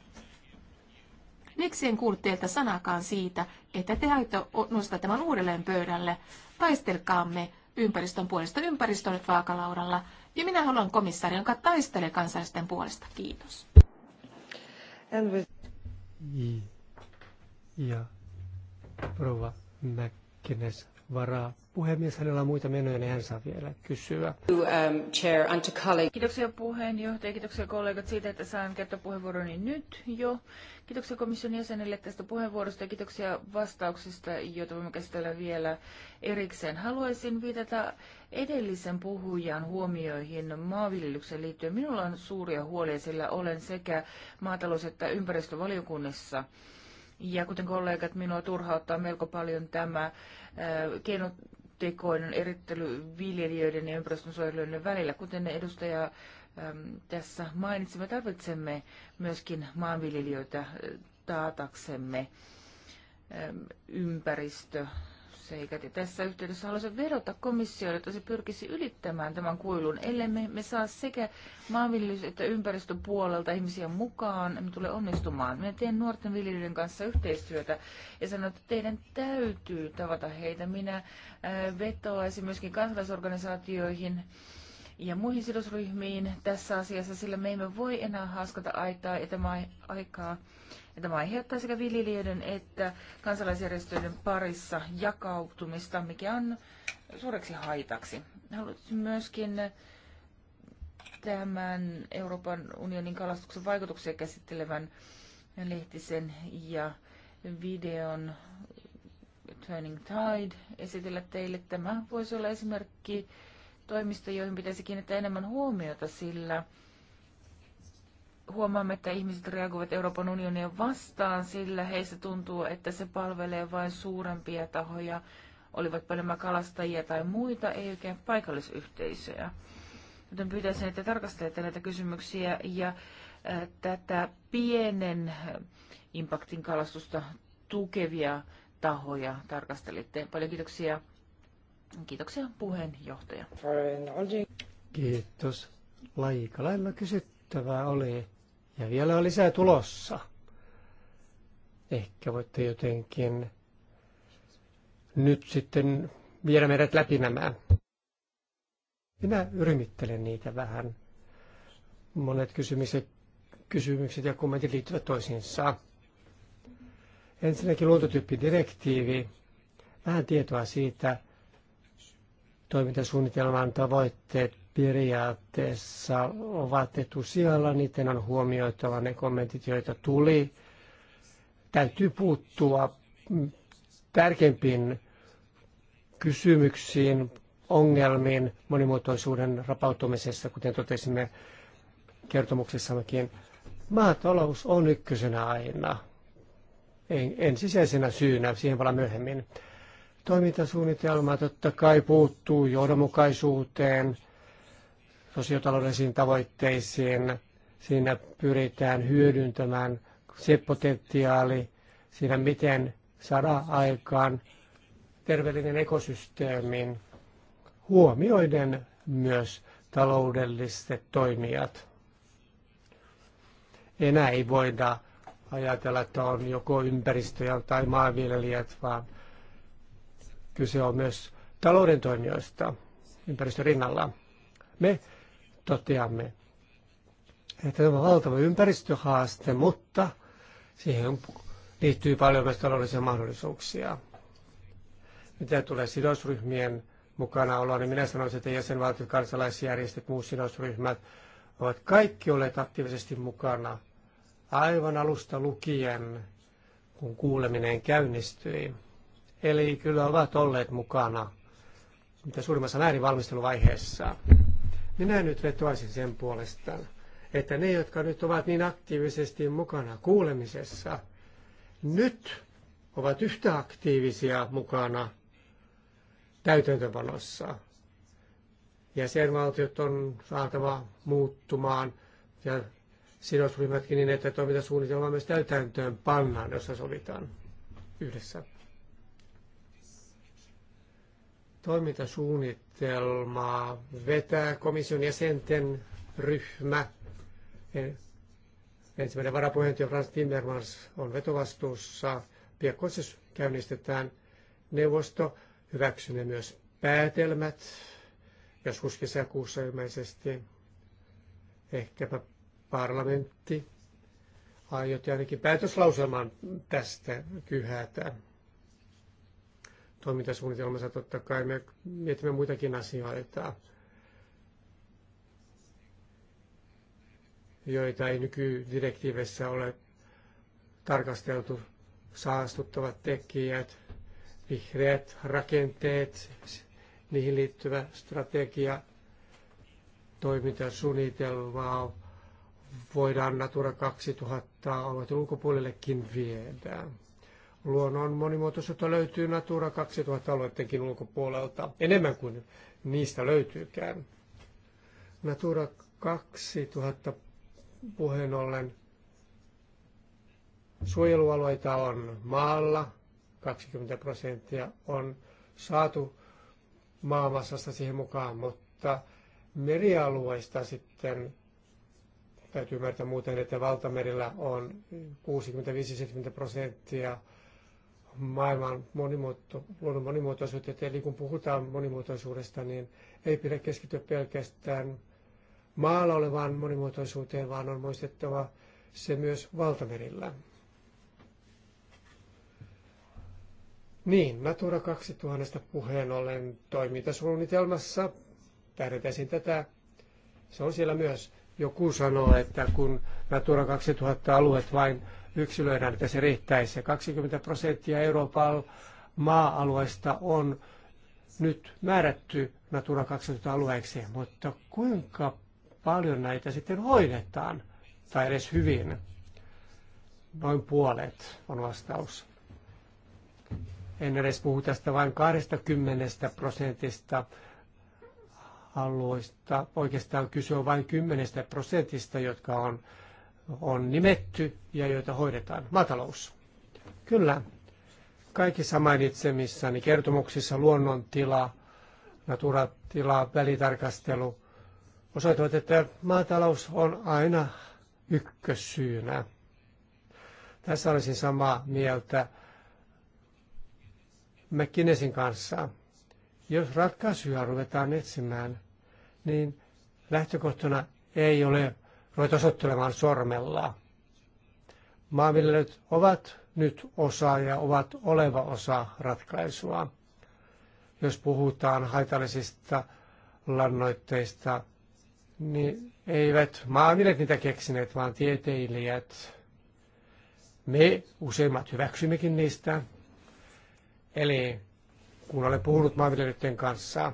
Miksi en kuullut teiltä sanakaan siitä, että te aiotte nostaa tämän uudelleen pöydälle? Taistelkaamme ympäristön puolesta. Ympäristö on nyt vaakalaudalla. Ja minä haluan komissaari, joka taistelee kansalaisten puolesta. Kiitos. Ja, ja. prova Mäkkenes varaa. Puhemies, hänellä on muita menoja, niin hän saa vielä kysyä. Um, kiitoksia puheenjohtaja, kiitoksia kollegat siitä, että saan käyttää puheenvuoroni nyt jo. Kiitoksia komission jäsenille tästä puheenvuorosta ja kiitoksia vastauksista, joita voimme käsitellä vielä erikseen. Haluaisin viitata edellisen puhujan huomioihin maanviljelykseen liittyen. Minulla on suuria huolia, sillä olen sekä maatalous- että ympäristövaliokunnassa – ja kuten kollegat, minua turhauttaa melko paljon tämä äh, keinotekoinen erittely viljelijöiden ja ympäristönsuojelijoiden välillä. Kuten edustaja ähm, tässä mainitsi, me tarvitsemme myöskin maanviljelijöitä äh, taataksemme ähm, ympäristö seikat. Ja tässä yhteydessä haluaisin vedota komissiolle, että se pyrkisi ylittämään tämän kuilun, ellei me, me saa sekä maanviljelys- että ympäristön puolelta ihmisiä mukaan, me tulee onnistumaan. Minä teen nuorten viljelijöiden kanssa yhteistyötä ja sanon, että teidän täytyy tavata heitä. Minä äh, vetoaisin myöskin kansalaisorganisaatioihin ja muihin sidosryhmiin tässä asiassa, sillä me emme voi enää haaskata aitaa ja tämä aikaa ja tämä aiheuttaa sekä viljelijöiden että kansalaisjärjestöiden parissa jakautumista, mikä on suureksi haitaksi. Haluaisin myöskin tämän Euroopan unionin kalastuksen vaikutuksia käsittelevän lehtisen ja videon Turning Tide esitellä teille. Tämä voisi olla esimerkki toimista, joihin pitäisi kiinnittää enemmän huomiota, sillä huomaamme, että ihmiset reagoivat Euroopan unionia vastaan, sillä heistä tuntuu, että se palvelee vain suurempia tahoja, olivat nämä kalastajia tai muita, ei oikein paikallisyhteisöjä. Joten pyytäisin, että tarkastelette näitä kysymyksiä ja äh, tätä pienen äh, impaktin kalastusta tukevia tahoja tarkastelitte. Paljon kiitoksia. Kiitoksia puheenjohtaja. Kiitos. Laika lailla kysyttävää oli. Ja vielä on lisää tulossa. Ehkä voitte jotenkin nyt sitten viedä meidät läpi nämä. Minä yrimittelen niitä vähän. Monet kysymykset, kysymykset ja kommentit liittyvät toisiinsa. Ensinnäkin luontotyyppidirektiivi. Vähän tietoa siitä toimintasuunnitelman tavoitteet periaatteessa ovat etusijalla, niiden on huomioitava ne kommentit, joita tuli. Täytyy puuttua tärkeimpiin kysymyksiin, ongelmiin monimuotoisuuden rapautumisessa, kuten totesimme kertomuksessammekin. Maatalous on ykkösenä aina, ensisijaisena syynä, siihen vaan myöhemmin. Toimintasuunnitelma totta kai puuttuu johdonmukaisuuteen, sosiotaloudellisiin tavoitteisiin. Siinä pyritään hyödyntämään se potentiaali siinä, miten saada aikaan terveellinen ekosysteemin huomioiden myös taloudelliset toimijat. Enää ei voida ajatella, että on joko ympäristöjä tai maanviljelijät, vaan kyse on myös talouden toimijoista ympäristön Me toteamme, että tämä on valtava ympäristöhaaste, mutta siihen liittyy paljon myös taloudellisia mahdollisuuksia. Mitä tulee sidosryhmien mukana oloa, niin minä sanoisin, että jäsenvaltiot, kansalaisjärjestöt, muut sidosryhmät ovat kaikki olleet aktiivisesti mukana aivan alusta lukien, kun kuuleminen käynnistyi. Eli kyllä ovat olleet mukana mitä suurimmassa määrin valmisteluvaiheessa. Minä nyt vetoaisin sen puolestaan, että ne, jotka nyt ovat niin aktiivisesti mukana kuulemisessa, nyt ovat yhtä aktiivisia mukana täytäntöpanossa. Jäsenvaltiot on saatava muuttumaan ja sidosryhmätkin niin, että toimintasuunnitelma myös täytäntöön pannaan, jossa sovitaan yhdessä toimintasuunnitelmaa vetää komission jäsenten ryhmä. Ensimmäinen varapuheenjohtaja Frans Timmermans on vetovastuussa. Piakkoin siis käynnistetään. Neuvosto Hyväksymme myös päätelmät, joskus kesäkuussa ilmeisesti. Ehkäpä parlamentti aiot ainakin päätöslauselman tästä kyhätä toimintasuunnitelmansa totta kai me mietimme muitakin asioita, joita ei nykydirektiivissä ole tarkasteltu. Saastuttavat tekijät, vihreät rakenteet, niihin liittyvä strategia, toimintasuunnitelmaa voidaan Natura 2000 alueiden ulkopuolellekin viedä luonnon monimuotoisuutta löytyy Natura 2000-alueidenkin ulkopuolelta, enemmän kuin niistä löytyykään. Natura 2000 puheen ollen suojelualueita on maalla, 20 prosenttia on saatu maamassasta siihen mukaan, mutta merialueista sitten täytyy ymmärtää muuten, että valtamerillä on 65-70 prosenttia maailman monimuoto, luonnon monimuotoisuutta. Eli kun puhutaan monimuotoisuudesta, niin ei pidä keskittyä pelkästään maalla olevaan monimuotoisuuteen, vaan on muistettava se myös valtamerillä. Niin, Natura 2000 puheen ollen toimintasuunnitelmassa tärjätäisin tätä. Se on siellä myös. Joku sanoo, että kun Natura 2000 alueet vain yksilöidään, että se riittäisi. 20 prosenttia Euroopan maa-alueesta on nyt määrätty Natura 2000-alueeksi, mutta kuinka paljon näitä sitten hoidetaan, tai edes hyvin? Noin puolet on vastaus. En edes puhu tästä vain 20 prosentista alueista. Oikeastaan kyse on vain 10 prosentista, jotka on on nimetty ja joita hoidetaan. Maatalous. Kyllä. Kaikissa mainitsemissani kertomuksissa luonnontila, naturatila, välitarkastelu osoittavat, että maatalous on aina ykkössyynä. Tässä olisin samaa mieltä McKinneysin kanssa. Jos ratkaisuja ruvetaan etsimään, niin lähtökohtana ei ole ruveta osoittelemaan sormella. Maanviljelijät ovat nyt osa ja ovat oleva osa ratkaisua. Jos puhutaan haitallisista lannoitteista, niin eivät maanviljelijät niitä keksineet, vaan tieteilijät. Me useimmat hyväksymmekin niistä. Eli kun olen puhunut maanviljelijöiden kanssa,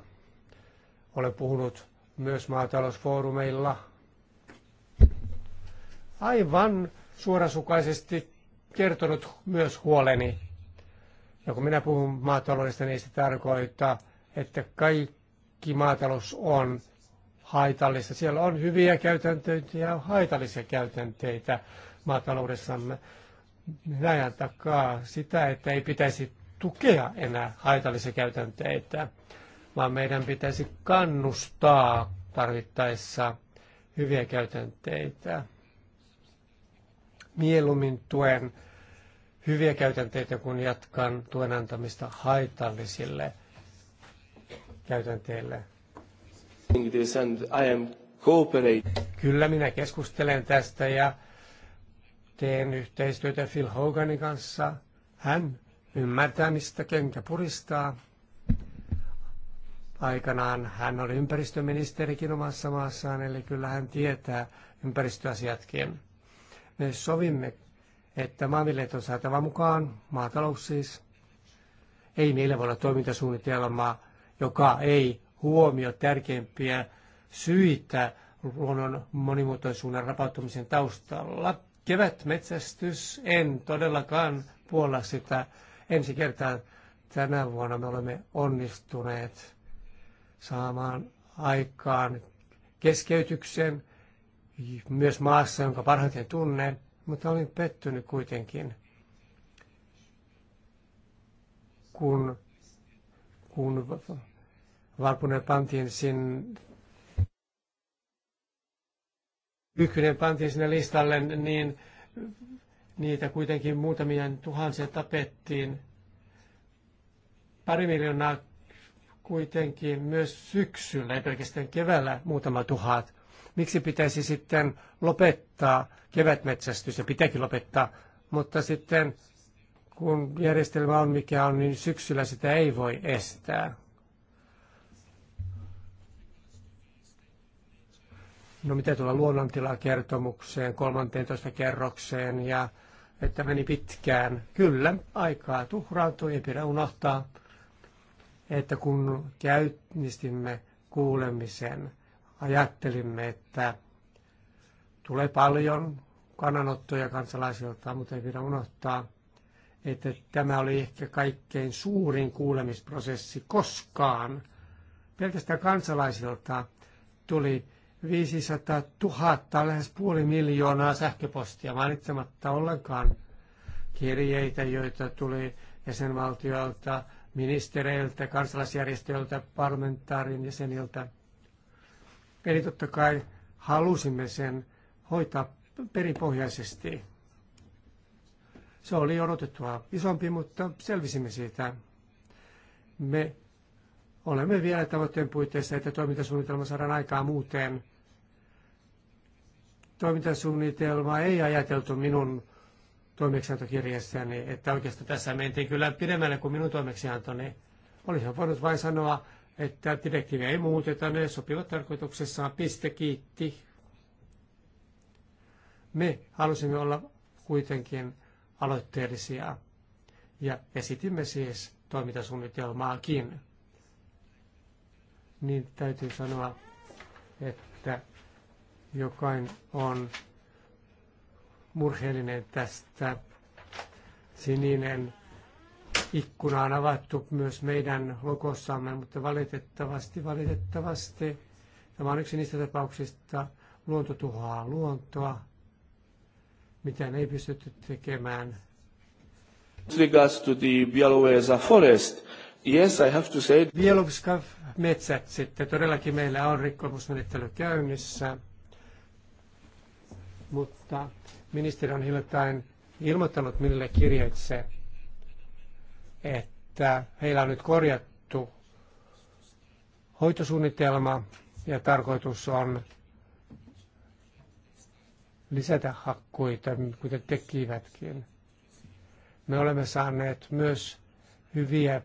olen puhunut myös maatalousfoorumeilla – aivan suorasukaisesti kertonut myös huoleni. Ja kun minä puhun maataloudesta, niin se tarkoittaa, että kaikki maatalous on haitallista. Siellä on hyviä käytänteitä ja haitallisia käytänteitä maataloudessamme. Minä ajan takaa sitä, että ei pitäisi tukea enää haitallisia käytänteitä, vaan meidän pitäisi kannustaa tarvittaessa hyviä käytänteitä mieluummin tuen hyviä käytänteitä, kun jatkan tuen antamista haitallisille käytänteille. Kyllä minä keskustelen tästä ja teen yhteistyötä Phil Hoganin kanssa. Hän ymmärtää, mistä kenkä puristaa. Aikanaan hän oli ympäristöministerikin omassa maassaan, eli kyllä hän tietää ympäristöasiatkin. Me sovimme, että maanviljelijät on saatava mukaan, maatalous siis. Ei meillä voi olla toimintasuunnitelmaa, joka ei huomioi tärkeimpiä syitä luonnon monimuotoisuuden rapauttamisen taustalla. Kevätmetsästys, en todellakaan puolla sitä. Ensi kertaa tänä vuonna me olemme onnistuneet saamaan aikaan keskeytyksen myös maassa, jonka parhaiten tunnen, mutta olin pettynyt kuitenkin, kun, kun Valpunen pantiin sinne Ykkönen pantiin sinne listalle, niin niitä kuitenkin muutamia tuhansia tapettiin. Pari miljoonaa kuitenkin myös syksyllä, ei pelkästään keväällä muutama tuhat miksi pitäisi sitten lopettaa kevätmetsästys, ja pitääkin lopettaa, mutta sitten kun järjestelmä on mikä on, niin syksyllä sitä ei voi estää. No mitä tuolla luonnontilakertomukseen, 13 kerrokseen ja että meni pitkään. Kyllä, aikaa tuhraantui, ei pidä unohtaa, että kun käynnistimme kuulemisen – ajattelimme, että tulee paljon kannanottoja kansalaisilta, mutta ei pidä unohtaa, että tämä oli ehkä kaikkein suurin kuulemisprosessi koskaan. Pelkästään kansalaisilta tuli 500 000, lähes puoli miljoonaa sähköpostia, mainitsematta ollenkaan kirjeitä, joita tuli jäsenvaltioilta, ministereiltä, kansalaisjärjestöiltä, parlamentaarin jäseniltä – Eli totta kai halusimme sen hoitaa perinpohjaisesti. Se oli odotettua isompi, mutta selvisimme siitä. Me olemme vielä tavoitteen puitteissa, että toimintasuunnitelma saadaan aikaa muuten. Toimintasuunnitelma ei ajateltu minun toimeksiantokirjassani, että oikeastaan tässä mentiin kyllä pidemmälle kuin minun toimeksiantoni. Olisin voinut vain sanoa, että direktiiviä ei muuteta, ne sopivat tarkoituksessaan, piste kiitti. Me halusimme olla kuitenkin aloitteellisia ja esitimme siis toimintasuunnitelmaakin. Niin täytyy sanoa, että jokainen on murheellinen tästä sininen ikkuna on avattu myös meidän lokossamme, mutta valitettavasti, valitettavasti tämä on yksi niistä tapauksista, luonto tuhoaa luontoa, mitä ei pystytty tekemään. With regards to the Bieloweza forest, yes, I have to say... Bielowska metsät sitten, todellakin meillä on rikkomusmenettely käynnissä, mutta ministeri on hiljattain ilmoittanut minulle kirjeitse, että heillä on nyt korjattu hoitosuunnitelma ja tarkoitus on lisätä hakkuita, kuten tekivätkin. Me olemme saaneet myös hyviä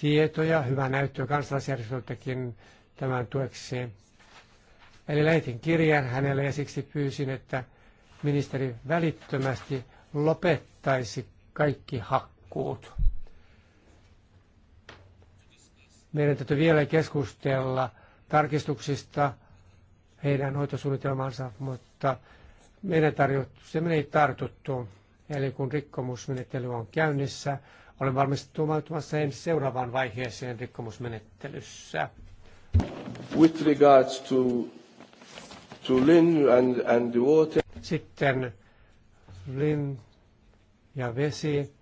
tietoja, hyvää näyttöä kansalaisjärjestöltäkin tämän tueksi. Eli lähetin kirjan hänelle ja siksi pyysin, että ministeri välittömästi lopettaisi kaikki hakkuut. Meidän täytyy vielä keskustella tarkistuksista heidän hoitosuunnitelmansa, mutta meidän tarjottu, se tartuttu. Eli kun rikkomusmenettely on käynnissä, olen valmistautumassa ensi seuraavaan vaiheeseen rikkomusmenettelyssä. With regards to, to Lin and, and the water. Sitten Lin ja vesi.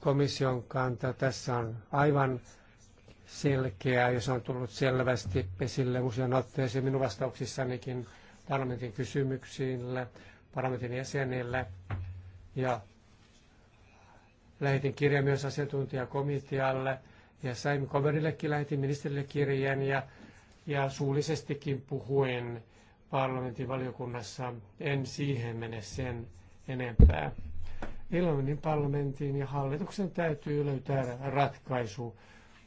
Komission kanta tässä on aivan selkeää ja se on tullut selvästi esille usean otteeseen minun vastauksissanikin parlamentin kysymyksille, parlamentin jäsenille ja lähetin kirjan myös asiantuntijakomitealle ja sain coverillekin lähetin ministerille kirjeen ja, ja suullisestikin puhuin parlamentin valiokunnassa. En siihen mene sen enempää. Irlannin parlamentin ja hallituksen täytyy löytää ratkaisu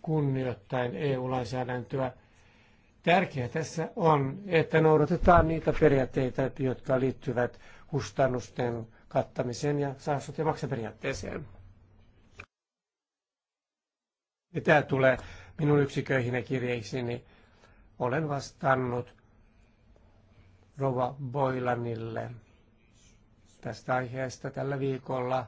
kunnioittain EU-lainsäädäntöä. Tärkeää tässä on, että noudatetaan niitä periaatteita, jotka liittyvät kustannusten kattamiseen ja saastut- ja maksaperiaatteeseen. Mitä tulee minun yksiköihin ja kirjeisiini, olen vastannut Rova Boilanille tästä aiheesta tällä viikolla.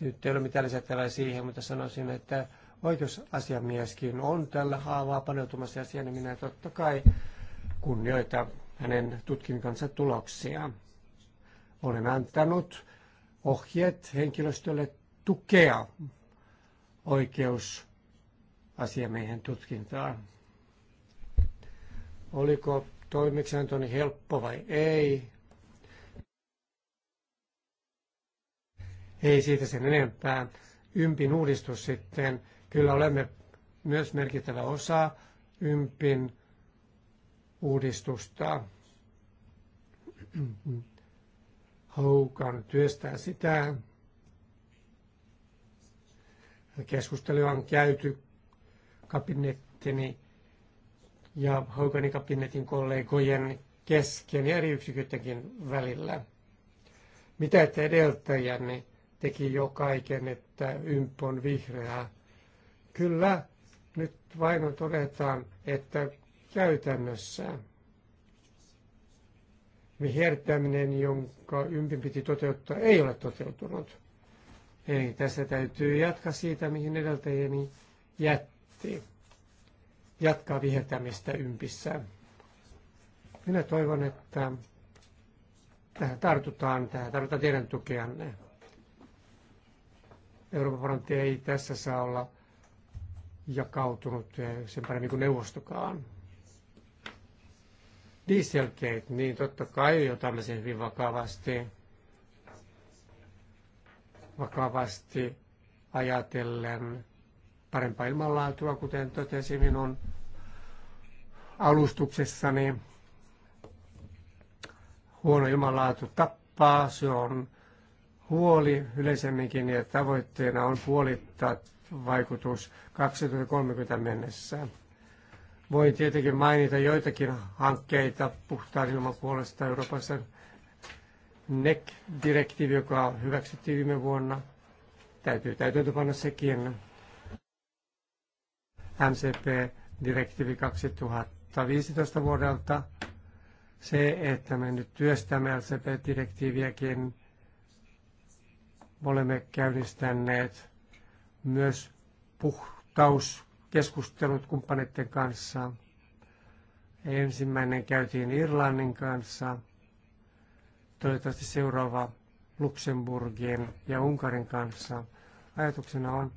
Nyt ei ole mitään lisättävää siihen, mutta sanoisin, että oikeusasiamieskin on tällä haavaa paneutumassa asiaan, niin minä totta kai kunnioita hänen tutkinnansa tuloksia. Olen antanut ohjeet henkilöstölle tukea oikeusasiamiehen tutkintaa. Oliko toimeksiantoni niin helppo vai ei? Ei siitä sen enempää. Ympin uudistus sitten Kyllä olemme myös merkittävä osa ympin uudistusta. Houkan työstää sitä. Keskustelua on käyty kabinettini ja Houkanin kabinetin kollegojen kesken ja eri yksiköidenkin välillä. Mitä te edeltäjänne teki jo kaiken, että YMP on vihreää Kyllä, nyt vain on todetaan, että käytännössä vihertäminen, jonka ympin piti toteuttaa, ei ole toteutunut. Eli tässä täytyy jatkaa siitä, mihin edeltäjäni jätti. Jatkaa vihertämistä ympissä. Minä toivon, että tähän tartutaan, tähän tarvitaan teidän tukeanne. Euroopan parlamentti ei tässä saa olla jakautunut sen paremmin kuin neuvostokaan. Dieselgate, niin totta kai otamme sen hyvin vakavasti. Vakavasti ajatellen parempaa ilmanlaatua, kuten totesin minun alustuksessani. Huono ilmanlaatu tappaa, se on huoli yleisemminkin ja tavoitteena on puolittaa vaikutus 2030 mennessä. Voin tietenkin mainita joitakin hankkeita puhtaan ilman puolesta Euroopassa. NEC-direktiivi, joka hyväksyttiin viime vuonna, täytyy panna sekin. MCP-direktiivi 2015 vuodelta. Se, että me nyt työstämme LCP-direktiiviäkin, olemme käynnistäneet myös puhtauskeskustelut kumppaneiden kanssa. Ensimmäinen käytiin Irlannin kanssa, toivottavasti seuraava Luxemburgin ja Unkarin kanssa. Ajatuksena on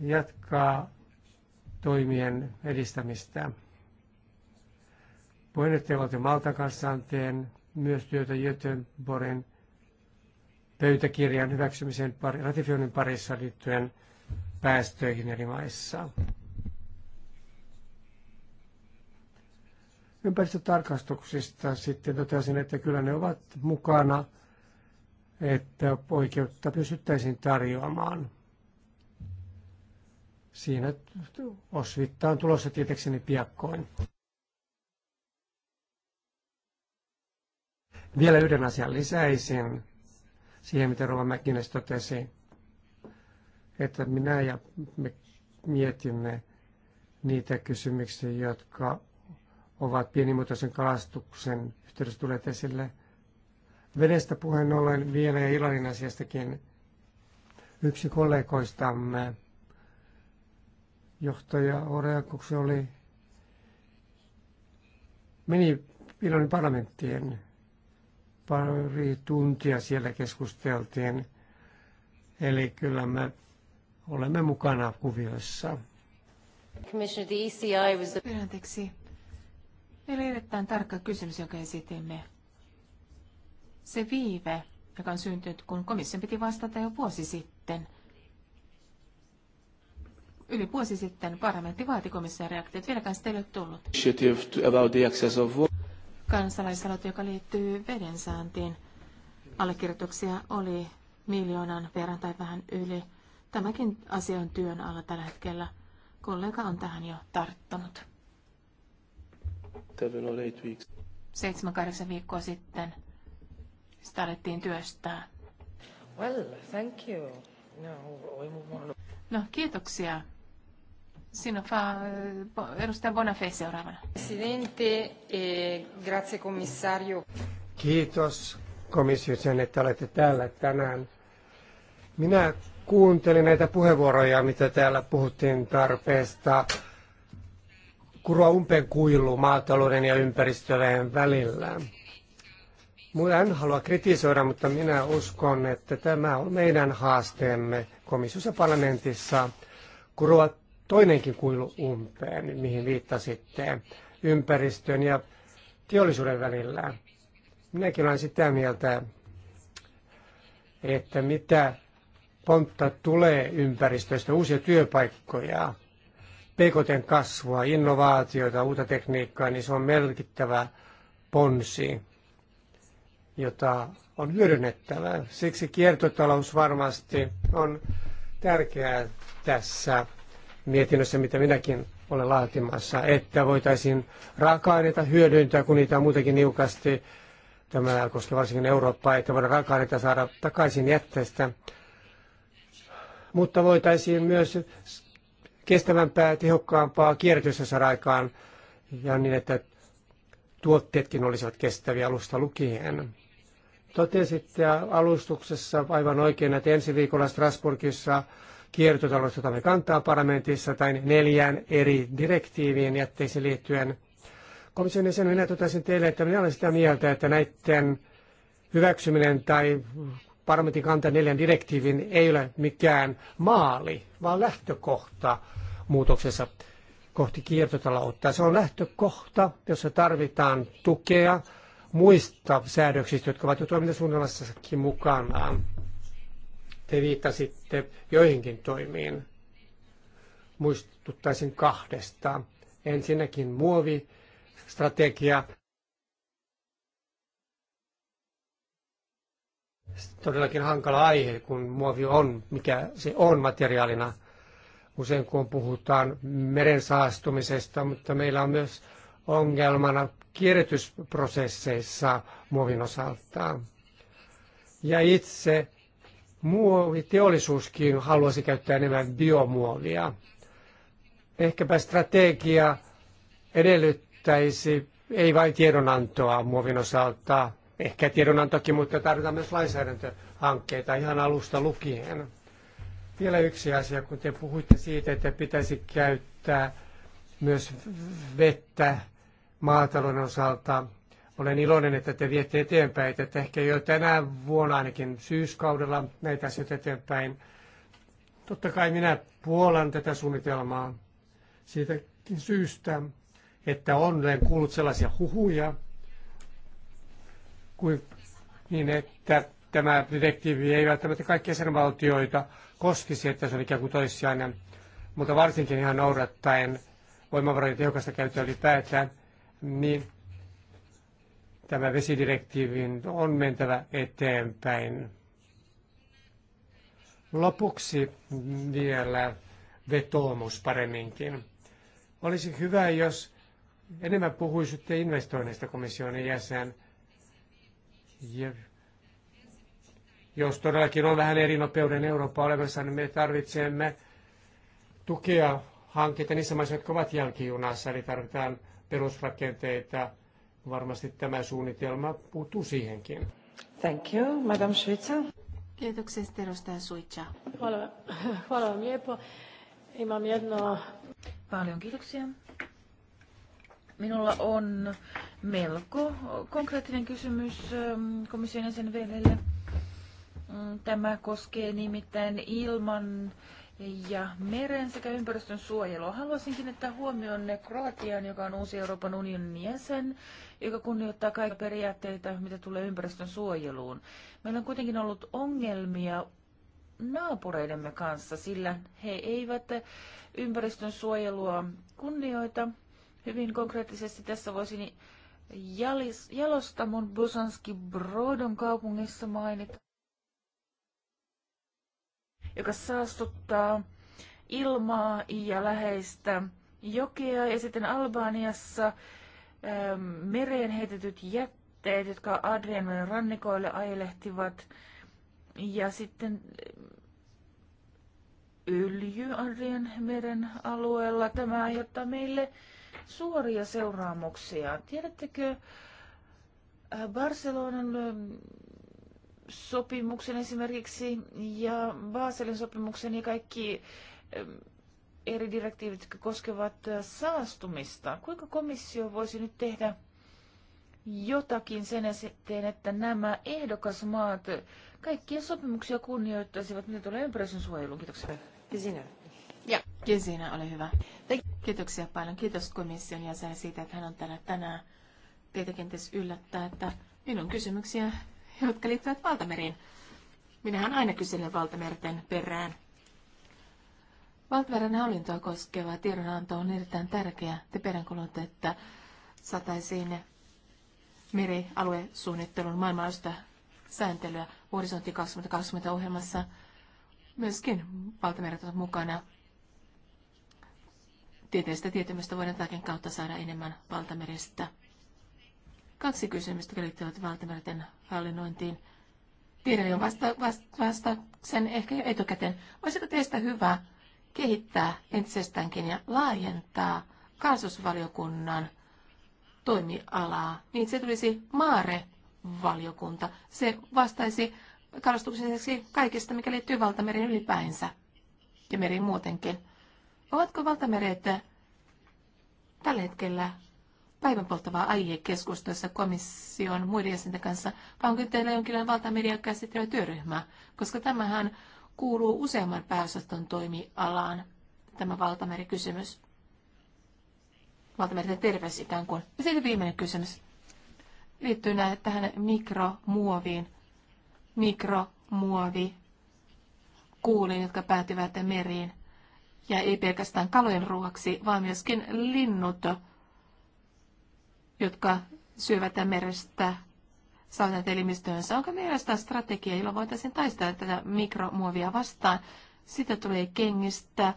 jatkaa toimien edistämistä. Puheenjohtajavaltio Maltan kanssa teen myös työtä Göteborgin pöytäkirjan hyväksymisen ratifioinnin parissa liittyen päästöihin eri maissa. Ympäristötarkastuksista sitten totesin, että kyllä ne ovat mukana, että oikeutta pystyttäisiin tarjoamaan. Siinä osvittaan tulossa tietekseni piakkoin. Vielä yhden asian lisäisin siihen, mitä Rova Mäkinäs totesi että minä ja me mietimme niitä kysymyksiä, jotka ovat pienimuotoisen kalastuksen yhteydessä tulleet esille. Vedestä puheen ollen vielä ja Ilarin asiastakin yksi kollegoistamme, johtaja Oreakuksi oli, meni Ilarin parlamenttien pari tuntia siellä keskusteltiin. Eli kyllä me olemme mukana kuvioissa. E Anteeksi. Meillä oli erittäin tarkka kysymys, jonka esitimme. Se viive, joka on syntynyt, kun komission piti vastata jo vuosi sitten. Yli vuosi sitten parlamentti vaati komission reaktiot. Vieläkään sitä ei ole tullut. Kansalaisaloite, joka liittyy vedensaantiin. Allekirjoituksia oli miljoonan verran tai vähän yli. Tämäkin asia on työn alla tällä hetkellä. Kollega on tähän jo tarttunut. 7-8 viikkoa sitten sitä alettiin työstää. Well, thank you. No, no kiitoksia. Sinä fa, edustaja Bonafé seuraavana. Presidente, e grazie commissario. Kiitos komission, että olette täällä tänään. Minä kuuntelin näitä puheenvuoroja, mitä täällä puhuttiin tarpeesta kuroa umpeen kuilu maatalouden ja ympäristöväen välillä. Minä en halua kritisoida, mutta minä uskon, että tämä on meidän haasteemme komissiossa parlamentissa kuroa toinenkin kuilu umpeen, mihin viittasitte, ympäristön ja teollisuuden välillä. Minäkin olen sitä mieltä, että mitä pontta tulee ympäristöstä, uusia työpaikkoja, PKTn kasvua, innovaatioita, uutta tekniikkaa, niin se on merkittävä ponsi, jota on hyödynnettävä. Siksi kiertotalous varmasti on tärkeää tässä mietinnössä, mitä minäkin olen laatimassa, että voitaisiin raaka-aineita hyödyntää, kun niitä on muutenkin niukasti. Tämä koskee varsinkin Eurooppaa, että voidaan raaka-aineita saada takaisin jätteestä mutta voitaisiin myös kestävämpää, tehokkaampaa kierrätystä saada aikaan ja niin, että tuotteetkin olisivat kestäviä alusta lukien. Totesitte alustuksessa aivan oikein, että ensi viikolla Strasbourgissa kiertotalous otamme kantaa parlamentissa tai neljään eri direktiiviin jätteisiin liittyen. Komission jäsen, minä totesin teille, että minä olen sitä mieltä, että näiden hyväksyminen tai parlamentin kanta neljän direktiivin ei ole mikään maali, vaan lähtökohta muutoksessa kohti kiertotaloutta. Se on lähtökohta, jossa tarvitaan tukea muista säädöksistä, jotka ovat jo toimintasuunnitelmassakin mukanaan. Te viittasitte joihinkin toimiin. Muistuttaisin kahdesta. Ensinnäkin muovistrategia todellakin hankala aihe, kun muovi on, mikä se on materiaalina. Usein kun puhutaan meren saastumisesta, mutta meillä on myös ongelmana kierrätysprosesseissa muovin osalta. Ja itse muoviteollisuuskin haluaisi käyttää enemmän biomuovia. Ehkäpä strategia edellyttäisi ei vain tiedonantoa muovin osalta, ehkä tiedonantokin, mutta tarvitaan myös lainsäädäntöhankkeita ihan alusta lukien. Vielä yksi asia, kun te puhuitte siitä, että pitäisi käyttää myös vettä maatalouden osalta. Olen iloinen, että te viette eteenpäin, että ehkä jo tänä vuonna ainakin syyskaudella näitä asioita eteenpäin. Totta kai minä puolan tätä suunnitelmaa siitäkin syystä, että on kuullut sellaisia huhuja, kuin, niin että tämä direktiivi ei välttämättä kaikkia sen valtioita koskisi, että se on ikään kuin toissijainen, mutta varsinkin ihan noudattaen voimavarojen tehokasta käyttöä ylipäätään, niin tämä vesidirektiivin on mentävä eteenpäin. Lopuksi vielä vetoomus paremminkin. Olisi hyvä, jos enemmän puhuisitte investoinneista komission jäsen ja jos todellakin on vähän eri nopeuden Eurooppa olemassa, niin me tarvitsemme tukea hankkeita niissä maissa, jotka ovat jälkijunassa, eli tarvitaan perusrakenteita. Varmasti tämä suunnitelma puuttuu siihenkin. Thank you, Madam Suica. Kiitoksia, edustaja Suica. Paljon kiitoksia. Minulla on melko konkreettinen kysymys ähm, komission jäsen mm, Tämä koskee nimittäin ilman ja meren sekä ympäristön suojelua. Haluaisin kiinnittää huomioon Kroatian, joka on uusi Euroopan unionin jäsen, joka kunnioittaa kaikkia periaatteita, mitä tulee ympäristön suojeluun. Meillä on kuitenkin ollut ongelmia naapureidemme kanssa, sillä he eivät ympäristön suojelua kunnioita. Hyvin konkreettisesti tässä voisin jalis, jalostamon Bosanski Brodon kaupungissa mainita, joka saastuttaa ilmaa ja läheistä jokea. Ja sitten Albaniassa ää, ähm, mereen heitetyt jätteet, jotka Adrianmeren rannikoille ailehtivat. Ja sitten ähm, öljy Adrian meren alueella. Tämä aiheuttaa meille suoria seuraamuksia. Tiedättekö äh, Barcelonan sopimuksen esimerkiksi ja Baselin sopimuksen ja kaikki eri direktiivit, jotka koskevat saastumista. Kuinka komissio voisi nyt tehdä jotakin sen eteen, että nämä ehdokasmaat kaikkia sopimuksia kunnioittaisivat, mitä tulee suojeluun? Kiitoksia. Kesina. Ja. Kesina, ole hyvä. Kiitoksia paljon. Kiitos komission jäsen siitä, että hän on täällä tänään. Teitä kenties yllättää, että minun kysymyksiä, jotka liittyvät valtameriin. Minähän aina kyselen valtamerten perään. Valtameren hallintoa koskeva tiedonanto on erittäin tärkeä. Te peräänkuulutte, että sataisiin merialuesuunnittelun maailmanlaajuista sääntelyä horisontti 2020 ohjelmassa. Myöskin valtameret ovat mukana tieteellistä tietämystä voidaan takin kautta saada enemmän valtameristä. Kaksi kysymystä, jotka liittyvät valtamerten hallinnointiin. Tiedän jo vasta, vasta, vasta sen ehkä etukäteen. Olisiko teistä hyvä kehittää entisestäänkin ja laajentaa kaasusvaliokunnan toimialaa, niin se tulisi maarevaliokunta. Se vastaisi kalastuksen kaikista, mikä liittyy valtameriin ylipäänsä ja meriin muutenkin. Ovatko valtamereet tällä hetkellä päivän polttavaa aihe keskustelussa komission muiden jäsenten kanssa, vai onko teillä jonkinlainen valtamedia käsittelevä työryhmä, koska tämähän kuuluu useamman pääosaston toimialaan, tämä valtamerikysymys. Valtamerten terveys ikään kuin. Ja sitten viimeinen kysymys liittyy näin tähän mikromuoviin. Mikromuovi kuuliin, jotka päätyvät meriin ja ei pelkästään kalojen ruoaksi, vaan myöskin linnut, jotka syövät merestä saavat elimistöönsä. Onko mielestä strategia, jolla voitaisiin taistella tätä mikromuovia vastaan? Sitä tulee kengistä,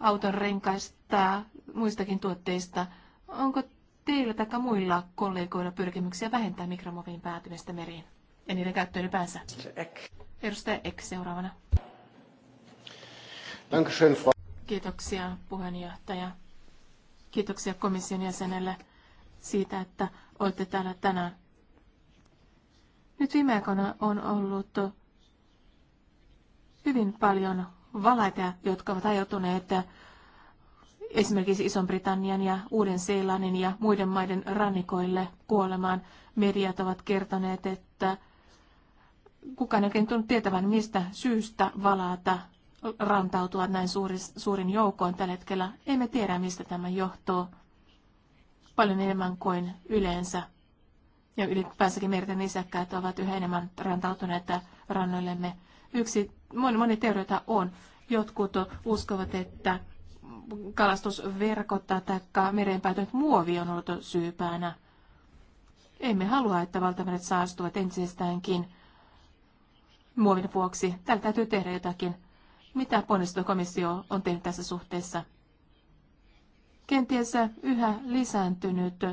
auton renkaista, muistakin tuotteista. Onko teillä tai muilla kollegoilla pyrkimyksiä vähentää mikromuovin päätymistä meriin ja niiden käyttöön ylipäänsä? Edustaja Ek seuraavana. Kiitoksia puheenjohtaja. Kiitoksia komission jäsenelle siitä, että olette täällä tänään. Nyt viime aikoina on ollut hyvin paljon valaita, jotka ovat ajoituneet esimerkiksi Ison-Britannian ja Uuden-Seelannin ja muiden maiden rannikoille kuolemaan. Mediat ovat kertoneet, että kukaan ei tunnu tietävän, mistä syystä valaata rantautua näin suuri, suurin joukoon tällä hetkellä. Emme tiedä, mistä tämä johtuu. Paljon enemmän kuin yleensä. Ja ylipäänsäkin merten isäkkäät ovat yhä enemmän rantautuneet rannoillemme. Yksi, moni, moni teoreita on. Jotkut uskovat, että kalastusverkot tai mereen muovi on ollut syypäänä. Emme halua, että valtameret saastuvat entisestäänkin muovin vuoksi. Täällä täytyy tehdä jotakin. Mitä ponnistelukomissio on tehnyt tässä suhteessa? Kenties yhä lisääntynyt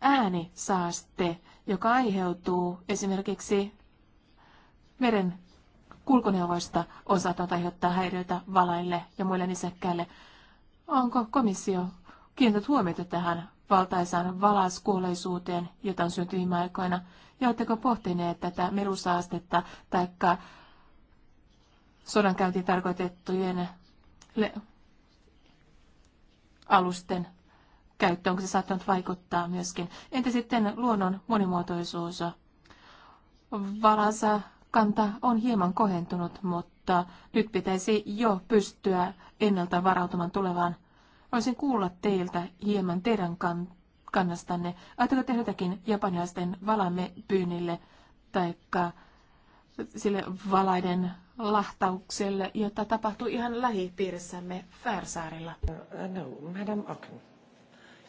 äänisaaste, joka aiheutuu esimerkiksi meren kulkuneuvoista, on saattanut aiheuttaa häiriöitä valaille ja muille nisäkkäille. Onko komissio kiinnittänyt huomiota tähän valtaisaan valaskuolleisuuteen, jota on syntynyt viime aikoina, ja oletteko pohtineet tätä merusaastetta tai sodankäyntiin tarkoitettujen alusten käyttö, onko se saattanut vaikuttaa myöskin. Entä sitten luonnon monimuotoisuus? Valasa kanta on hieman kohentunut, mutta nyt pitäisi jo pystyä ennalta varautumaan tulevaan. Voisin kuulla teiltä hieman teidän kan- kannastanne. Ajatteko tehdä jotakin japanilaisten valamme pyynnille tai sille valaiden lahtaukselle, jota tapahtui ihan lähipiirissämme Färsaarilla. Uh, no,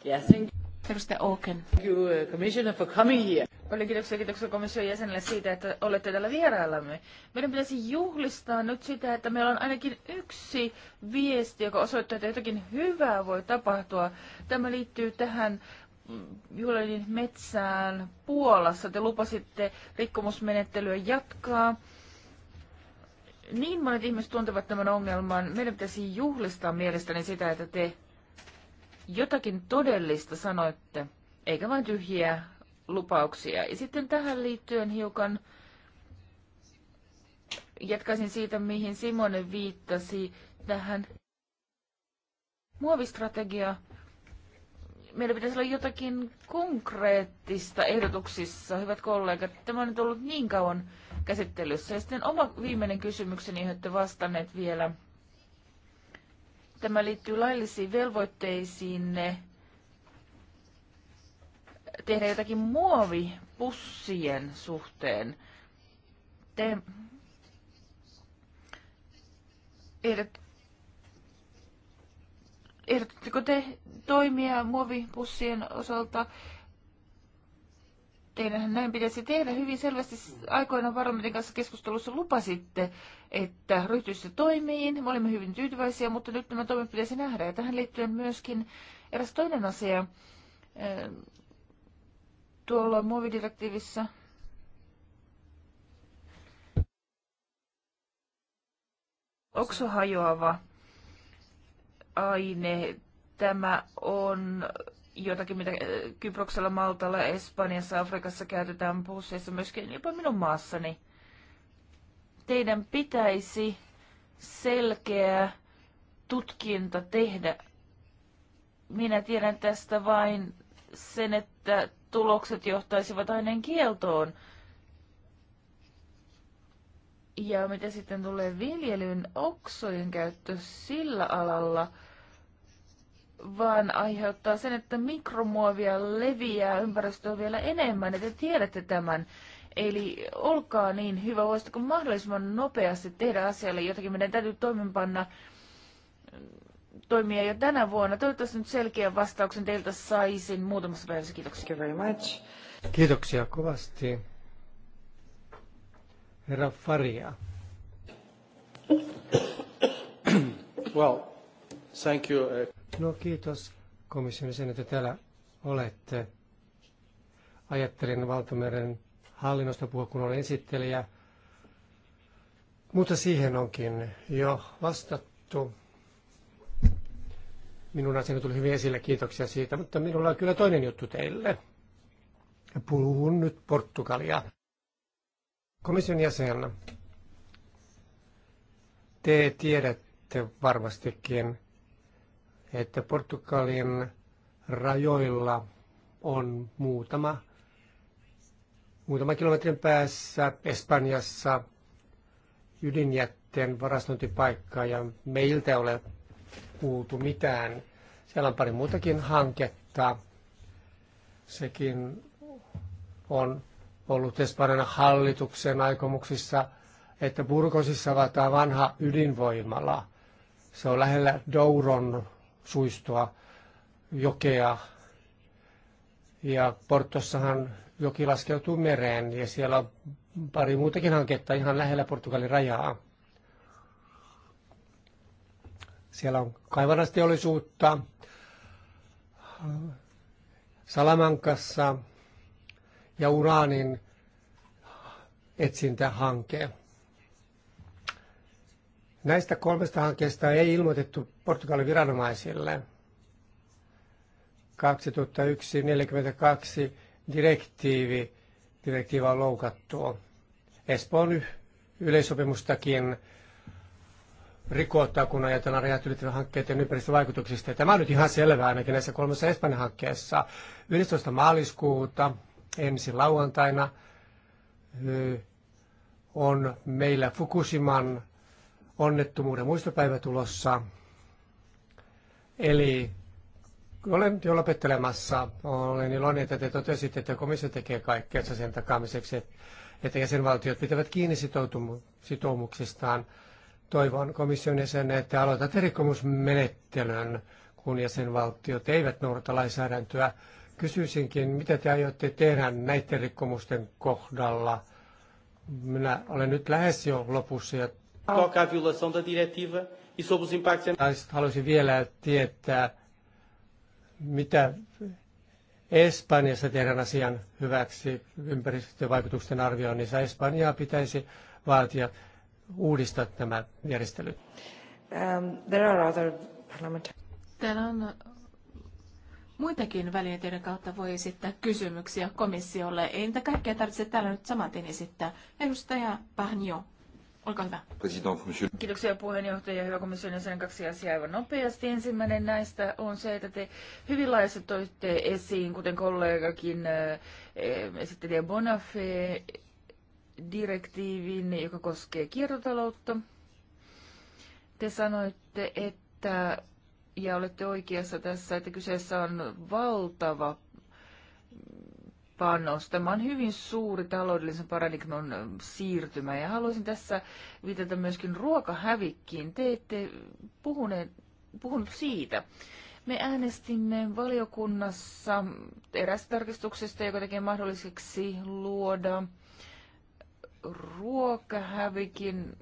thank Edustaja Oken. you, uh, Commissioner, for coming here. Paljon kiitoksia, kiitoksia komission jäsenelle siitä, että olette täällä vieraillamme. Meidän pitäisi juhlistaa nyt sitä, että meillä on ainakin yksi viesti, joka osoittaa, että jotakin hyvää voi tapahtua. Tämä liittyy tähän mm, Julenin metsään Puolassa. Te lupasitte rikkomusmenettelyä jatkaa niin monet ihmiset tuntevat tämän ongelman. Meidän pitäisi juhlistaa mielestäni sitä, että te jotakin todellista sanoitte, eikä vain tyhjiä lupauksia. Ja sitten tähän liittyen hiukan jatkaisin siitä, mihin Simone viittasi tähän muovistrategia. Meillä pitäisi olla jotakin konkreettista ehdotuksissa, hyvät kollegat. Tämä on nyt ollut niin kauan käsittelyssä. Ja sitten oma viimeinen kysymykseni, johon olette vastanneet vielä. Tämä liittyy laillisiin velvoitteisiinne tehdä jotakin muovipussien suhteen. Te ehdot, ehdotatteko te toimia muovipussien osalta teidän näin pitäisi tehdä. Hyvin selvästi aikoinaan parlamentin kanssa keskustelussa lupasitte, että ryhtyisitte toimiin. Me olimme hyvin tyytyväisiä, mutta nyt nämä toimet pitäisi nähdä. Ja tähän liittyen myöskin eräs toinen asia. Äh, tuolla muovidirektiivissä okso hajoava aine. Tämä on jotakin, mitä äh, Kyproksella, Maltalla, Espanjassa, Afrikassa käytetään busseissa, myöskin jopa minun maassani. Teidän pitäisi selkeä tutkinta tehdä. Minä tiedän tästä vain sen, että tulokset johtaisivat aineen kieltoon. Ja mitä sitten tulee viljelyn oksojen käyttö sillä alalla – vaan aiheuttaa sen, että mikromuovia leviää ympäristöön vielä enemmän, että te tiedätte tämän. Eli olkaa niin hyvä, voisitko mahdollisimman nopeasti tehdä asialle jotakin. Meidän täytyy toimenpanna toimia jo tänä vuonna. Toivottavasti nyt selkeän vastauksen teiltä saisin muutamassa päivässä. Kiitoksia. Thank you very much. Kiitoksia kovasti. Herra Faria. well, thank you. Uh, No kiitos komission sen, että täällä olette. Ajattelin valtameren hallinnosta puhua, kun olen esittelijä. Mutta siihen onkin jo vastattu. Minun asiani tuli hyvin esille, kiitoksia siitä, mutta minulla on kyllä toinen juttu teille. Puhun nyt Portugalia. Komission jäsenä te tiedätte varmastikin, että Portugalin rajoilla on muutama, muutama kilometrin päässä Espanjassa ydinjätteen varastointipaikka ja meiltä ole kuultu mitään. Siellä on pari muutakin hanketta. Sekin on ollut Espanjan hallituksen aikomuksissa, että Burgosissa avataan vanha ydinvoimala. Se on lähellä Douron suistoa, jokea. Ja Portossahan joki laskeutuu mereen ja siellä on pari muutakin hanketta ihan lähellä Portugalin rajaa. Siellä on kaivannasteollisuutta, Salamankassa ja uraanin etsintähanke. Näistä kolmesta hankkeesta ei ilmoitettu Portugalin viranomaisille. 2001-42 direktiivi, direktiiva on loukattu. Espoon yleisopimustakin rikottaa, kun ajatellaan rajat ylittävän hankkeiden ympäristövaikutuksista. Ja tämä on nyt ihan selvää ainakin näissä kolmessa Espanjan hankkeessa. 11. maaliskuuta ensi lauantaina on meillä Fukushiman onnettomuuden muistopäivä tulossa. Eli olen jo lopettelemassa. Olen iloinen, että te totesitte, että komissio tekee kaikkea sen takaamiseksi, että jäsenvaltiot pitävät kiinni sitoumuksistaan. Toivon komission jäsen, että aloitat rikkomusmenettelyn, kun jäsenvaltiot eivät noudata lainsäädäntöä. Kysyisinkin, mitä te aiotte tehdä näiden rikkomusten kohdalla? Minä olen nyt lähes jo lopussa ja E haluaisin vielä tietää, mitä Espanjassa tehdään asian hyväksi ympäristövaikutusten arvioinnissa. Espanjaa pitäisi vaatia uudistaa tämä järjestely. Um, there are other Täällä on muitakin välineiden kautta voi esittää kysymyksiä komissiolle. Ei niitä kaikkia tarvitse täällä nyt saman esittää. Edustaja Pahnio. Olkaa hyvä. President, monsieur. Kiitoksia puheenjohtaja ja hyvä komission jäsen. Kaksi asiaa aivan nopeasti. Ensimmäinen näistä on se, että te hyvin laajasti toitte esiin, kuten kollegakin eh, esittelijä Bonafé, direktiivin, joka koskee kiertotaloutta. Te sanoitte, että, ja olette oikeassa tässä, että kyseessä on valtava panos. hyvin suuri taloudellisen paradigman siirtymä ja haluaisin tässä viitata myöskin ruokahävikkiin. Te ette puhuneet, puhunut siitä. Me äänestimme valiokunnassa erästä tarkistuksesta, joka tekee mahdolliseksi luoda ruokahävikin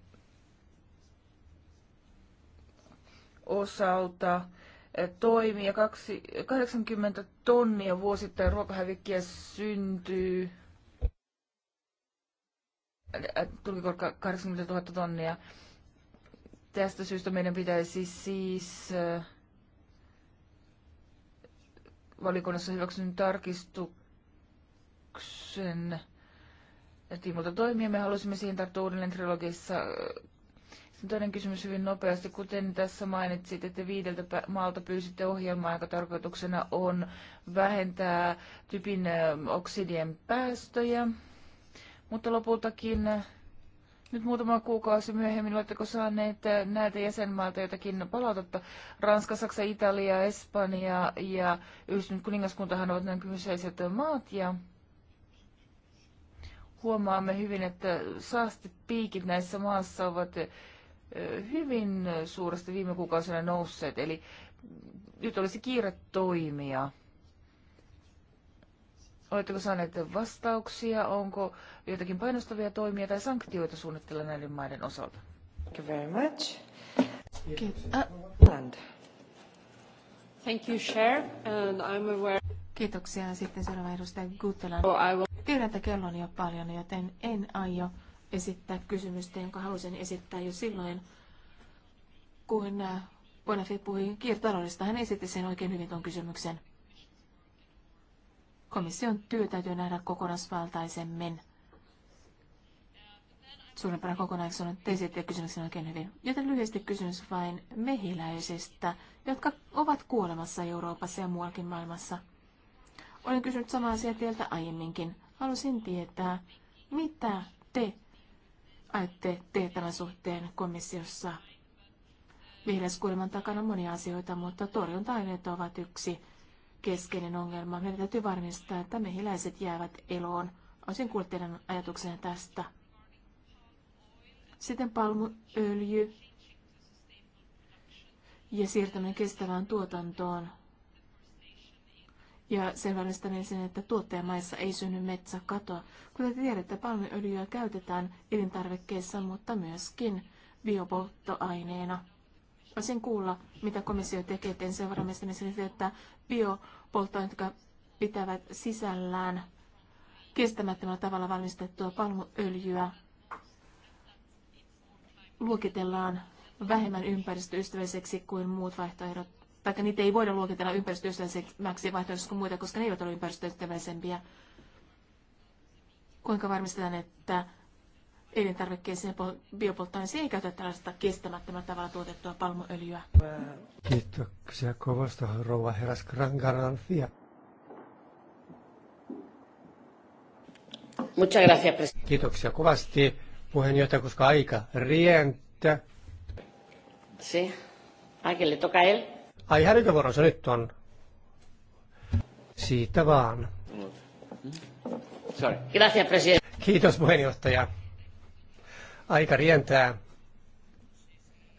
osalta toimia. 80 tonnia vuosittain ruokahävikkiä syntyy. Tuli 80 000 tonnia? Tästä syystä meidän pitäisi siis äh, valikonnassa hyväksynyt tarkistuksen tiimolta toimia. Me halusimme siihen tarttua uudelleen trilogiassa äh, toinen kysymys hyvin nopeasti. Kuten tässä mainitsit, että viideltä maalta pyysitte ohjelmaa, joka tarkoituksena on vähentää typin oksidien päästöjä. Mutta lopultakin nyt muutama kuukausi myöhemmin oletteko saaneet näitä jäsenmaalta jotakin palautetta? Ranska, Saksa, Italia, Espanja ja Yhdistynyt kuningaskuntahan ovat nämä kyseiset maat ja huomaamme hyvin, että saastepiikit näissä maissa ovat hyvin suuresti viime kuukausina nousseet, eli nyt olisi kiire toimia. Oletteko saaneet vastauksia? Onko jotakin painostavia toimia tai sanktioita suunnitteilla näiden maiden osalta? Thank you very much. Ah. Thank you, Chair, and I'm aware... Kiitoksia. Sitten seuraava edustaja Guttela. Tiedän, että kello on jo paljon, joten en aio esittää kysymystä, jonka halusin esittää jo silloin, kun äh, Bonafé puhui kiertotaloudesta. Hän esitti sen oikein hyvin tuon kysymyksen. Komission työ täytyy nähdä kokonaisvaltaisemmin. Suurempana kokonaisuuden te esitte kysymyksen oikein hyvin. Joten lyhyesti kysymys vain mehiläisistä, jotka ovat kuolemassa Euroopassa ja muuallakin maailmassa. Olen kysynyt samaa asiaa teiltä aiemminkin. Halusin tietää, mitä te ajatte tehdä tämän suhteen komissiossa? Vihreäskulman takana on monia asioita, mutta torjunta-aineet ovat yksi keskeinen ongelma. Meidän täytyy varmistaa, että mehiläiset jäävät eloon. Olisin kuullut teidän ajatuksenne tästä. Sitten palmuöljy ja siirtäminen kestävään tuotantoon ja sen varmistaminen sen, että tuottajamaissa ei synny metsäkatoa. Kuten tiedätte, palmiöljyä käytetään elintarvikkeissa, mutta myöskin biopolttoaineena. Voisin kuulla, mitä komissio tekee teen sen että biopolttoaineet, jotka pitävät sisällään kestämättömällä tavalla valmistettua palmuöljyä, luokitellaan vähemmän ympäristöystävälliseksi kuin muut vaihtoehdot tai niitä ei voida luokitella ympäristöystävällisemmäksi vaihtoehdoksi kuin muita, koska ne eivät ole ympäristöystävällisempiä. Kuinka varmistetaan, että elintarvikkeisiin biopolttoaineisiin ei käytetä tällaista kestämättömällä tavalla tuotettua palmuöljyä? Kiitoksia kovasta, rouva herras Grangarantia. Kiitoksia kovasti puheenjohtaja, koska aika rientää. Sí. Si. Ah, le toca a él. Ai hälytövuoronsa nyt on. Siitä vaan. Sorry. Kiitos puheenjohtaja. Aika rientää.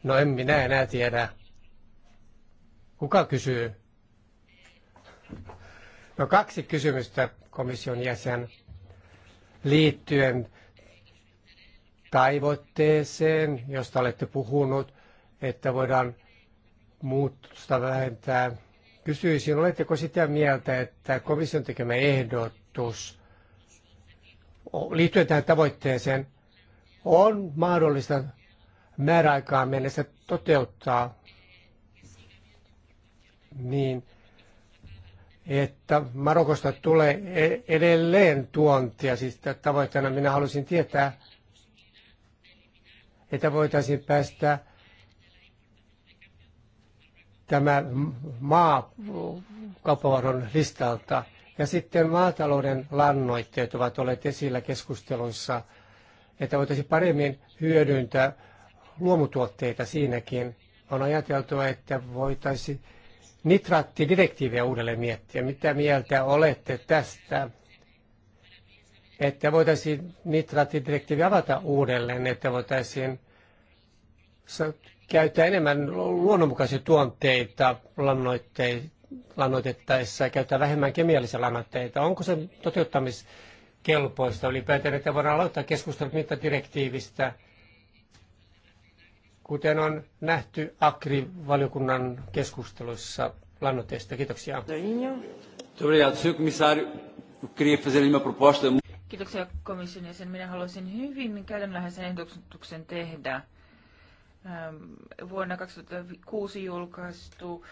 No en minä enää tiedä. Kuka kysyy? No kaksi kysymystä komission jäsen liittyen taivoitteeseen, josta olette puhunut, että voidaan muutosta vähentää. Kysyisin, oletteko sitä mieltä, että komission tekemä ehdotus liittyen tähän tavoitteeseen on mahdollista määräaikaan mennessä toteuttaa niin, että Marokosta tulee e- edelleen tuontia. Siis tavoitteena minä halusin tietää, että voitaisiin päästä tämä maa kauppavaron listalta. Ja sitten maatalouden lannoitteet ovat olleet esillä keskusteluissa, että voitaisiin paremmin hyödyntää luomutuotteita siinäkin. On ajateltu, että voitaisiin nitraattidirektiiviä uudelleen miettiä. Mitä mieltä olette tästä? Että voitaisiin nitraattidirektiivi avata uudelleen, että voitaisiin käyttää enemmän luonnonmukaisia tuonteita lannoitettaessa ja käyttää vähemmän kemiallisia lannoitteita. Onko se toteuttamiskelpoista ylipäätään, että voidaan aloittaa keskustelut mittadirektiivistä, kuten on nähty Akri-valiokunnan keskusteluissa lannoitteista. Kiitoksia. Kiitoksia komission jäsen. Minä haluaisin hyvin käytännönläheisen ehdotuksen tehdä Ähm, vuonna 2006 julkaistu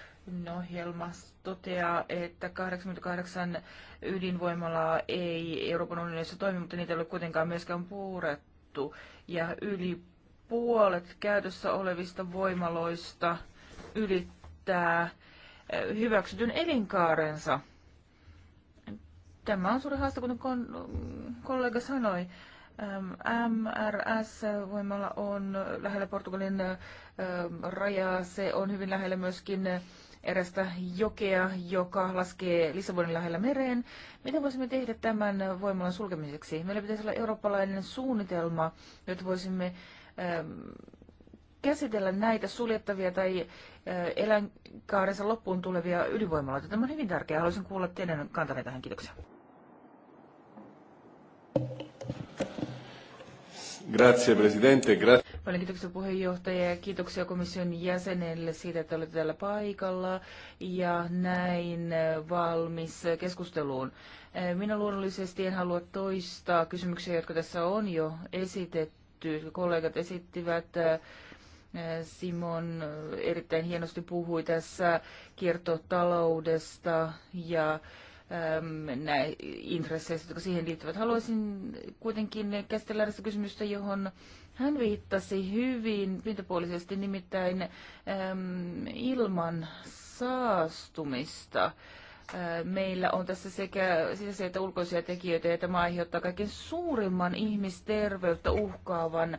ohjelma toteaa, että 88 ydinvoimalaa ei Euroopan unionissa toimi, mutta niitä ei ole kuitenkaan myöskään puurettu. Ja yli puolet käytössä olevista voimaloista ylittää äh, hyväksytyn elinkaarensa. Tämä on suuri haaste, kuten kollega sanoi. MRS-voimalla ähm, on lähellä Portugalin ähm, rajaa. Se on hyvin lähellä myöskin erästä jokea, joka laskee Lissabonin lähellä mereen. Mitä voisimme tehdä tämän voimalan sulkemiseksi? Meillä pitäisi olla eurooppalainen suunnitelma, jotta voisimme ähm, käsitellä näitä suljettavia tai äh, eläinkaarensa loppuun tulevia ydinvoimaloita. Tämä on hyvin tärkeää. Haluaisin kuulla teidän kantanne tähän. Kiitoksia. Grazie presidente. Gra- Paljon kiitoksia puheenjohtaja ja kiitoksia komission jäsenelle siitä, että olette täällä paikalla ja näin äh, valmis äh, keskusteluun. Äh, minä luonnollisesti en halua toistaa kysymyksiä, jotka tässä on jo esitetty. Kollegat esittivät Simon erittäin hienosti puhui tässä kiertotaloudesta ja Ähm, intresseistä, jotka siihen liittyvät. Haluaisin kuitenkin käsitellä tästä kysymystä, johon hän viittasi hyvin pintapuolisesti, nimittäin äm, ilman saastumista. Äh, meillä on tässä sekä sisäisiä että ulkoisia tekijöitä, ja tämä aiheuttaa kaiken suurimman ihmisterveyttä uhkaavan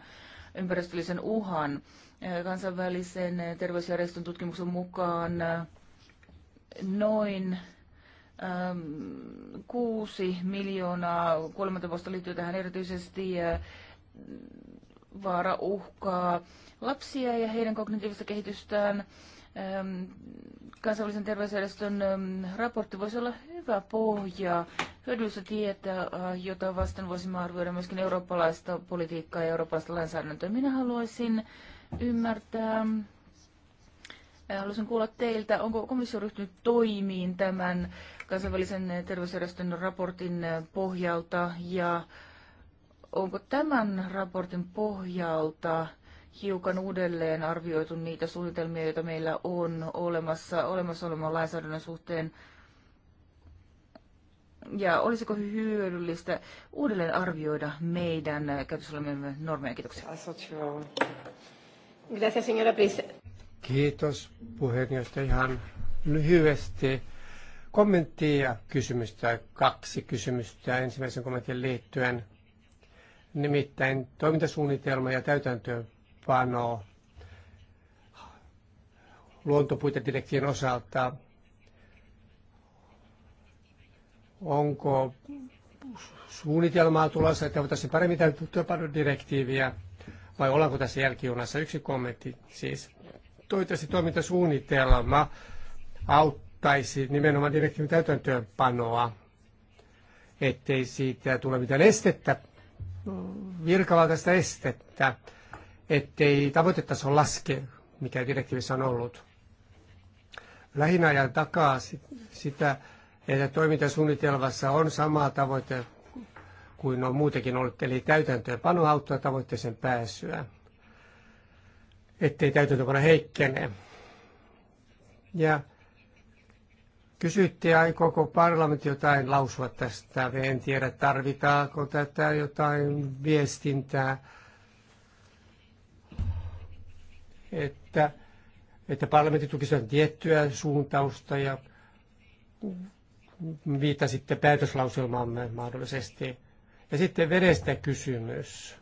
ympäristöllisen uhan. Äh, kansainvälisen terveysjärjestön tutkimuksen mukaan äh, noin Ähm, kuusi miljoonaa vuotta liittyy tähän erityisesti mm, vaara uhkaa lapsia ja heidän kognitiivista kehitystään. Ähm, kansainvälisen terveysjärjestön ähm, raportti voisi olla hyvä pohja hyödyllistä tietä äh, jota vasten voisimme arvioida myöskin eurooppalaista politiikkaa ja eurooppalaista lainsäädäntöä. Minä haluaisin ymmärtää, äh, haluaisin kuulla teiltä, onko komissio ryhtynyt toimiin tämän kansainvälisen terveysjärjestön raportin pohjalta ja onko tämän raportin pohjalta hiukan uudelleen arvioitu niitä suunnitelmia, joita meillä on olemassa, olemassa olevan lainsäädännön suhteen? Ja olisiko hyödyllistä uudelleen arvioida meidän käytössä olemme normeja? Kiitoksia. Kiitos puheenjohtaja. Ihan lyhyesti Kommenttia, ja kysymystä, kaksi kysymystä ensimmäisen kommentin liittyen. Nimittäin toimintasuunnitelma ja täytäntöönpano luontopuitedirektiivin osalta. Onko suunnitelmaa tulossa, että voitaisiin paremmin täytäntöönpano direktiiviä vai ollaanko tässä jälkijunassa? Yksi kommentti siis. Toivottavasti toimintasuunnitelma auttaa tai siis nimenomaan direktiivin täytäntöönpanoa, ettei siitä tule mitään estettä, virkavaltaista estettä, ettei tavoitetaso laske, mikä direktiivissä on ollut. Lähinnä ajan takaa sitä, että toimintasuunnitelmassa on sama tavoite kuin on muutenkin ollut, eli täytäntöönpano auttaa tavoitteeseen pääsyä, ettei täytäntöönpano heikkene. Ja Kysyttiin aikooko parlamentti jotain lausua tästä. En tiedä, tarvitaanko tätä jotain viestintää. Että, että parlamentti tukisi tiettyä suuntausta ja viittasitte päätöslauselmaamme mahdollisesti. Ja sitten vedestä kysymys.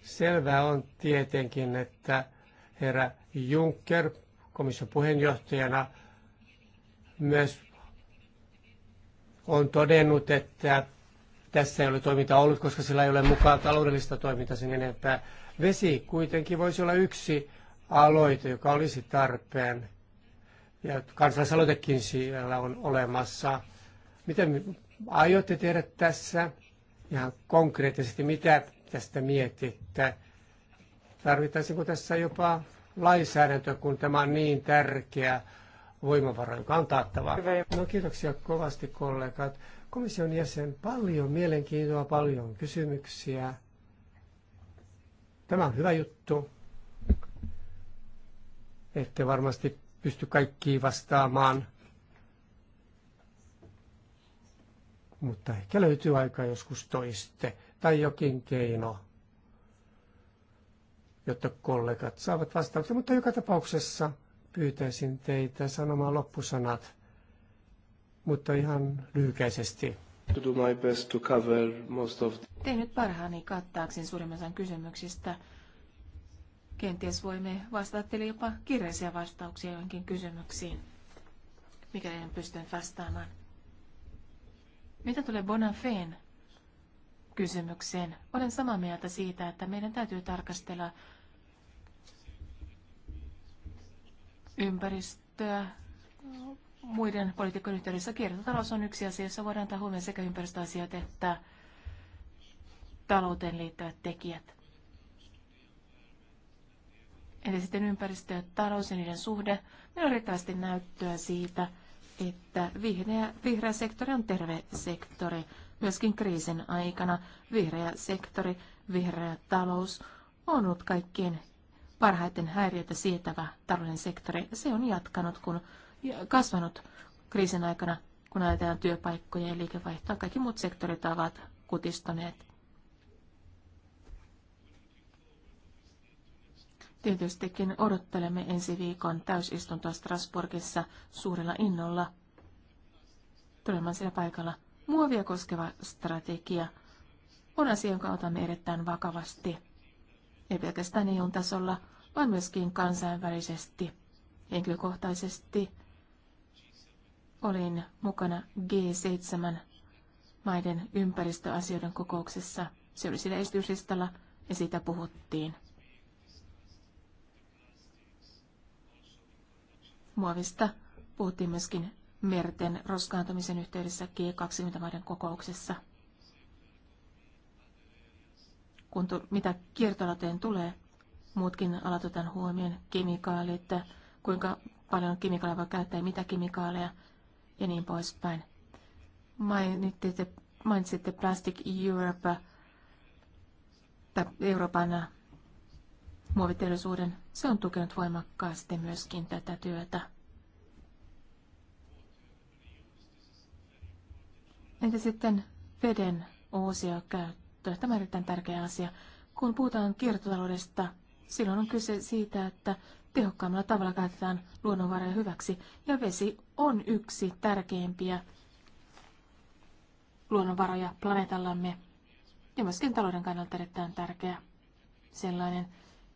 Selvää on tietenkin, että herra Juncker komission puheenjohtajana – myös on todennut, että tässä ei ole toimintaa ollut, koska sillä ei ole mukaan taloudellista toimintaa sen enempää. Vesi kuitenkin voisi olla yksi aloite, joka olisi tarpeen. Ja kansalaisaloitekin siellä on olemassa. Mitä aiotte tehdä tässä ihan konkreettisesti? Mitä tästä mietitte? Tarvittaisiko tässä jopa lainsäädäntö, kun tämä on niin tärkeä voimavarojen joka No kiitoksia kovasti kollegat. Komission jäsen, paljon mielenkiintoa, paljon kysymyksiä. Tämä on hyvä juttu. Ette varmasti pysty kaikkiin vastaamaan, mutta ehkä löytyy aika joskus toiste tai jokin keino, jotta kollegat saavat vastauksia. Mutta joka tapauksessa pyytäisin teitä sanomaan loppusanat, mutta ihan lyhykäisesti. Tein nyt parhaani kattaakseni suurimman osan kysymyksistä. Kenties voimme vastata teille jopa kirjallisia vastauksia joihinkin kysymyksiin, mikä en pystynyt vastaamaan. Mitä tulee Bonafeen kysymykseen, olen samaa mieltä siitä, että meidän täytyy tarkastella ympäristöä muiden poliitikkojen yhteydessä. Kiertotalous on yksi asia, jossa voidaan ottaa huomioon sekä ympäristöasiat että talouteen liittyvät tekijät. Eli sitten ympäristö ja talous ja niiden suhde. Meillä on riittävästi näyttöä siitä, että vihreä, vihreä sektori on terve sektori. Myöskin kriisin aikana vihreä sektori, vihreä talous on ollut kaikkien parhaiten häiriötä sietävä talouden sektori. Se on jatkanut, kun kasvanut kriisin aikana, kun ajatellaan työpaikkoja ja liikevaihtoa. Kaikki muut sektorit ovat kutistuneet. Tietystikin odottelemme ensi viikon täysistuntoa Strasbourgissa suurella innolla. Tulemaan siellä paikalla muovia koskeva strategia on asia, jonka otamme erittäin vakavasti. Ei pelkästään eu tasolla, vaan myöskin kansainvälisesti. Henkilökohtaisesti olin mukana G7 maiden ympäristöasioiden kokouksessa. Se oli sillä esityslistalla ja siitä puhuttiin. Muovista puhuttiin myöskin merten roskaantumisen yhteydessä G20-maiden kokouksessa. Kun tu- mitä kiertolateen tulee, muutkin alat otan huomioon, että kuinka paljon kemikaaleja voi käyttää ja mitä kemikaaleja ja niin poispäin. Mainitsitte, mainitsitte Plastic Europe, tai Euroopan muoviteollisuuden. Se on tukenut voimakkaasti myöskin tätä työtä. Entä sitten veden uusia käyttöä? Tämä on erittäin tärkeä asia. Kun puhutaan kiertotaloudesta, Silloin on kyse siitä, että tehokkaammalla tavalla käytetään luonnonvaroja hyväksi, ja vesi on yksi tärkeimpiä luonnonvaroja planeetallamme, ja myöskin talouden kannalta erittäin tärkeä sellainen,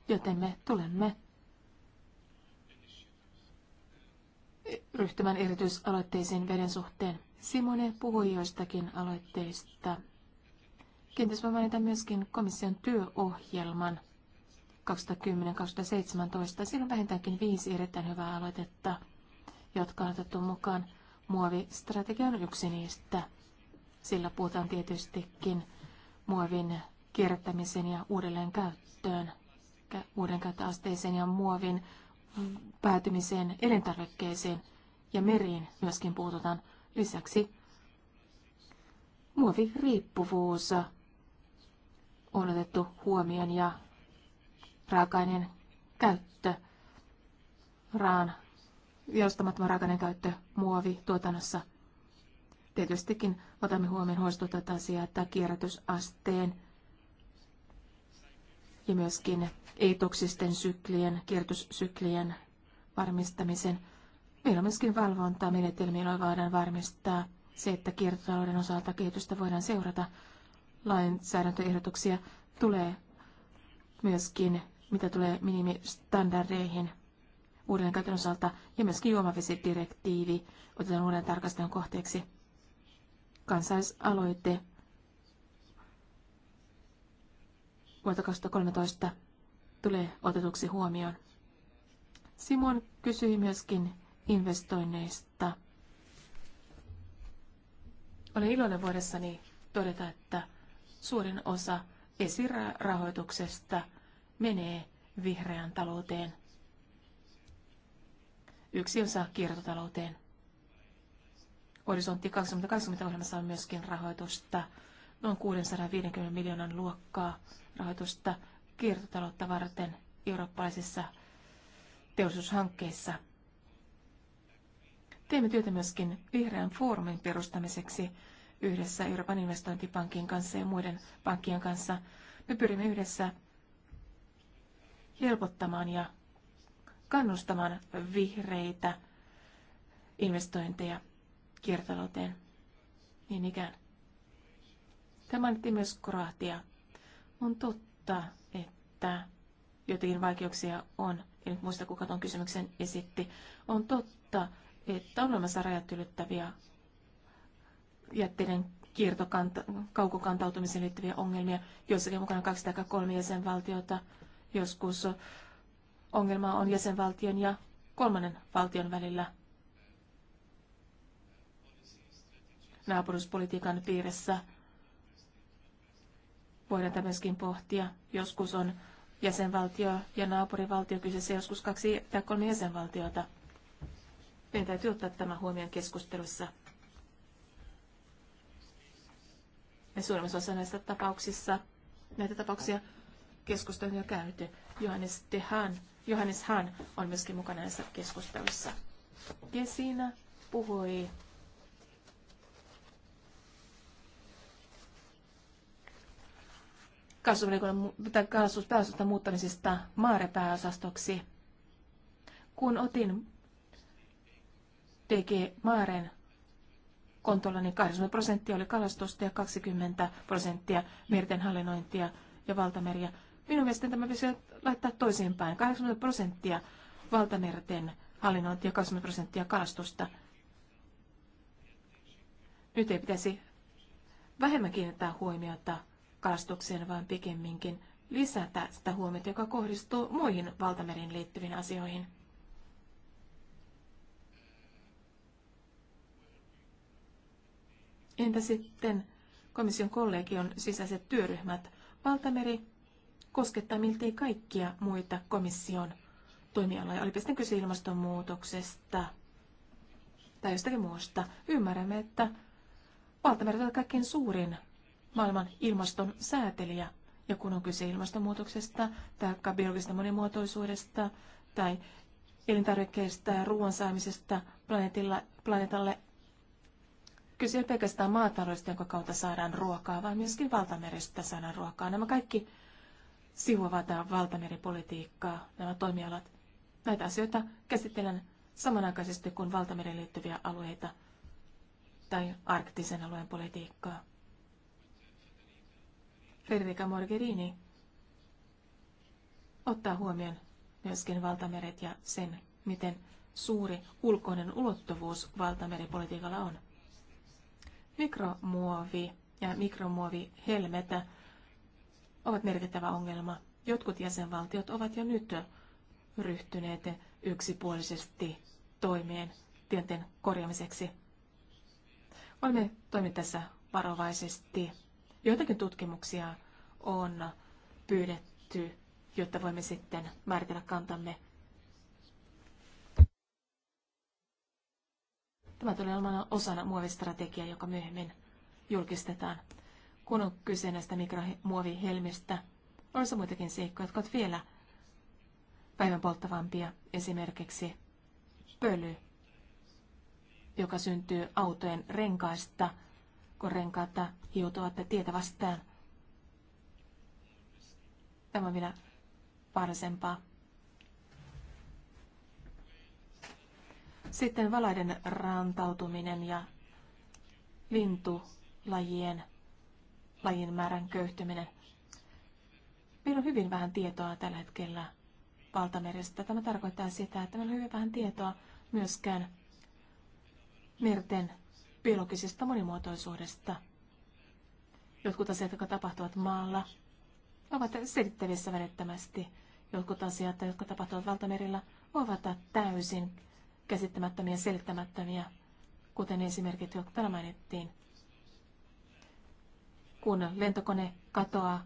joten me tulemme ryhtymään erityisaloitteisiin veden suhteen. Simone puhui joistakin aloitteista. Kenties voi mainita myöskin komission työohjelman, 2010-2017. Siinä vähintäänkin viisi erittäin hyvää aloitetta, jotka on otettu mukaan. Muovistrategia on yksi niistä. Sillä puhutaan tietystikin muovin kierrättämisen ja uudelleen käyttöön, uuden käyttöasteeseen ja muovin päätymiseen elintarvikkeisiin ja meriin myöskin puututaan. Lisäksi muoviriippuvuus on otettu huomioon ja raaka-aineen käyttö, raan jalostamattoman raaka käyttö muovi tuotannossa. Tietystikin otamme huomioon huolestuttaa asiaa, että kierrätysasteen ja myöskin ei-toksisten syklien, kierrätyssyklien varmistamisen. Meillä on myöskin valvontaa menetelmillä voidaan varmistaa se, että kiertotalouden osalta kehitystä voidaan seurata. Lainsäädäntöehdotuksia tulee myöskin mitä tulee minimistandardeihin uuden käytön osalta, ja myöskin juomavesidirektiivi otetaan uuden tarkastelun kohteeksi. Kansallisaloite vuotta 2013 tulee otetuksi huomioon. Simon kysyi myöskin investoinneista. Olen iloinen vuodessani todeta, että suurin osa esirahoituksesta – menee vihreään talouteen. Yksi osa kiertotalouteen. Horisontti 2020-ohjelmassa on myöskin rahoitusta, noin 650 miljoonan luokkaa rahoitusta kiertotaloutta varten eurooppalaisissa teollisuushankkeissa. Teemme työtä myöskin vihreän foorumin perustamiseksi yhdessä Euroopan investointipankin kanssa ja muiden pankkien kanssa. Me pyrimme yhdessä helpottamaan ja kannustamaan vihreitä investointeja kiertotalouteen niin ikään. Tämä mainittiin myös Kroatia. On totta, että jotakin vaikeuksia on. En nyt muista, kuka tuon kysymyksen esitti. On totta, että on olemassa rajat ylittäviä jätteiden kiertokaukokantautumiseen liittyviä ongelmia. Joissakin mukana kaksi jäsenvaltiota – Joskus ongelma on jäsenvaltion ja kolmannen valtion välillä naapuruspolitiikan piirissä. Voidaan tämä myöskin pohtia. Joskus on jäsenvaltio ja naapurivaltio kyseessä, joskus kaksi tai kolme jäsenvaltiota. Meidän täytyy ottaa tämä huomioon keskustelussa. Ja suurimmassa osassa näistä tapauksissa, näitä tapauksia keskustelu jo käyty. Johannes, de Han, Johannes Han on myöskin mukana näissä keskusteluissa. Ja siinä puhui kaasuspääosastosta muuttamisesta maarepääosastoksi. Kun otin TG Maaren kontolla, niin 80 prosenttia oli kalastusta ja 20 prosenttia merten hallinnointia ja valtameriä. Minun mielestäni tämä pitäisi laittaa päin. 80 prosenttia valtamerten hallinnointia, 80 prosenttia kalastusta. Nyt ei pitäisi vähemmän kiinnittää huomiota kalastukseen, vaan pikemminkin lisätä sitä huomiota, joka kohdistuu muihin valtameriin liittyviin asioihin. Entä sitten komission kollegion sisäiset työryhmät? Valtameri koskettaa miltei kaikkia muita komission toimialoja. Olipa sitten kyse ilmastonmuutoksesta tai jostakin muusta. Ymmärrämme, että valtameret ovat kaikkein suurin maailman ilmaston säätelijä. Ja kun on kyse ilmastonmuutoksesta tai biologisesta monimuotoisuudesta tai elintarvikkeista ja ruoan saamisesta planeetalle, kyse ei pelkästään maataloudesta, jonka kautta saadaan ruokaa, vaan myöskin valtamerestä saadaan ruokaa. Nämä kaikki sivuavat valtameripolitiikkaa, nämä toimialat. Näitä asioita käsittelen samanaikaisesti kuin valtameriin liittyviä alueita tai arktisen alueen politiikkaa. Federica Morgherini ottaa huomioon myöskin valtameret ja sen, miten suuri ulkoinen ulottuvuus valtameripolitiikalla on. Mikromuovi ja mikromuovihelmet ovat merkittävä ongelma. Jotkut jäsenvaltiot ovat jo nyt ryhtyneet yksipuolisesti toimeen tienten korjaamiseksi. Olemme toimineet tässä varovaisesti. Joitakin tutkimuksia on pyydetty, jotta voimme sitten määritellä kantamme. Tämä tulee olemaan osana muovistrategiaa, joka myöhemmin julkistetaan kun on kyse näistä mikromuovihelmistä. On muitakin seikkoja, jotka ovat vielä päivän polttavampia, esimerkiksi pöly, joka syntyy autojen renkaista, kun renkaat hiutuvat tietä vastaan. Tämä on vielä vaarallisempaa. Sitten valaiden rantautuminen ja lintulajien lajin määrän köyhtyminen. Meillä on hyvin vähän tietoa tällä hetkellä valtamerestä. Tämä tarkoittaa sitä, että meillä on hyvin vähän tietoa myöskään merten biologisesta monimuotoisuudesta. Jotkut asiat, jotka tapahtuvat maalla, ovat selittävissä välittömästi. Jotkut asiat, jotka tapahtuvat valtamerillä, ovat täysin käsittämättömiä, selittämättömiä, kuten esimerkit, jotka täällä mainittiin kun lentokone katoaa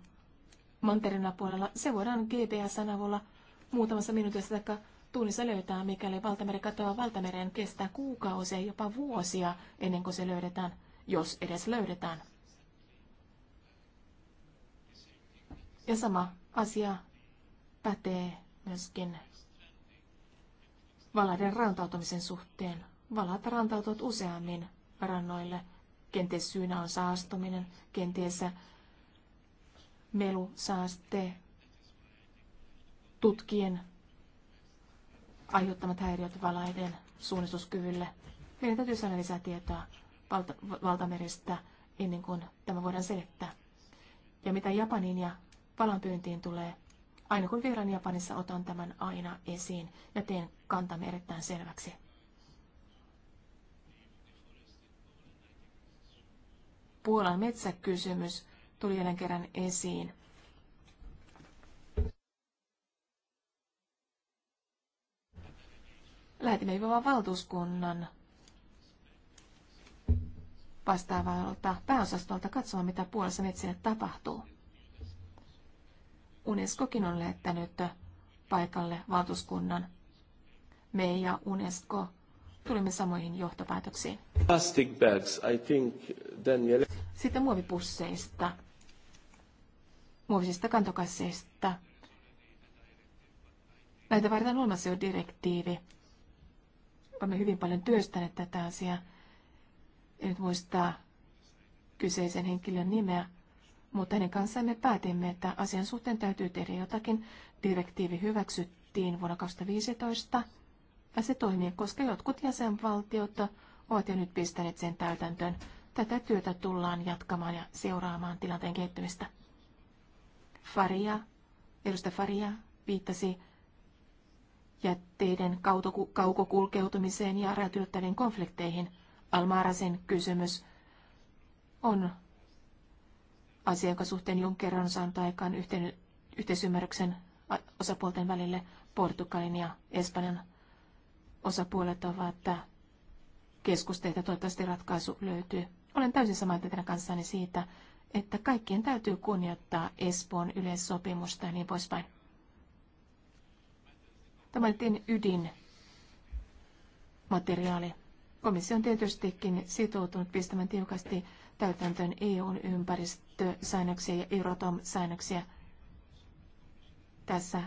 mantereen puolella. Se voidaan gps sanavulla muutamassa minuutissa tai tunnissa löytää, mikäli valtameri katoaa valtamereen. Kestää kuukausia, jopa vuosia ennen kuin se löydetään, jos edes löydetään. Ja sama asia pätee myöskin valaiden rantautumisen suhteen. Valat rantautuvat useammin rannoille Kenties syynä on saastuminen, kenties melusaaste, tutkien aiheuttamat häiriöt valaiden suunnistuskyvylle. Meidän täytyy saada lisää tietoa valta, valtameristä ennen kuin tämä voidaan selittää. Ja mitä Japaniin ja valanpyyntiin tulee, aina kun vieraan Japanissa otan tämän aina esiin ja teen kantamme erittäin selväksi. Puolan metsäkysymys tuli jälleen kerran esiin. Lähetimme Ivovan valtuuskunnan vastaavalta pääosastolta katsomaan, mitä Puolassa metsille tapahtuu. Unescokin on lähettänyt paikalle valtuuskunnan. Me ja Unesco tulimme samoihin johtopäätöksiin. Plastic bags, I think Daniel... Sitten muovipusseista, muovisista kantokasseista. Näitä varten olemassa jo direktiivi. Olemme hyvin paljon työstäneet tätä asiaa. En nyt muista kyseisen henkilön nimeä, mutta hänen kanssaan me päätimme, että asian suhteen täytyy tehdä jotakin. Direktiivi hyväksyttiin vuonna 2015 ja se toimii, koska jotkut jäsenvaltiot ovat jo nyt pistäneet sen täytäntöön. Tätä työtä tullaan jatkamaan ja seuraamaan tilanteen kehittymistä. Faria, edustaja Faria viittasi jätteiden kaukokulkeutumiseen ja räätylöttäviin konflikteihin. Almaarasen kysymys on asia, joka suhteen Juncker on saanut aikaan yhteen, yhteisymmärryksen osapuolten välille Portugalin ja Espanjan osapuolet ovat keskusteita. Toivottavasti ratkaisu löytyy. Olen täysin samaa mieltä kanssani siitä, että kaikkien täytyy kunnioittaa Espoon yleissopimusta ja niin poispäin. Tämä oli ydin materiaali. Komissio on tietystikin sitoutunut pistämään tiukasti täytäntöön EUn ympäristösäännöksiä ja Euratom-säännöksiä. Tässä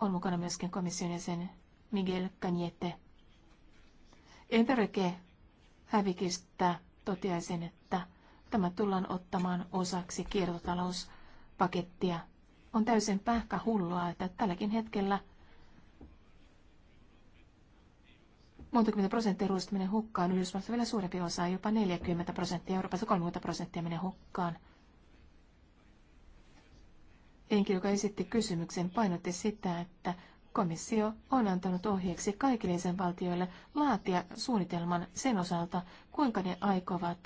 on mukana myöskin komission jäsen Miguel Cañete. Enterike hävikistä toteaisin, että tämä tullaan ottamaan osaksi kiertotalouspakettia. On täysin pähkähullua, että tälläkin hetkellä monta prosenttia ruoasta menee hukkaan, Yhdysvalloissa vielä suurempi osa, jopa 40 prosenttia, Euroopassa 30 prosenttia menee hukkaan. Henkilö, joka esitti kysymyksen, painotti sitä, että Komissio on antanut ohjeeksi kaikille jäsenvaltioille laatia suunnitelman sen osalta, kuinka ne aikovat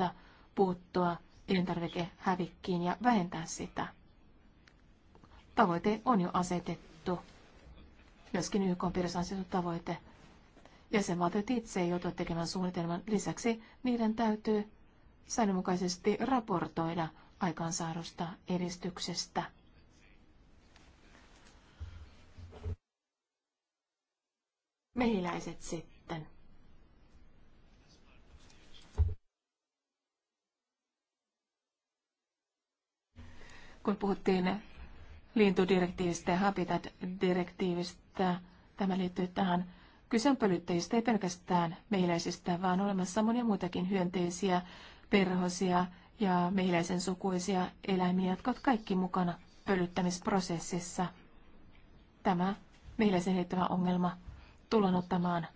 puuttua elintarvikehävikkiin ja vähentää sitä. Tavoite on jo asetettu. Myöskin YK on tavoite. Jäsenvaltiot itse joutuvat tekemään suunnitelman. Lisäksi niiden täytyy säännönmukaisesti raportoida aikaansaadusta edistyksestä. mehiläiset sitten? Kun puhuttiin lintudirektiivistä ja habitat-direktiivistä, tämä liittyy tähän Kyse on pölyttäjistä ei pelkästään mehiläisistä, vaan olemassa monia muitakin hyönteisiä, perhosia ja mehiläisen sukuisia eläimiä, jotka ovat kaikki mukana pölyttämisprosessissa. Tämä mehiläisen heittävä ongelma tullaan ottamaan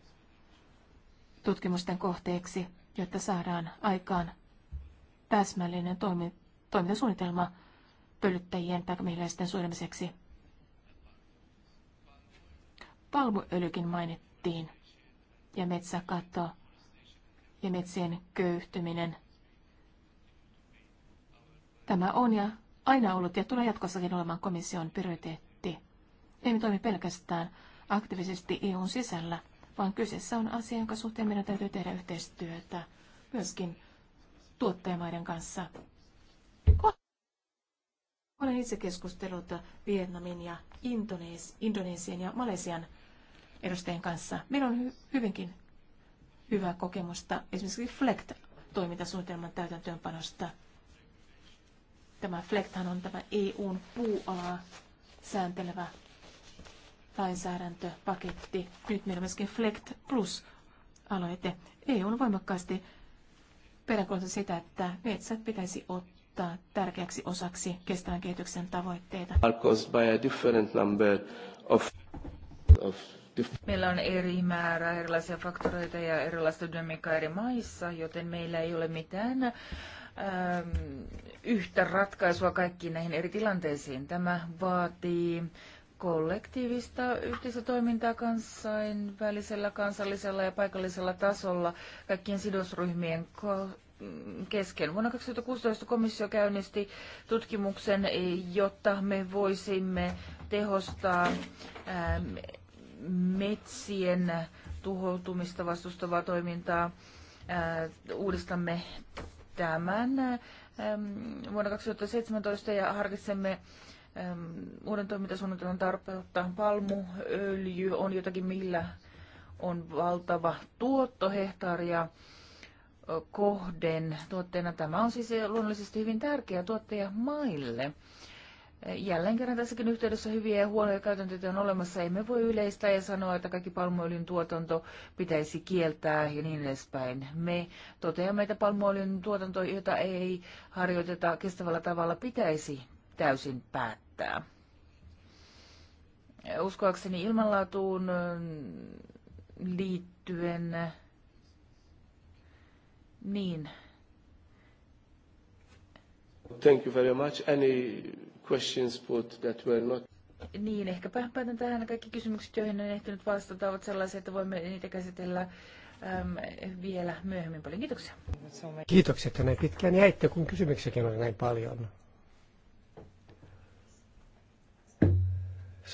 tutkimusten kohteeksi, jotta saadaan aikaan täsmällinen toimi, toimintasuunnitelma pölyttäjien tai mehiläisten suojelemiseksi. Palmuöljykin mainittiin ja metsäkato ja metsien köyhtyminen. Tämä on ja aina ollut ja tulee jatkossakin olemaan komission prioriteetti. Emme toimi pelkästään aktiivisesti EUn sisällä, vaan kyseessä on asia, jonka suhteen meidän täytyy tehdä yhteistyötä myöskin tuottajamaiden kanssa. Olen itse keskustellut Vietnamin ja Indonees, Indonesian ja Malesian edustajien kanssa. Meillä on hy- hyvinkin hyvää kokemusta esimerkiksi FLECT-toimintasuunnitelman täytäntöönpanosta. Tämä FLECT on tämä EUn puualaa sääntelevä lainsäädäntöpaketti. Nyt meillä on myöskin Flect Plus-aloite. EU on voimakkaasti peräänkuuluttanut sitä, että metsät pitäisi ottaa tärkeäksi osaksi kestävän kehityksen tavoitteita. Meillä on eri määrä erilaisia faktoreita ja erilaista dynamiikkaa eri maissa, joten meillä ei ole mitään yhtä ratkaisua kaikkiin näihin eri tilanteisiin. Tämä vaatii kollektiivista toimintaa kansainvälisellä, kansallisella ja paikallisella tasolla kaikkien sidosryhmien kesken. Vuonna 2016 komissio käynnisti tutkimuksen, jotta me voisimme tehostaa ähm, metsien tuhoutumista vastustavaa toimintaa. Äh, uudistamme tämän ähm, vuonna 2017 ja harkitsemme uuden toimintasuunnitelman tarpeutta. Palmuöljy on jotakin, millä on valtava tuotto hehtaaria kohden tuotteena. Tämä on siis luonnollisesti hyvin tärkeä tuottaja maille. E, jälleen kerran tässäkin yhteydessä hyviä ja huonoja käytäntöjä on olemassa. Emme voi yleistää ja sanoa, että kaikki palmuöljyn tuotanto pitäisi kieltää ja niin edespäin. Me toteamme, että palmuöljyn tuotanto, jota ei harjoiteta kestävällä tavalla, pitäisi täysin päättää kehittää. Uskoakseni ilmanlaatuun äh, liittyen, niin. Thank you very much. Any questions put that were not niin, ehkä päätän tähän. Kaikki kysymykset, joihin en ehtinyt vastata, ovat sellaisia, että voimme niitä käsitellä äm, vielä myöhemmin. Paljon kiitoksia. Kiitoksia, että näin pitkään jäitte, kun kysymyksiäkin on näin paljon.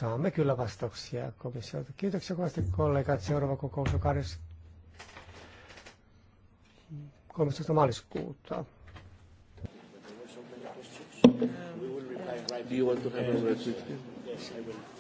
saamme kyllä vastauksia komissiolta. Kiitoksia kovasti kollegat. Seuraava kokous on 13. maaliskuuta. Um, Do you want to have a yes.